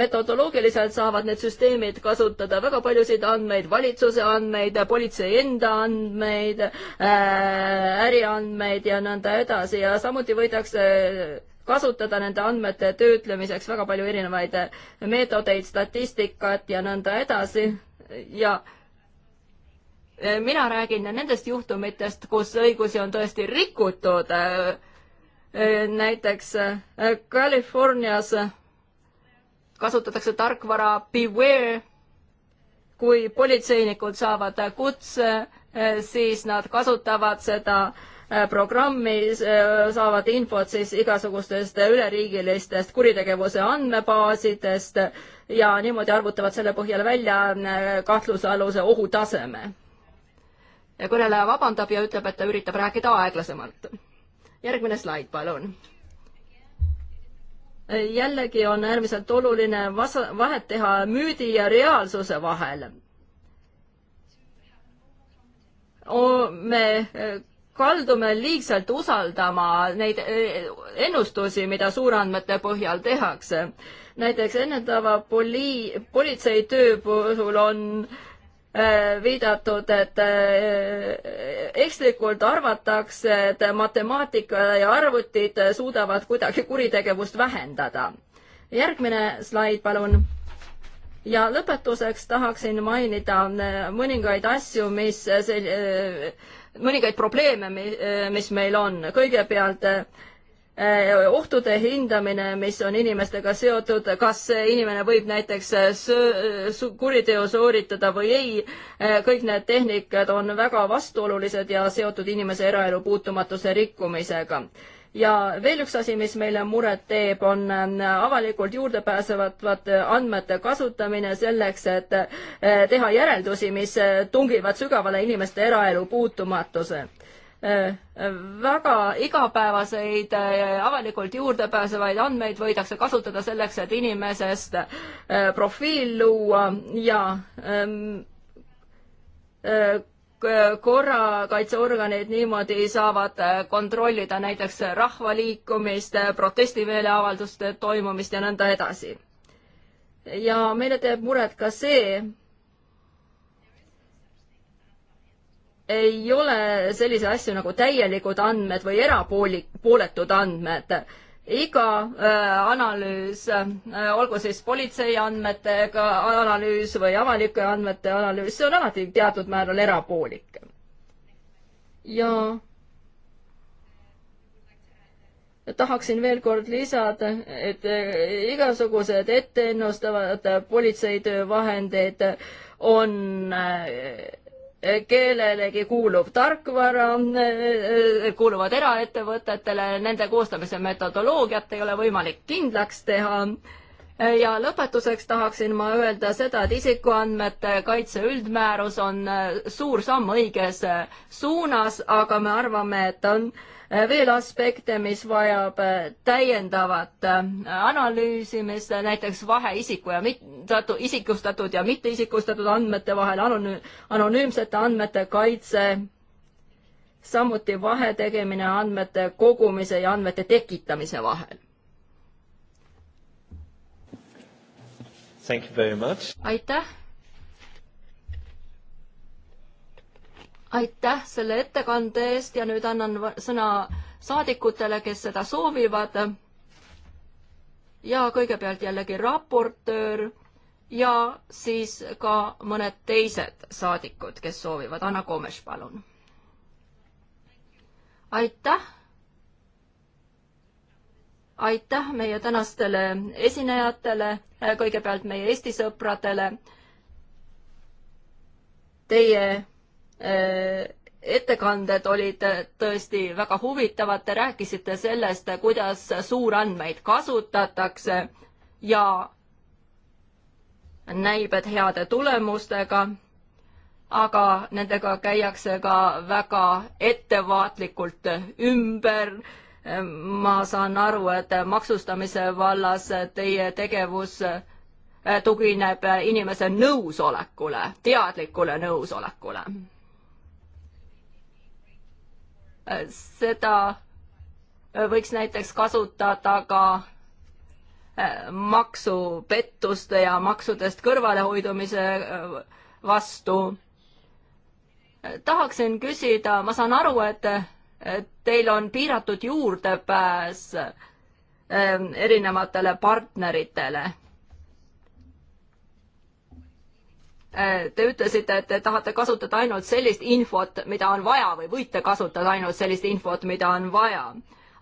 metodoloogiliselt saavad need süsteemid kasutada väga paljusid andmeid, valitsuse andmeid, politsei enda andmeid, äh, äriandmeid ja nõnda edasi ja samuti võidakse kasutada nende andmete töötlemiseks väga palju erinevaid meetodeid, statistikat ja nõnda edasi ja äh, Äh, mina räägin nendest juhtumitest, kus õigusi on tõesti rikutud. Äh, äh, näiteks Californias kasutatakse tarkvara Beware, kui politseinikud saavad kutse, siis nad kasutavad seda programmi, saavad infot siis igasugustest üleriigilistest kuritegevuse andmebaasidest ja niimoodi arvutavad selle põhjal välja kahtlusaluse ohutaseme kõneleja vabandab ja ütleb, et ta üritab rääkida aeglasemalt. järgmine slaid, palun. jällegi on äärmiselt oluline vas-, vahet teha müüdi ja reaalsuse vahel. me e, kaldume liigselt usaldama neid e, ennustusi, mida suurandmete põhjal tehakse. näiteks ennetava poli-, politseitöö puhul on äh, Äh, viidatud, et äh, ekslikult arvatakse, et matemaatika ja arvutid suudavad kuidagi kuritegevust vähendada. järgmine slaid, palun. ja lõpetuseks tahaksin mainida äh, mõningaid asju, mis, mõningaid probleeme, mis meil on. kõigepealt äh, Eh, ohtude hindamine, mis on inimestega seotud, kas inimene võib näiteks eh, söö, eh, kuriteo sooritada või ei, kõik need tehnikad on väga vastuolulised ja seotud inimese eraelu puutumatuse rikkumisega ja veel üks asi, mis meile muret teeb, on avalikult juurdepääsevate andmete kasutamine selleks, et teha järeldusi, mis tungivad sügavale inimeste eraelu puutumatuse väga igapäevaseid äh, avalikult juurdepääsevaid andmeid võidakse kasutada selleks, et inimesest äh, profiil luua ja ähm, äh, korrakaitseorganid niimoodi saavad kontrollida näiteks rahvaliikumist, protestimeeleavalduste toimumist ja nõnda edasi. ja meile teeb muret ka see, ei ole sellise asju nagu täielikud andmed või erapooletud andmed. iga äh, analüüs, äh, olgu siis politsei andmetega analüüs või avalike andmete analüüs, see on alati teatud määral erapoolik. ja tahaksin veel kord lisada, et äh, igasugused etteennustavad politseitöövahendid on kellelegi kuuluv tarkvara, kuuluvad eraettevõtetele, nende koostamise metodoloogiat ei ole võimalik kindlaks teha. ja lõpetuseks tahaksin ma öelda seda, et isikuandmete kaitse üldmäärus on suur samm õiges suunas, aga me arvame, et on äh, Äh, veel aspekte, mis vajab äh, täiendavat äh, analüüsimist, näiteks vahe isiku ja mitte, isikustatud ja mitteisikustatud andmete vahel, anonüü-, anonüümsete andmete kaitse, samuti vahe tegemine andmete kogumise ja andmete tekitamise vahel. aitäh! aitäh selle ettekande eest ja nüüd annan sõna saadikutele, kes seda soovivad. ja kõigepealt jällegi raportöör ja siis ka mõned teised saadikud, kes soovivad. Anna Komes, palun. aitäh. aitäh meie tänastele esinejatele, kõigepealt meie Eesti sõpradele. Teie Äh, ettekanded olid tõesti väga huvitavad, te rääkisite sellest, kuidas suurandmeid kasutatakse ja näib, et heade tulemustega, aga nendega käiakse ka väga ettevaatlikult ümber. ma saan aru, et maksustamise vallas teie tegevus äh, tugineb inimese nõusolekule, teadlikule nõusolekule seda võiks näiteks kasutada ka äh, maksupettuste ja maksudest kõrvalehoidumise äh, vastu. tahaksin küsida, ma saan aru, et teil on piiratud juurdepääs äh, erinevatele partneritele Äh, te ütlesite, et te tahate kasutada ainult sellist infot, mida on vaja või võite kasutada ainult sellist infot, mida on vaja.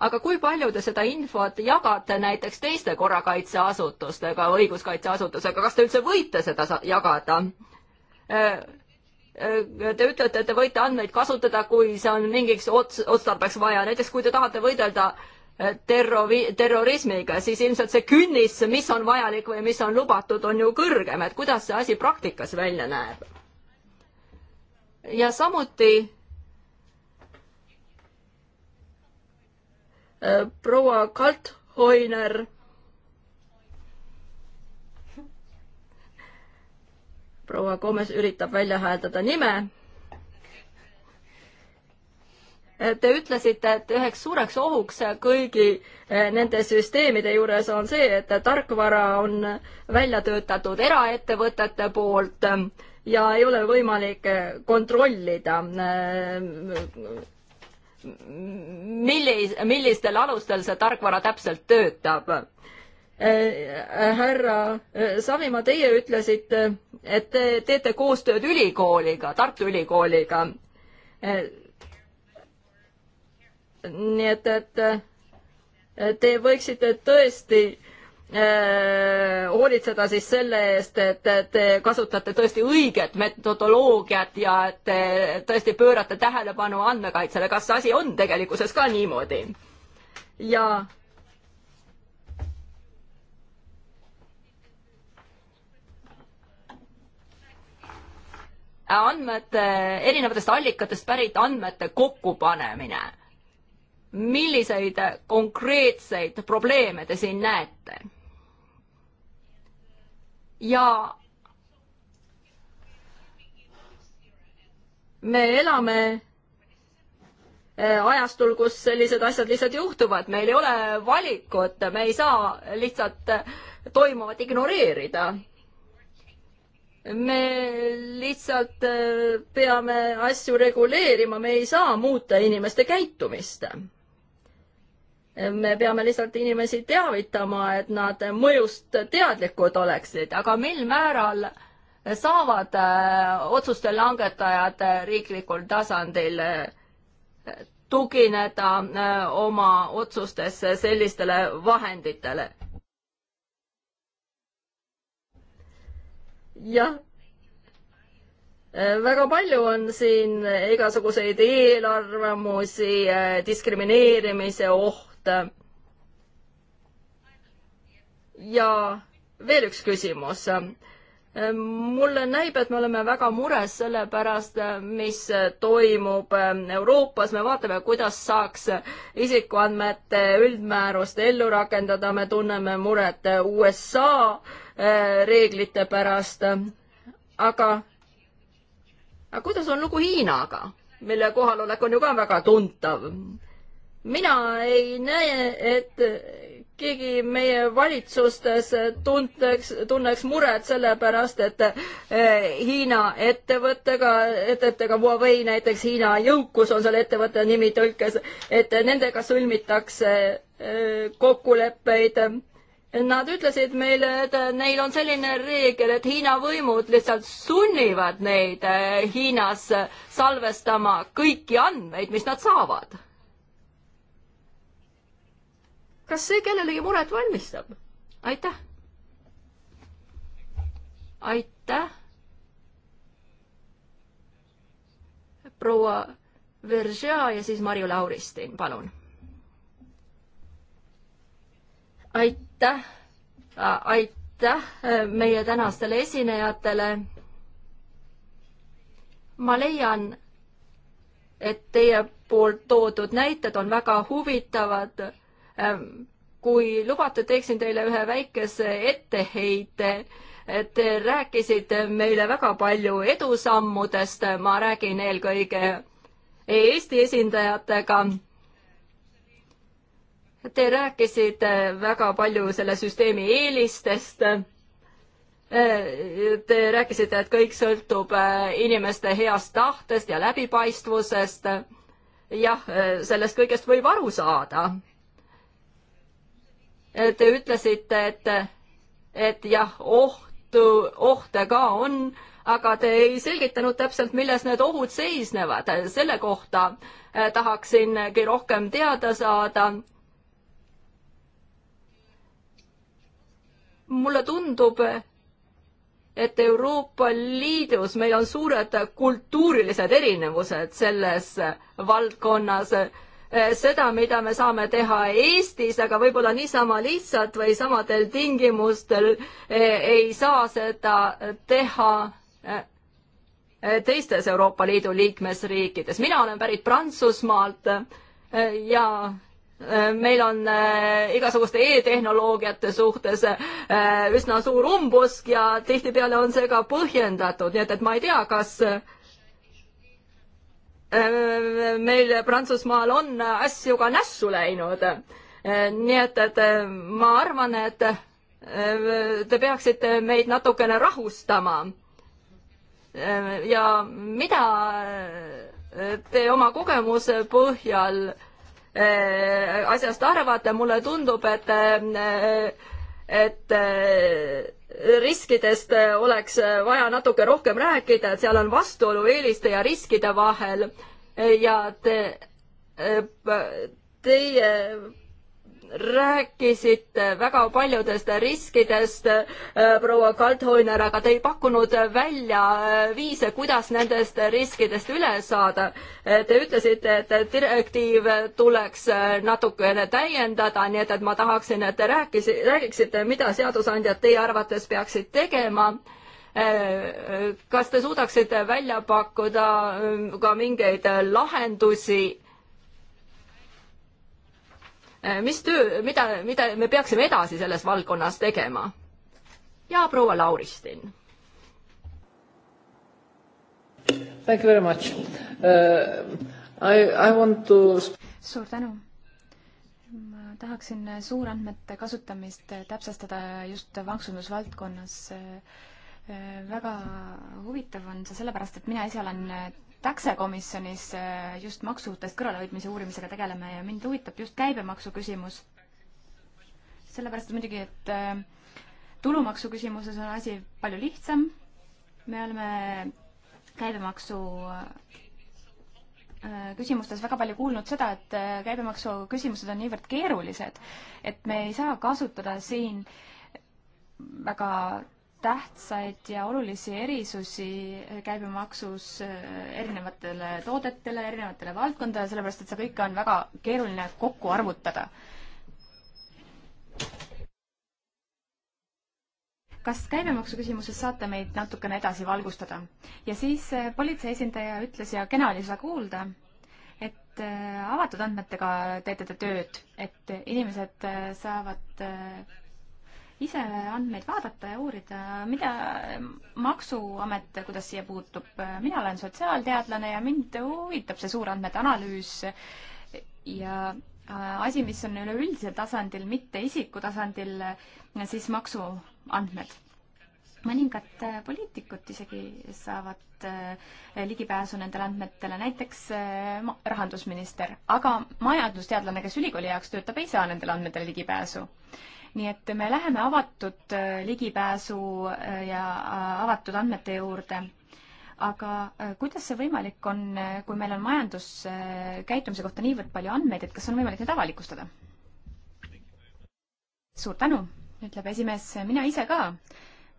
aga kui palju te seda infot jagate näiteks teiste korrakaitseasutustega, õiguskaitseasutusega, kas te üldse võite seda jagada? Äh, äh, te ütlete, et te võite andmeid kasutada, kui see on mingiks ots-, otstarbeks vaja, näiteks kui te tahate võidelda äh, terrori-, terrorismiga, siis ilmselt see künnis, mis on vajalik või mis on lubatud, on ju kõrgem, et kuidas see asi praktikas välja näeb. ja samuti äh, proua Kalthoiner proua Gomes üritab välja hääldada nime Te ütlesite, et üheks suureks ohuks kõigi eh, nende süsteemide juures on see, et tarkvara on välja töötatud eraettevõtete poolt eh, ja ei ole võimalik eh, kontrollida, millis-, millistel alustel see tarkvara täpselt töötab härra Savimaa, teie ütlesite, et te teete koostööd ülikooliga, Tartu Ülikooliga nii et, et te võiksite tõesti äh, hoolitseda siis selle eest, et te kasutate tõesti õiget metodoloogiat ja et te tõesti pöörate tähelepanu andmekaitsele, kas see asi on tegelikkuses ka niimoodi? ja andmete, erinevatest allikatest pärit andmete kokkupanemine milliseid konkreetseid probleeme te siin näete? ja me elame eh, ajastul, kus sellised asjad lihtsalt juhtuvad, meil ei ole valikut, me ei saa lihtsalt eh, toimuvat ignoreerida. me lihtsalt eh, peame asju reguleerima, me ei saa muuta inimeste käitumist me peame lihtsalt inimesi teavitama, et nad mõjust teadlikud oleksid, aga mil määral saavad äh, otsuste langetajad äh, riiklikul tasandil äh, tugineda oma otsustes sellistele vahenditele? jah väga palju on siin igasuguseid eelarvamusi, diskrimineerimise ohtu, ja veel üks küsimus. mulle näib, et me oleme väga mures selle pärast, mis toimub Euroopas, me vaatame, kuidas saaks isikuandmete üldmäärust ellu rakendada, me tunneme muret USA eh, reeglite pärast, aga aga kuidas on lugu Hiinaga, mille kohalolek on ju ka väga tuntav? mina ei näe, et keegi meie valitsustes tunteks, tunneks muret selle pärast, et eh, Hiina ettevõttega, ettevõttega Huawei näiteks, Hiina jõukus on selle ettevõtte nimi tõlkes, et nendega sõlmitakse eh, kokkuleppeid Nad ütlesid meile, et neil on selline reegel, et Hiina võimud lihtsalt sunnivad neid eh, Hiinas salvestama kõiki andmeid, mis nad saavad kas see kellelegi muret valmistab? aitäh! aitäh! proua Veržea ja siis Marju Lauristin, palun. aitäh, aitäh e, meie tänastele esinejatele. ma leian, et teie poolt toodud näited on väga huvitavad Ehm, kui lubate, teeksin teile ühe väikese etteheite. Te rääkisite meile väga palju edusammudest, ma räägin eelkõige Eesti esindajatega. Te rääkisite väga palju selle süsteemi eelistest ehm, Te rääkisite, et kõik sõltub eh, inimeste heast tahtest ja läbipaistvusest. jah, eh, sellest kõigest võib aru saada. Te ütlesite, et, et jah, ohtu, ohte ka on, aga te ei selgitanud täpselt, milles need ohud seisnevad. selle kohta eh, tahaksingi rohkem teada saada. mulle tundub, et Euroopa Liidus meil on suured kultuurilised erinevused selles valdkonnas Eh, seda, mida me saame teha Eestis, aga võib-olla niisama lihtsalt või samadel tingimustel eh, ei saa seda teha eh, teistes Euroopa Liidu liikmesriikides. mina olen pärit Prantsusmaalt ja meil on igasuguste e-tehnoloogiate suhtes üsna suur umbusk ja tihtipeale on see ka põhjendatud, nii et, et ma ei tea, kas meil Prantsusmaal on asju ka nässu läinud. nii et, et ma arvan, et te peaksite meid natukene rahustama. ja mida te oma kogemuse põhjal eh, asjast arvate, mulle tundub, et, eh, et eh, riskidest äh, oleks äh, vaja natuke rohkem rääkida, et seal on vastuolu eeliste ja riskide vahel ja te, äh, teie rääkisite väga paljudest riskidest, äh, proua Kaldhoiner, aga te ei pakkunud välja äh, viise, kuidas nendest riskidest üle saada. Äh, te ütlesite, et direktiiv tuleks natukene täiendada, nii et, et ma tahaksin, et te rääkis, räägiksite, mida seadusandjad teie arvates peaksid tegema kas te suudaksite välja pakkuda ka mingeid lahendusi Äh, mis töö, mida, mida me peaksime edasi selles valdkonnas tegema? ja proua Lauristin. Thank you very much uh,. I, I want to. suur tänu. ma tahaksin suurandmete kasutamist täpsustada just maksundusvaldkonnas äh, väga huvitav on see sellepärast, et mina ise olen takse komisjonis äh, just maksutest kõrvalehoidmise uurimisega tegeleme ja mind huvitab just käibemaksu küsimus. sellepärast muidugi, et äh, tulumaksu küsimuses on asi palju lihtsam. me oleme käibemaksu äh, küsimustes väga palju kuulnud seda, et käibemaksu küsimused on niivõrd keerulised, et me ei saa kasutada siin väga tähtsaid ja olulisi erisusi käibemaksus äh, erinevatele toodetele, erinevatele valdkondadele, sellepärast et seda kõike on väga keeruline kokku arvutada. kas käibemaksu küsimuses saate meid natukene edasi valgustada? ja siis äh, politsei esindaja ütles ja kena oli seda kuulda, et äh, avatud andmetega teete te tööd, et inimesed saavad ise andmeid vaadata ja uurida, mida Maksuamet, kuidas siia puutub. mina olen sotsiaalteadlane ja mind huvitab see suurandmete analüüs ja äh, asi, mis on üleüldisel tasandil, mitte isiku tasandil, siis maksuandmed. mõningad äh, poliitikud isegi saavad äh, ligipääsu nendele andmetele, näiteks rahandusminister, aga majandusteadlane, kes ülikooli jaoks töötab, ei saa nendele andmetele ligipääsu nii et me läheme avatud äh, ligipääsu äh, ja äh, avatud andmete juurde. aga kuidas see võimalik on, kui meil on majanduskäitumise kohta niivõrd palju andmeid, et kas on võimalik need avalikustada? suur tänu, ütleb esimees, mina ise ka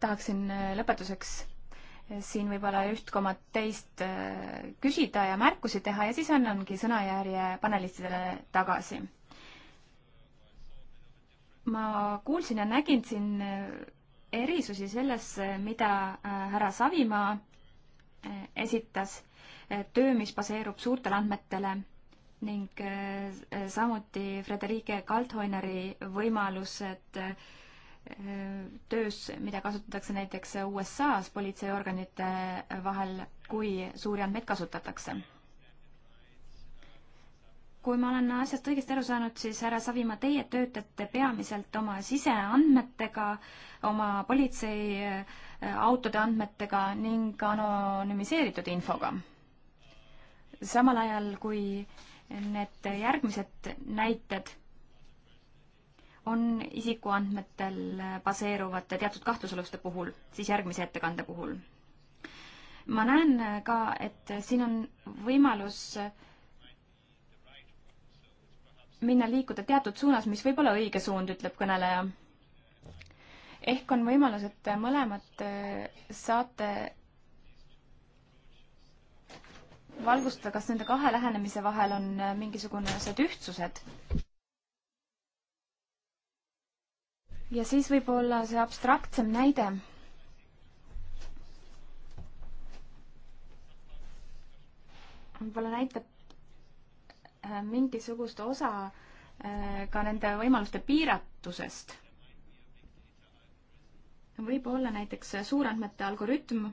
tahaksin lõpetuseks siin võib-olla üht koma teist küsida ja märkusi teha ja siis annangi sõnajärje panelistidele tagasi ma kuulsin ja nägin siin äh, erisusi selles, mida äh, härra Savimaa äh, esitas, töö, mis baseerub suurtele andmetele ning samuti Frederike Kalthoineri võimalused töös, mida kasutatakse näiteks USA-s politseiorganite vahel, kui suuri andmeid kasutatakse kui ma olen asjast õigesti aru saanud, siis härra Savimaa, teie töötate peamiselt oma siseandmetega, oma politseiautode äh, andmetega ning anonüümiseeritud infoga. samal ajal, kui need järgmised näited on isikuandmetel baseeruvate teatud kahtlusaluste puhul, siis järgmise ettekande puhul. ma näen ka, et siin on võimalus äh, minna liikuda teatud suunas, mis võib olla õige suund, ütleb kõneleja. ehk on võimalus, et mõlemad äh, saate valgustada, kas nende kahe lähenemise vahel on äh, mingisugused ühtsused. ja siis võib-olla see abstraktsem näide võib-olla näitab Äh, mingisugust osa äh, ka nende võimaluste piiratusest. võib olla näiteks suurandmete algoritm,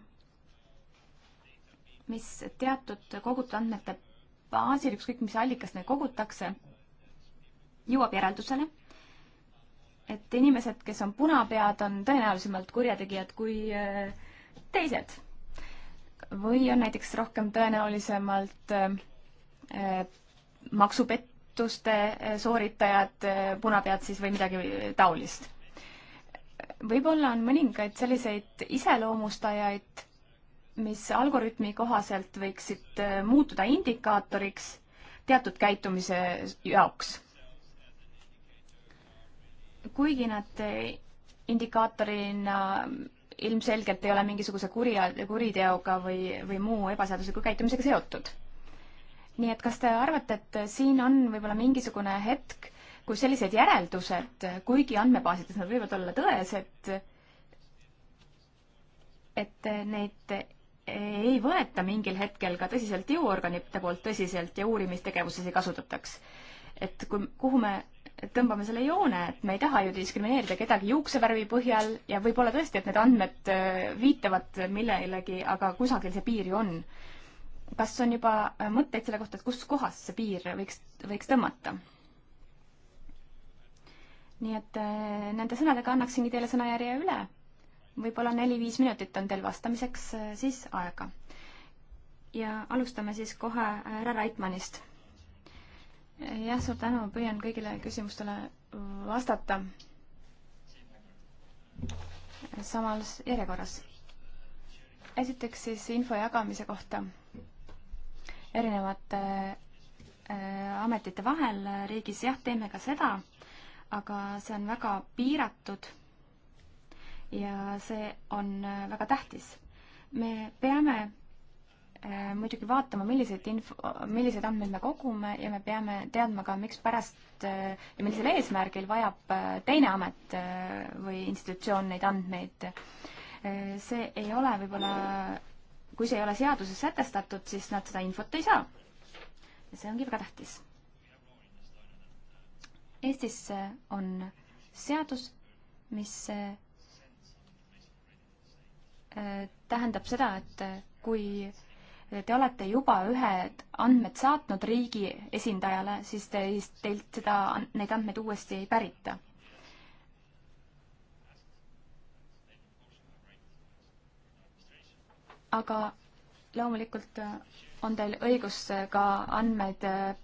mis teatud kogutud andmete baasil, ükskõik mis allikast neid kogutakse, jõuab järeldusele, et inimesed, kes on punapead, on tõenäolisemalt kurjategijad kui äh, teised. või on näiteks rohkem tõenäolisemalt maksupettuste eh, sooritajad, eh, punapead siis või midagi taolist. võib-olla on mõningaid selliseid iseloomustajaid, mis algoritmi kohaselt võiksid eh, muutuda indikaatoriks teatud käitumise jaoks. kuigi nad indikaatorina ilmselgelt ei ole mingisuguse kurja, kuriteoga või, või muu ebaseadusliku käitumisega seotud nii et kas te arvate, et siin on võib-olla mingisugune hetk, kui sellised järeldused, kuigi andmebaasides nad võivad olla tõesed, et neid ei võeta mingil hetkel ka tõsiselt jõuorganite poolt tõsiselt ja uurimistegevuses ei kasutataks. et kui, kuhu me tõmbame selle joone, et me ei taha ju diskrimineerida kedagi juuksevärvi põhjal ja võib-olla tõesti, et need andmed viitavad millelegi, aga kusagil see piir ju on kas on juba äh, mõtteid selle kohta, et kus kohas see piir võiks, võiks tõmmata? nii et äh, nende sõnadega annaksingi teile sõnajärje üle. võib-olla neli-viis minutit on teil vastamiseks äh, siis aega. ja alustame siis kohe härra Raitmanist. jah, suur tänu, püüan kõigile küsimustele vastata samas järjekorras. esiteks siis info jagamise kohta erinevate äh, ametite vahel riigis, jah, teeme ka seda, aga see on väga piiratud ja see on äh, väga tähtis. me peame äh, muidugi vaatama, milliseid info, milliseid andmeid me kogume ja me peame teadma ka, mikspärast ja millisel eesmärgil vajab teine amet või institutsioon neid andmeid. see ei ole võib-olla kui see ei ole seaduses sätestatud, siis nad seda infot ei saa. ja see ongi väga tähtis. Eestis on seadus, mis äh, tähendab seda, et kui te olete juba ühed andmed saatnud riigi esindajale, siis te, teilt seda, neid andmeid uuesti ei pärita. aga loomulikult äh, on teil õigus äh, ka andmeid, äh,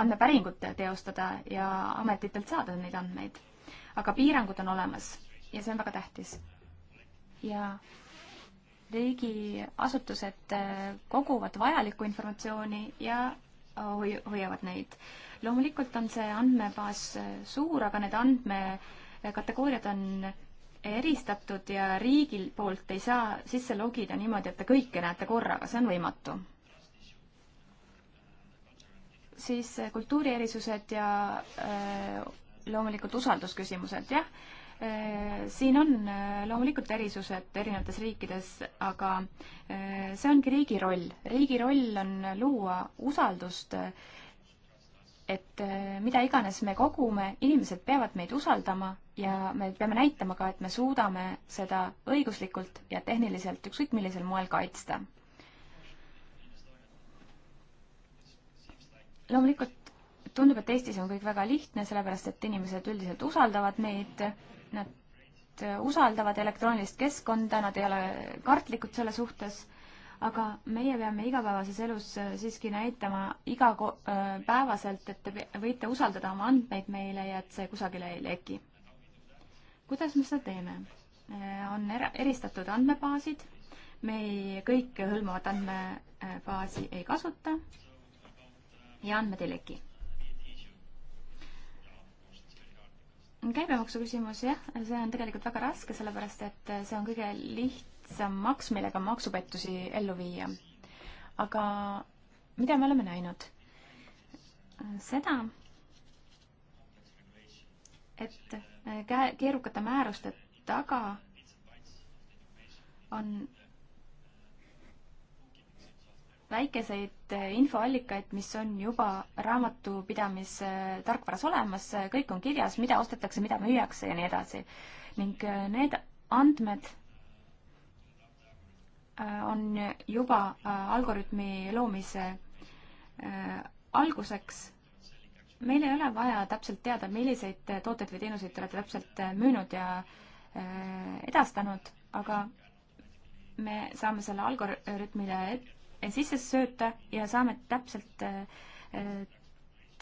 andmepäringut teostada ja ametitelt saada neid andmeid. aga piirangud on olemas ja see on väga tähtis. ja riigiasutused koguvad vajalikku informatsiooni ja hoiavad neid. loomulikult on see andmebaas suur, aga need andmekategooriad on eristatud ja riigil poolt ei saa sisse logida niimoodi, et te kõike näete korraga, see on võimatu. siis äh, kultuurierisused ja äh, loomulikult usaldusküsimused, jah. Äh, siin on loomulikult erisused erinevates riikides, aga see ongi riigi roll. riigi roll on luua usaldust äh, et äh, mida iganes me kogume, inimesed peavad meid usaldama ja me peame näitama ka, et me suudame seda õiguslikult ja tehniliselt ükskõik millisel moel kaitsta. loomulikult tundub, et Eestis on kõik väga lihtne, sellepärast et inimesed üldiselt usaldavad meid, nad äh, usaldavad elektroonilist keskkonda, nad ei ole kartlikud selle suhtes aga meie peame igapäevases elus äh, siiski näitama iga äh, päevaselt, et te võite usaldada oma andmeid meile ja et see kusagile ei leki. kuidas me seda teeme? Äh, on era-, eristatud andmebaasid, me ei, kõike hõlmavat andmebaasi ei kasuta ja andmed ei leki. käibemaksu küsimus, jah, see on tegelikult väga raske, sellepärast et see on kõige liht-, lihtsam maks, millega maksupettusi ellu viia. aga mida me oleme näinud? seda, et äh, käe, keerukate määruste taga on väikeseid äh, infoallikaid, mis on juba raamatupidamise äh, tarkvaras olemas, kõik on kirjas, mida ostetakse, mida müüakse ja nii edasi. ning need andmed Äh, on juba äh, algoritmi loomise äh, alguseks. meil ei ole vaja täpselt teada, milliseid tooteid või teenuseid te olete täpselt müünud ja edastanud, aga me saame selle algoritmile e-, sisse sööta ja saame täpselt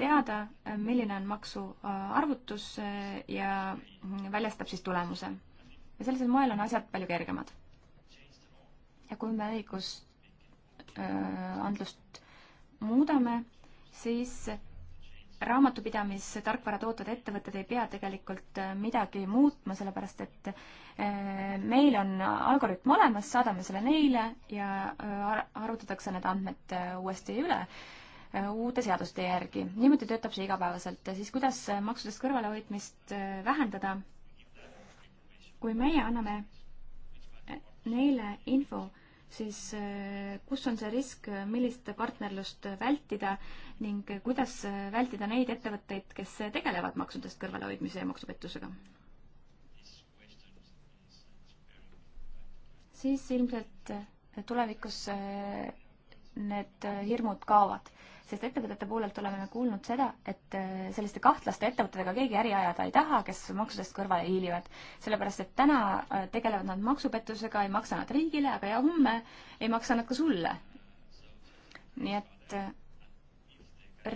teada, milline on maksu arvutus ja väljastab siis tulemuse. ja sellisel moel on asjad palju kergemad ja kui me õigusandlust muudame, siis raamatupidamise tarkvara tootvad ettevõtted ei pea tegelikult midagi muutma, sellepärast et meil on algoritm olemas, saadame selle neile ja arvutatakse need andmed uuesti üle uute seaduste järgi. niimoodi töötab see igapäevaselt ja siis kuidas maksudest kõrvalehoidmist vähendada? kui meie anname neile info, siis eh, kus on see risk, millist partnerlust vältida ning kuidas vältida neid ettevõtteid, kes tegelevad maksudest kõrvalehoidmise ja maksupettusega? siis ilmselt tulevikus eh, need hirmud kaovad sest ettevõtete poolelt oleme me kuulnud seda, et äh, selliste kahtlaste ettevõtetega keegi äri ajada ei taha, kes maksudest kõrvale hiilivad. sellepärast, et täna äh, tegelevad nad maksupettusega, ei maksa nad riigile, aga ja homme ei maksa nad ka sulle. nii et äh,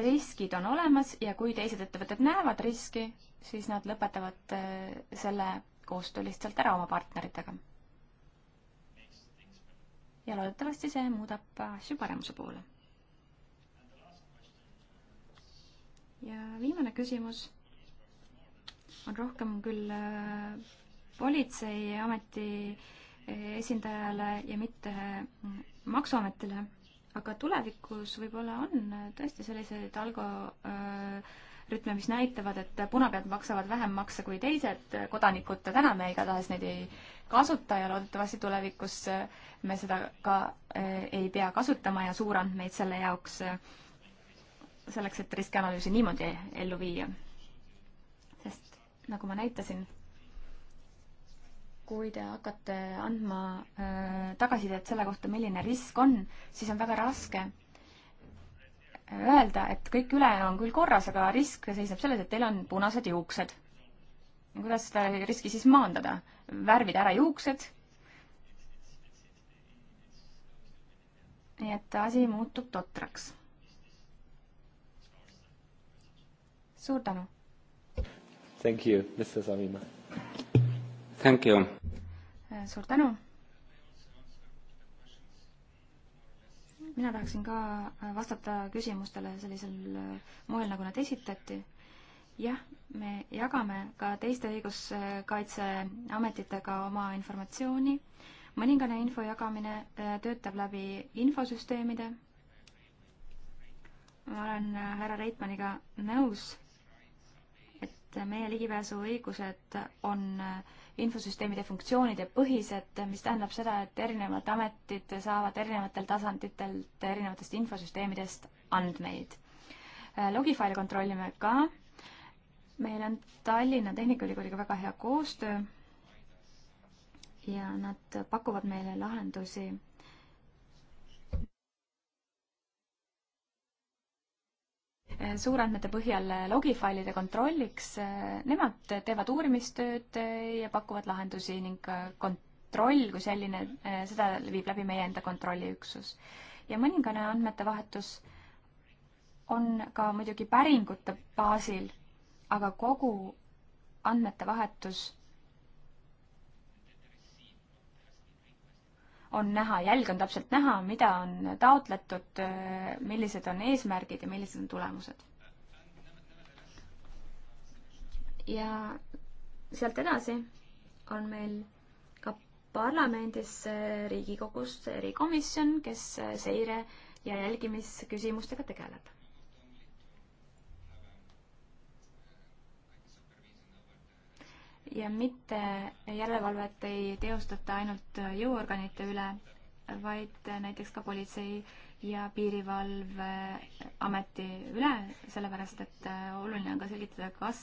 riskid on olemas ja kui teised ettevõtted näevad riski, siis nad lõpetavad selle koostöö lihtsalt ära oma partneritega. ja loodetavasti see muudab asju paremuse poole ja viimane küsimus on rohkem küll äh, politseiameti äh, esindajale ja mitte äh, Maksuametile, aga tulevikus võib-olla on tõesti selliseid algorütme, mis näitavad, et punapead maksavad vähem makse kui teised kodanikud, täna me igatahes neid ei kasuta ja loodetavasti tulevikus me seda ka ei pea kasutama ja suurandmeid selle jaoks äh, selleks, et riskianalüüsi niimoodi ellu viia. sest nagu ma näitasin, kui te hakkate andma äh, tagasisidet selle kohta, milline risk on, siis on väga raske öelda, et kõik ülejäänu on küll korras, aga risk seisneb selles, et teil on punased juuksed. kuidas seda riski siis maandada? värvida ära juuksed. nii et asi muutub totraks suur tänu! Thank you, Mr Savima! Thank you! Äh, suur tänu! mina tahaksin ka äh, vastata küsimustele sellisel äh, moel, nagu nad esitati. jah, me jagame ka teiste õiguskaitseametitega oma informatsiooni. mõningane info jagamine töötab läbi infosüsteemide. ma olen härra Reitmaniga nõus et meie ligipääsuõigused on infosüsteemide funktsioonide põhised, mis tähendab seda, et erinevad ametid saavad erinevatel tasanditelt erinevatest infosüsteemidest andmeid. Logifile kontrollime ka. meil on Tallinna Tehnikaülikooliga väga hea koostöö ja nad pakuvad meile lahendusi suurandmete põhjal logifailide kontrolliks, nemad teevad uurimistööd ja pakuvad lahendusi ning kontroll kui selline, seda viib läbi meie enda kontrolliüksus. ja mõningane andmete vahetus on ka muidugi päringute baasil, aga kogu andmete vahetus on näha, jälg on täpselt näha, mida on taotletud, millised on eesmärgid ja millised on tulemused. ja sealt edasi on meil ka parlamendis eh, Riigikogus erikomisjon, kes eh, seire ja jälgimisküsimustega tegeleb ja mitte järelevalvet ei teostata ainult jõuorganite üle, vaid näiteks ka politsei ja piirivalveameti üle, sellepärast et äh, oluline on ka selgitada, kas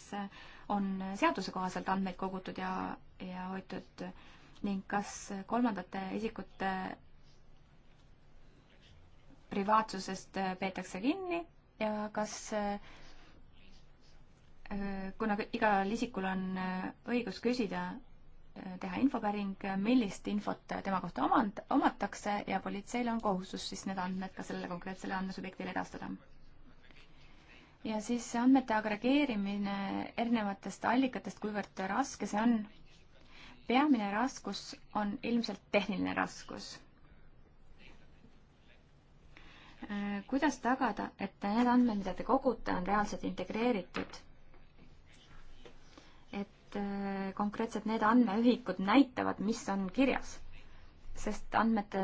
on seaduse kohaselt andmeid kogutud ja, ja hoitud ning kas kolmandate isikute privaatsusest peetakse kinni ja kas äh, kuna igal isikul on äh, õigus küsida, äh, teha infopäring, äh, millist infot tema kohta omand-, omatakse ja politseil on kohustus siis need andmed ka sellele konkreetsele andmesubjektile edastada. ja siis andmete agregeerimine erinevatest allikatest, kuivõrd raske see on. peamine raskus on ilmselt tehniline raskus kuidas tagada, et need andmed, mida te kogute, on reaalselt integreeritud et äh, konkreetselt need andmeühikud näitavad, mis on kirjas. sest andmete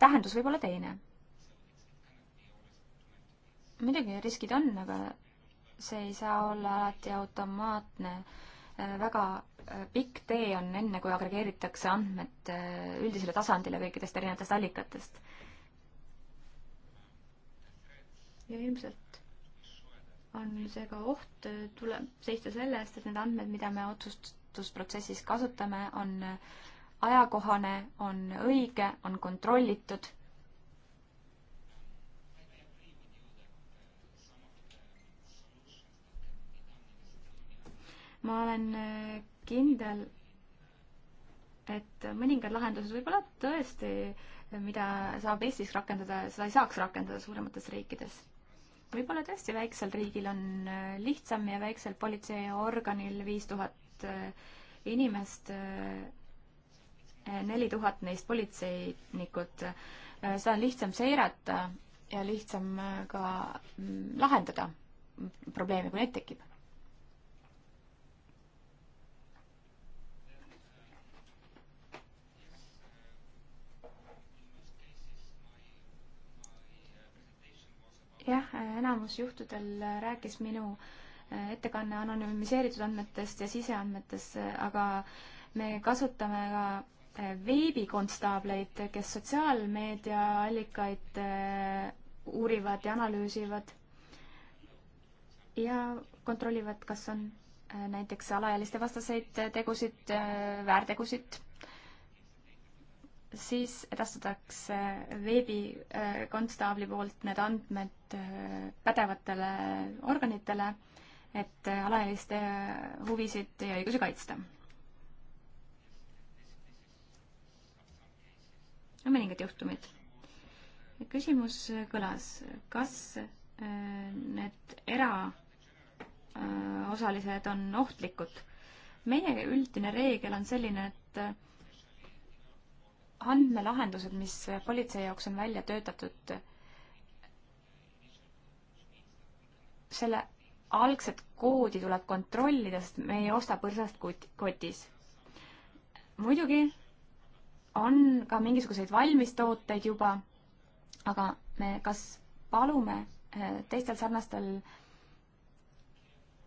tähendus võib olla teine. muidugi riskid on, aga see ei saa olla alati automaatne. Äh, väga äh, pikk tee on enne, kui agregeeritakse andmed üldisele tasandile kõikidest erinevatest allikatest. ja ilmselt on seega oht, tuleb seista selle eest, et need andmed, mida me otsustusprotsessis kasutame, on ajakohane, on õige, on kontrollitud. ma olen äh, kindel, et mõningad lahendused võib-olla tõesti, mida saab Eestis rakendada, seda ei saaks rakendada suuremates riikides võib-olla tõesti väiksel riigil on äh, lihtsam ja väiksel politseiorganil viis tuhat äh, inimest, äh, neli tuhat neist politseinikud, seda on lihtsam seirata ja lihtsam ka mm, lahendada probleeme, kui neid tekib jah, enamus juhtudel rääkis minu äh, ettekanne anonüümiseeritud andmetest ja siseandmetest, äh, aga me kasutame ka äh, veebikonstaableid, kes sotsiaalmeediaallikaid uurivad ja analüüsivad ja kontrollivad, kas on näiteks alaealiste vastaseid tegusid, väärtegusid siis edastatakse veebikonstaabli poolt need andmed äh, pädevatele organitele, et äh, alaealiste huvisid ja õigusi kaitsta. no mõningad juhtumid. küsimus kõlas, kas äh, need eraosalised on ohtlikud? meie üldine reegel on selline, et andmelahendused, mis politsei jaoks on välja töötatud, selle algset koodi tuleb kontrollida, sest me ei osta põrsast kotis. muidugi on ka mingisuguseid valmistooteid juba, aga me kas palume eh, teistel sarnastel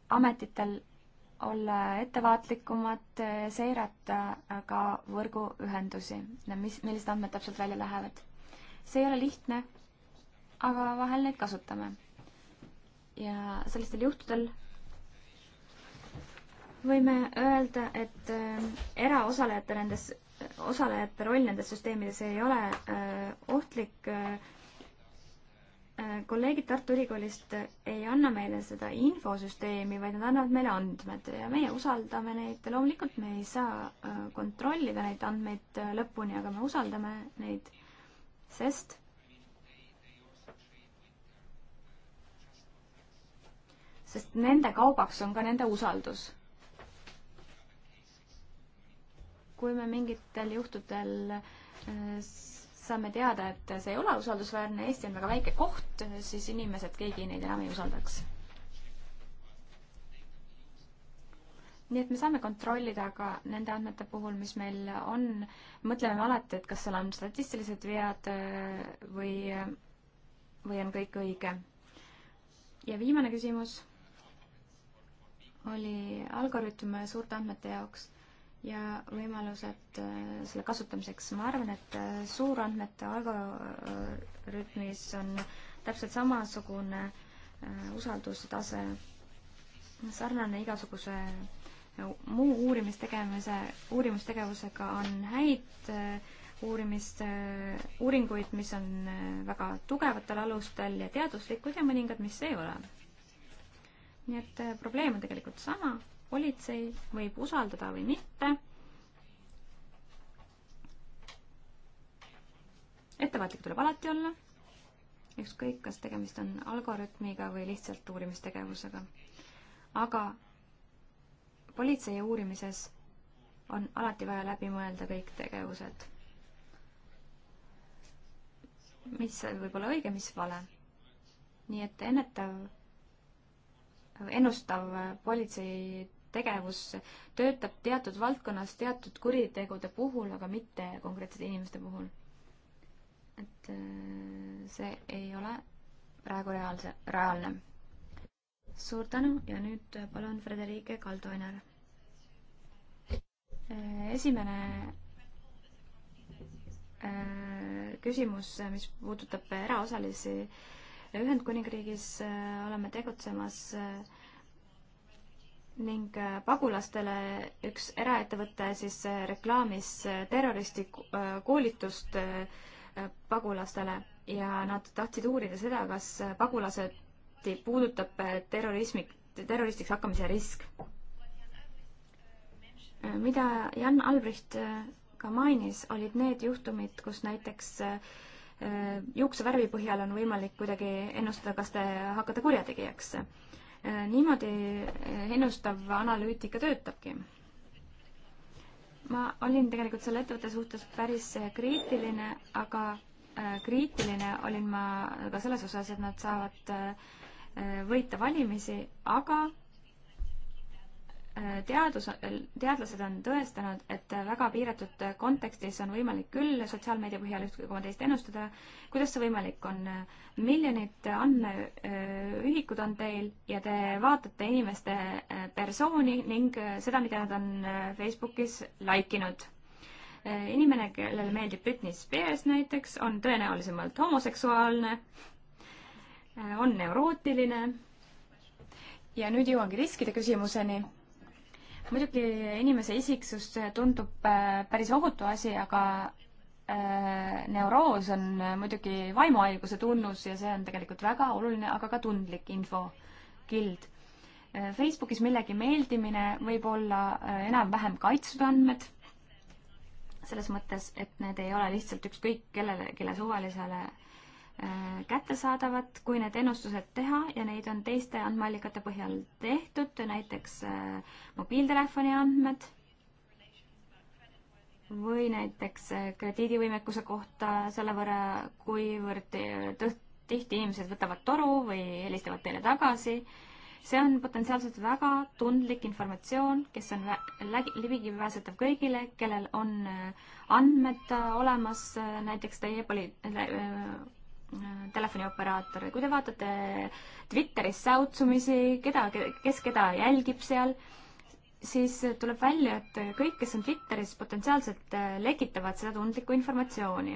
ametitel olla ettevaatlikumad, seirata ka võrguühendusi, mis, millised andmed täpselt välja lähevad. see ei ole lihtne, aga vahel neid kasutame. ja sellistel juhtudel võime öelda, et äh, eraosalejate nendes, osalejate roll nendes süsteemides ei ole äh, ohtlik äh, Äh, kolleegid Tartu Ülikoolist ei anna meile seda infosüsteemi, vaid nad annavad meile andmed ja meie usaldame neid. loomulikult me ei saa äh, kontrollida neid andmeid äh, lõpuni, aga me usaldame neid, sest sest nende kaubaks on ka nende usaldus. kui me mingitel juhtudel saame teada, et see ei ole usaldusväärne, Eesti on väga väike koht, siis inimesed, keegi neid enam ei usaldaks. nii et me saame kontrollida ka nende andmete puhul, mis meil on, mõtleme alati, et kas seal on statistilised vead äh, või, äh, või on kõik õige. ja viimane küsimus oli algoritm suurte andmete jaoks ja võimalused äh, selle kasutamiseks. ma arvan, et äh, suurandmete algorütmis on täpselt samasugune äh, usaldustase, sarnane igasuguse muu uurimistegemise, uurimustegevusega on häid uurimist, uuringuid, mis on väga tugevatel alustel ja teaduslikud ja mõningad, mis ei ole. nii et probleem on tegelikult sama politsei võib usaldada või mitte. ettevaatlik tuleb alati olla, ükskõik, kas tegemist on algoritmiga või lihtsalt uurimistegevusega. aga politsei uurimises on alati vaja läbi mõelda kõik tegevused. mis võib olla õige, mis vale. nii et ennetav, ennustav politsei tegevus töötab teatud valdkonnas teatud kuritegude puhul, aga mitte konkreetsete inimeste puhul. et äh, see ei ole praegu reaalse, reaalne. suur tänu ja nüüd palun Frederike Kaldoiner. Äh, esimene äh, küsimus, mis puudutab eraosalisi Ühendkuningriigis oleme tegutsemas äh, ning äh, pagulastele üks eraettevõte siis äh, reklaamis äh, terroristi koolitust pagulastele ja nad tahtsid uurida seda, kas pagulased puudutab terrorismi, terroristiks hakkamise risk. mida Jan Albrecht ka mainis, olid need juhtumid, kus näiteks juuksevärvi põhjal on võimalik kuidagi ennustada, kas te hakkate kurjategijaks Äh, niimoodi äh, ennustav analüütika töötabki. ma olin tegelikult selle ettevõtte suhtes päris äh, kriitiline, aga kriitiline olin ma ka selles osas, et nad saavad võita valimisi, aga teadus, teadlased on tõestanud, et väga piiratud kontekstis on võimalik küll sotsiaalmeedia põhjal üht koma teist ennustada. kuidas see võimalik on? miljonid andmeühikud on teil ja te vaatate inimeste äh, persooni ning äh, seda, mida nad on äh, Facebookis like inud. inimene, kellele meeldib Britney Spears näiteks, on tõenäolisemalt homoseksuaalne, on neurootiline ja nüüd jõuangi riskide küsimuseni muidugi inimese isiksus tundub äh, päris ohutu asi, aga äh, neuroos on äh, muidugi vaimuhaiguse tunnus ja see on tegelikult väga oluline, aga ka tundlik infokild. Facebookis millegi meeldimine võib olla enam-vähem kaitstud andmed, selles mõttes, et need ei ole lihtsalt ükskõik kellele, kelle suvalisele Äh, kättesaadavad, kui need ennustused teha ja neid on teiste andmeallikate põhjal tehtud, näiteks äh, mobiiltelefoni andmed või näiteks äh, krediidivõimekuse kohta selle võrra, kuivõrd tihti inimesed võtavad toru või helistavad teile tagasi. see on potentsiaalselt väga tundlik informatsioon, kes on ligipääsetav kõigile, kellel on andmed olemas, näiteks teie poli-, telefonioperaator, kui te vaatate Twitteris säutsumisi, keda, kes keda jälgib seal, siis tuleb välja, et kõik, kes on Twitteris, potentsiaalselt äh, lekitavad seda tundlikku informatsiooni.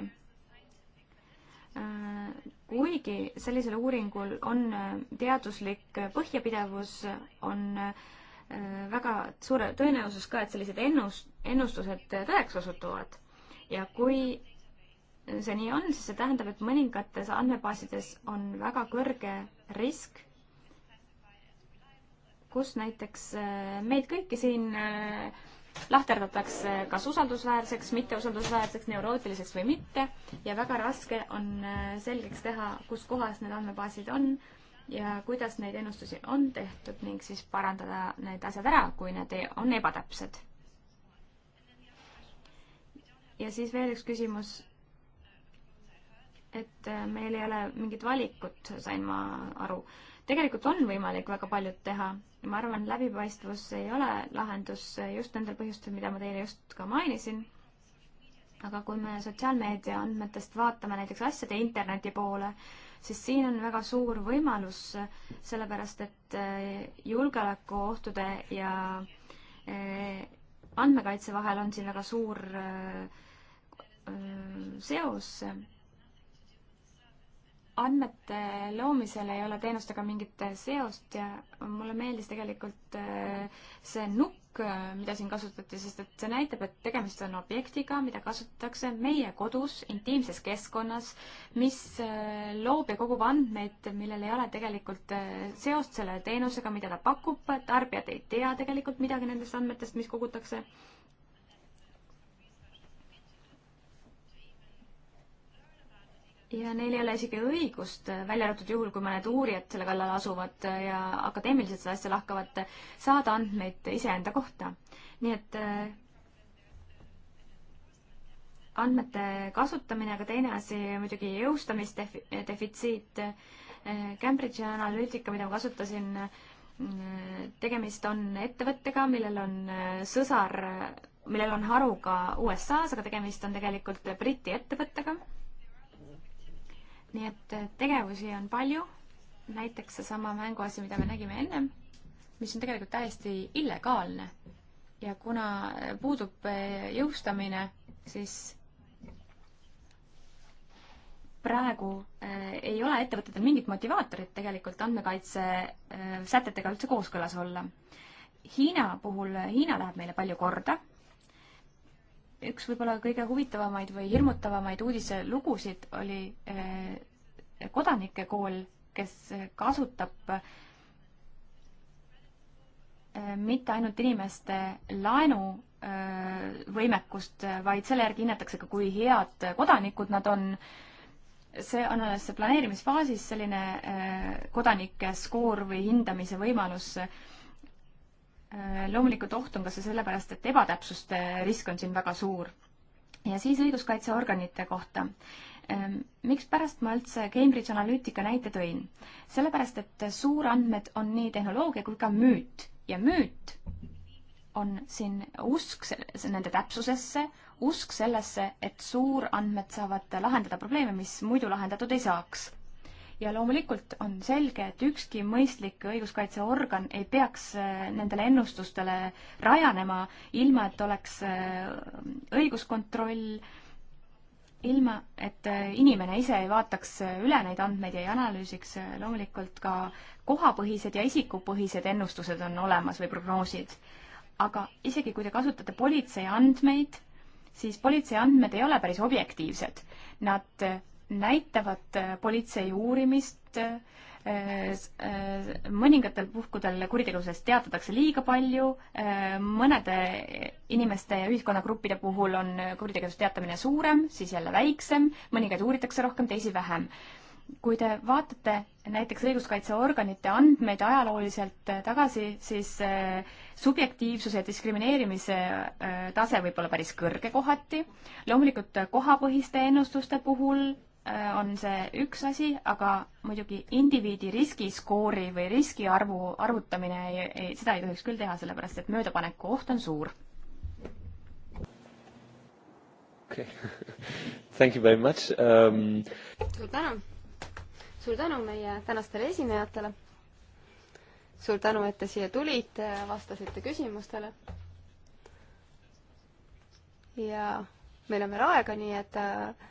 Äh, kuigi sellisel uuringul on äh, teaduslik põhjapidevus, on väga suure tõenäosus ka, et sellised ennust-, ennustused tõeks osutuvad. ja kui see nii on, siis see tähendab, et mõningates andmebaasides on väga kõrge risk, kus näiteks äh, meid kõiki siin äh, lahterdatakse äh, kas usaldusväärseks, mitteusaldusväärseks, neurootiliseks või mitte ja väga raske on selgeks teha, kus kohas need andmebaasid on ja kuidas neid ennustusi on tehtud ning siis parandada need asjad ära, kui need on ebatäpsed. ja siis veel üks küsimus et äh, meil ei ole mingit valikut, sain ma aru. tegelikult on võimalik väga paljud teha ja ma arvan, läbipaistvus ei ole lahendus just nendel põhjustel, mida ma teile just ka mainisin. aga kui me sotsiaalmeedia andmetest vaatame näiteks asjade interneti poole, siis siin on väga suur võimalus, sellepärast et äh, julgeolekuohtude ja äh, andmekaitse vahel on siin väga suur seos andmete loomisel ei ole teenustega mingit seost ja mulle meeldis tegelikult äh, see nukk, äh, mida siin kasutati, sest et see näitab, et tegemist on objektiga, mida kasutatakse meie kodus intiimses keskkonnas, mis äh, loob ja kogub andmeid, millel ei ole tegelikult seost selle teenusega, mida ta pakub, tarbijad ei tea tegelikult midagi nendest andmetest, mis kogutakse ja neil ei ole isegi õigust, äh, välja arvatud juhul, kui mõned uurijad selle kallale asuvad äh, ja akadeemiliselt seda asja lahkavad, äh, saada andmeid iseenda kohta. nii et andmete kasutamine, aga teine asi muidugi jõustamisdefitsiit. Cambridge'i analüütika, mida ma kasutasin, tegemist on ettevõttega, millel on sõsar, millel on haru ka USA-s, aga tegemist on tegelikult Briti ettevõttega nii et äh, tegevusi on palju, näiteks seesama mänguasi, mida me nägime ennem, mis on tegelikult täiesti illegaalne. ja kuna äh, puudub äh, jõustamine, siis praegu äh, ei ole ettevõtetel mingit motivaatorit tegelikult andmekaitse äh, sätetega üldse kooskõlas olla. Hiina puhul, Hiina läheb meile palju korda üks võib-olla kõige huvitavamaid või hirmutavamaid uudiselugusid oli eh, kodanike kool, kes kasutab eh, mitte ainult inimeste laenuvõimekust, eh, vaid selle järgi hinnatakse ka, kui head kodanikud nad on. see on alles planeerimisfaasis selline kodanike skoor või hindamise võimalus Äh, loomulikult oht on ka see sellepärast, et ebatäpsuste risk on siin väga suur. ja siis õiguskaitseorganite kohta. Ähm, Mikspärast ma üldse Cambridge Analytica näite tõin? sellepärast, et suurandmed on nii tehnoloogia kui ka müüt ja müüt on siin usk nende täpsusesse, usk sellesse, et suurandmed saavad lahendada probleeme, mis muidu lahendatud ei saaks ja loomulikult on selge, et ükski mõistlik õiguskaitseorgan ei peaks äh, nendele ennustustele rajanema, ilma et oleks äh, õiguskontroll, ilma et äh, inimene ise ei vaataks üle neid andmeid ja ei analüüsiks, loomulikult ka kohapõhised ja isikupõhised ennustused on olemas või prognoosid. aga isegi, kui te kasutate politsei andmeid, siis politsei andmed ei ole päris objektiivsed. Nad näitavad äh, politsei uurimist, äh, äh, mõningatel puhkudel kuritegevusest teatatakse liiga palju, mõnede inimeste ja ühiskonnagruppide puhul on kuritegevuse teatamine suurem, siis jälle väiksem, mõningaid uuritakse rohkem, teisi vähem. kui te vaatate näiteks õiguskaitseorganite andmeid ajalooliselt tagasi, siis subjektiivsuse ja diskrimineerimise tase võib olla päris kõrge kohati. loomulikult kohapõhiste ennustuste puhul Äh, on see üks asi, aga muidugi indiviidi riskiskoori või riskiarvu arvutamine, ei, ei, seda ei tohiks küll teha, sellepärast et möödapaneku oht on suur. okei okay. thank you very much um.... suur tänu. suur tänu meie tänastele esinejatele. suur tänu, et te siia tulite, vastasite küsimustele. ja meil on veel aega, nii et äh,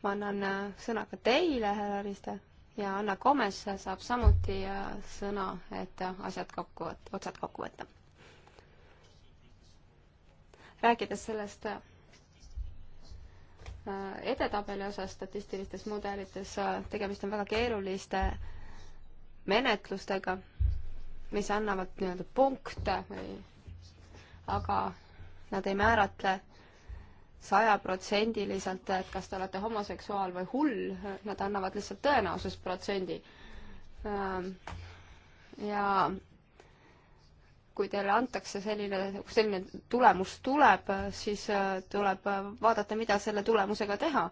ma annan äh, sõna ka teile, härra Riste, ja Anna Komes saab samuti äh, sõna, et äh, asjad kokku, otsad kokku võtta. rääkides sellest edetabeli osas statistilistes mudelites, tegemist on väga keeruliste menetlustega, mis annavad nii-öelda punkte või, aga nad ei määratle sajaprotsendiliselt, et kas te olete homoseksuaal või hull, nad annavad lihtsalt tõenäosusprotsendi. Ähm, ja kui teile antakse selline, kui selline tulemus tuleb, siis äh, tuleb äh, vaadata, mida selle tulemusega teha.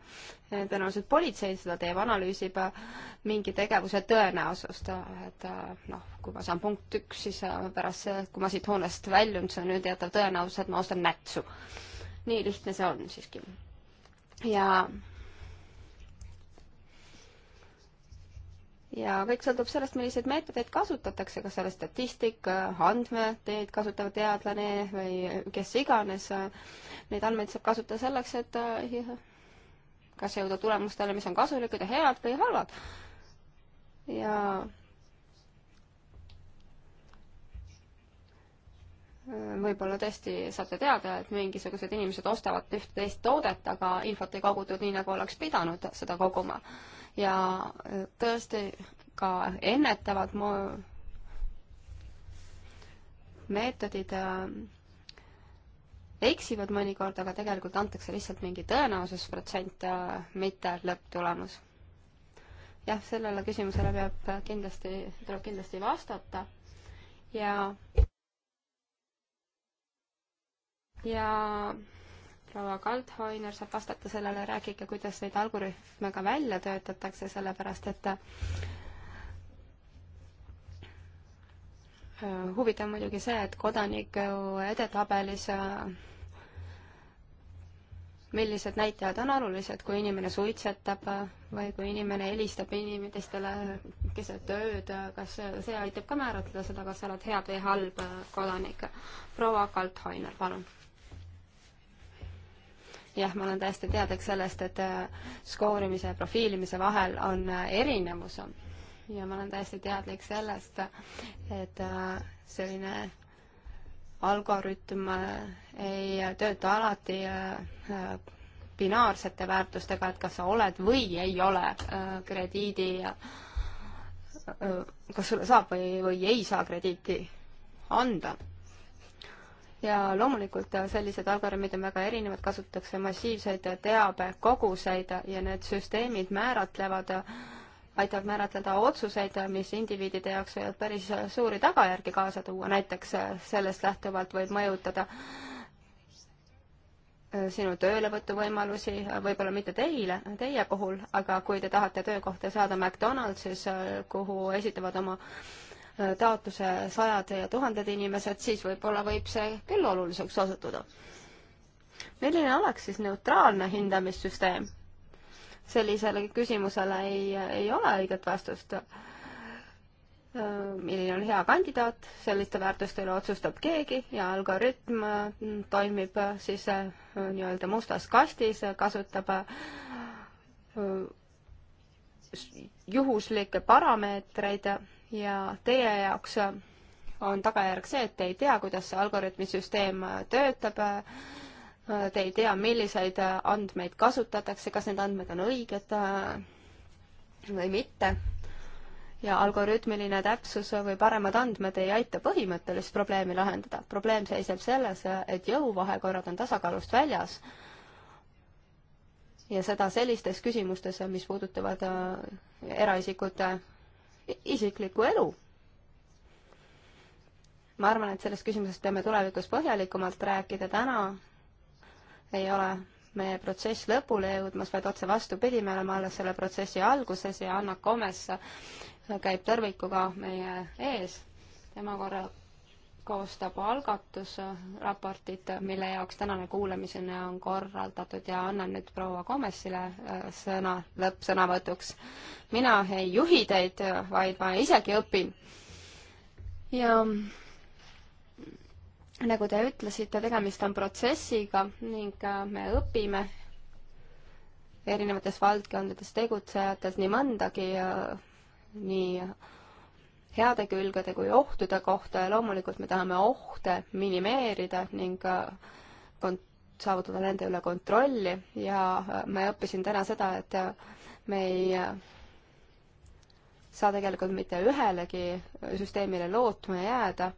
tõenäoliselt politsei seda teeb, analüüsib äh, mingi tegevuse tõenäosust, et noh, kui ma saan punkt üks, siis pärast, kui ma siit hoonest väljun, see on nüüd jätav tõenäosus, et ma ostan nätsu nii lihtne see on siiski. ja ja kõik sõltub sellest, milliseid meetodeid kasutatakse, kas selle statistika, andmeteed kasutav teadlane või kes iganes. Neid andmeid saab kasutada selleks, et kas jõuda tulemustele, mis on kasulikud ja head või halvad. ja võib-olla tõesti saate teada, et mingisugused inimesed ostavad üht-teist toodet, aga infot ei kogutud nii, nagu oleks pidanud seda koguma. ja äh, tõesti ka ennetavad mo-, meetodid äh, eksivad mõnikord, aga tegelikult antakse lihtsalt mingi tõenäosusprotsent äh,, mitte lõpptulemus. jah, sellele küsimusele peab kindlasti, tuleb kindlasti vastata ja ja proua Kaldhoiner saab vastata sellele, rääkige, kuidas neid algorühme ka välja töötatakse, sellepärast et äh, huvitav muidugi see, et kodaniku edetabelis äh, millised näitajad on olulised, kui inimene suitsetab äh, või kui inimene helistab inimestele keset ööd, kas see aitab ka määratleda seda, kas sa oled hea või halb kodanik? proua Kaldhoiner, palun jah, ma olen täiesti teadlik sellest, et äh, skoorimise ja profiilimise vahel on äh, erinevus ja ma olen täiesti teadlik sellest, et äh, selline algoritm ei tööta alati binaarsete väärtustega, et kas sa oled või ei ole krediidi, kas sulle saab või, või ei saa krediiti anda ja loomulikult äh, sellised algoritmid on väga erinevad, kasutatakse massiivseid äh, teabekoguseid ja need süsteemid määratlevad, äh, aitavad määratleda otsuseid, mis indiviidide jaoks võivad päris suuri tagajärgi kaasa tuua, näiteks sellest lähtuvalt võib mõjutada sinu töölevõtuvõimalusi, võib-olla mitte teile, teie puhul, aga kui te tahate töökohta saada McDonaldsis, kuhu esitavad oma taotluse sajad ja tuhanded inimesed, siis võib-olla võib see küll oluliseks osutuda. milline oleks siis neutraalne hindamissüsteem? sellisele küsimusele ei, ei ole õiget vastust. milline on hea kandidaat, selliste väärtuste üle otsustab keegi ja algoritm toimib siis äh, nii-öelda mustas kastis, kasutab äh, juhuslikke parameetreid ja teie jaoks on tagajärg see, et te ei tea, kuidas see algoritmisüsteem töötab, te ei tea, milliseid andmeid kasutatakse, kas need andmed on õiged või mitte. ja algoritmiline täpsus või paremad andmed ei aita põhimõttelist probleemi lahendada. probleem seisneb selles, et jõuvahekorrad on tasakaalust väljas ja seda sellistes küsimustes, mis puudutavad eraisikute isiklikku elu. ma arvan, et sellest küsimusest peame tulevikus põhjalikumalt rääkida, täna ei ole meie protsess lõpule jõudmas, vaid otse vastupidi, me oleme alles selle protsessi alguses ja Anna Komes käib tõrvikuga meie ees. tema korra koostab algatusraportit, mille jaoks tänane kuulamiseni on korraldatud ja annan nüüd proua Komessile äh, sõna lõppsõnavõtuks. mina ei juhi teid, vaid ma isegi õpin. ja nagu te ütlesite, tegemist on protsessiga ning äh, me õpime erinevates valdkondades tegutsejatelt nii mõndagi, äh, nii heade külgede kui ohtude kohta ja loomulikult me tahame ohte minimeerida ning äh, kont-, saavutada nende üle kontrolli ja äh, ma õppisin täna seda, et äh, me ei saa tegelikult mitte ühelegi süsteemile lootma jääda.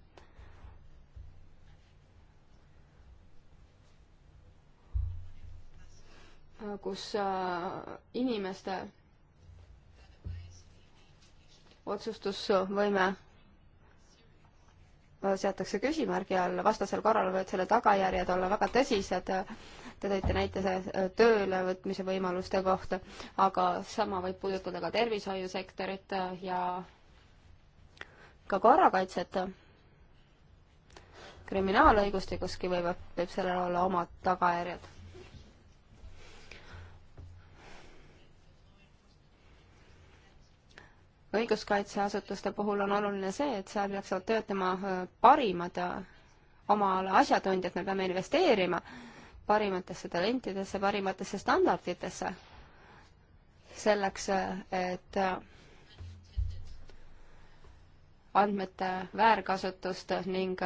kus inimeste otsustusvõime seatakse küsimärgi alla, vastasel korral võivad selle tagajärjed olla väga tõsised. Te tõite näite äh, töölevõtmise võimaluste kohta, aga sama võib puudutada ka tervishoiusektorit äh, ja ka korrakaitset. kriminaalõigustikuski võivad, võib sellel olla omad tagajärjed õiguskaitseasutuste puhul on oluline see, et seal peaksid töötama äh, parimad äh, oma ala asjatundjad, me peame investeerima parimatesse talentidesse, parimatesse standarditesse. selleks, äh, et andmete väärkasutust ning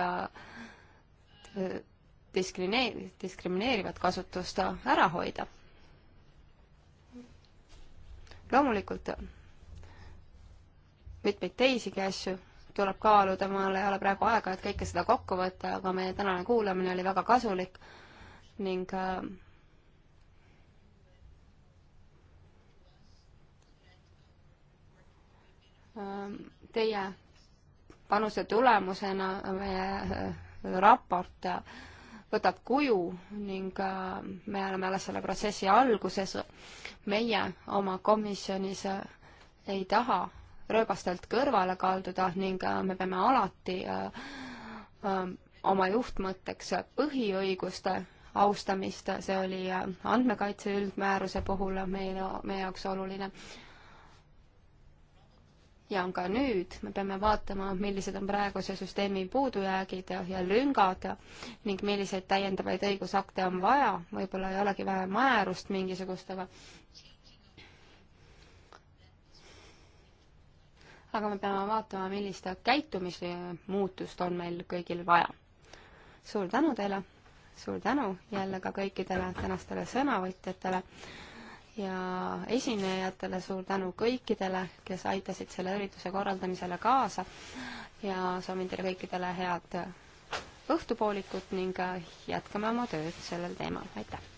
diskrimineeri-, diskrimineerivat kasutust ära hoida. loomulikult mitmeid teisigi asju tuleb kaaluda, mul ei ole praegu aega, et kõike seda kokku võtta, aga meie tänane kuulamine oli väga kasulik ning äh, teie panuse tulemusena meie äh, raport võtab kuju ning äh, me oleme alles selle protsessi alguses. meie oma komisjonis äh, ei taha rööbastelt kõrvale kalduda ning äh, me peame alati äh, äh, oma juhtmõtteks põhiõiguste austamist, see oli andmekaitse üldmääruse puhul meile, meie jaoks oluline. ja on ka nüüd, me peame vaatama, millised on praeguse süsteemi puudujäägid ja, ja lüngad ning milliseid täiendavaid õigusakte on vaja, võib-olla ei olegi vaja määrust mingisugust, aga aga me peame vaatama, millist käitumismuutust on meil kõigil vaja. suur tänu teile, suur tänu jälle ka kõikidele tänastele sõnavõtjatele ja esinejatele, suur tänu kõikidele, kes aitasid selle ürituse korraldamisele kaasa ja soovin teile kõikidele head õhtupoolikut ning jätkame oma tööd sellel teemal, aitäh!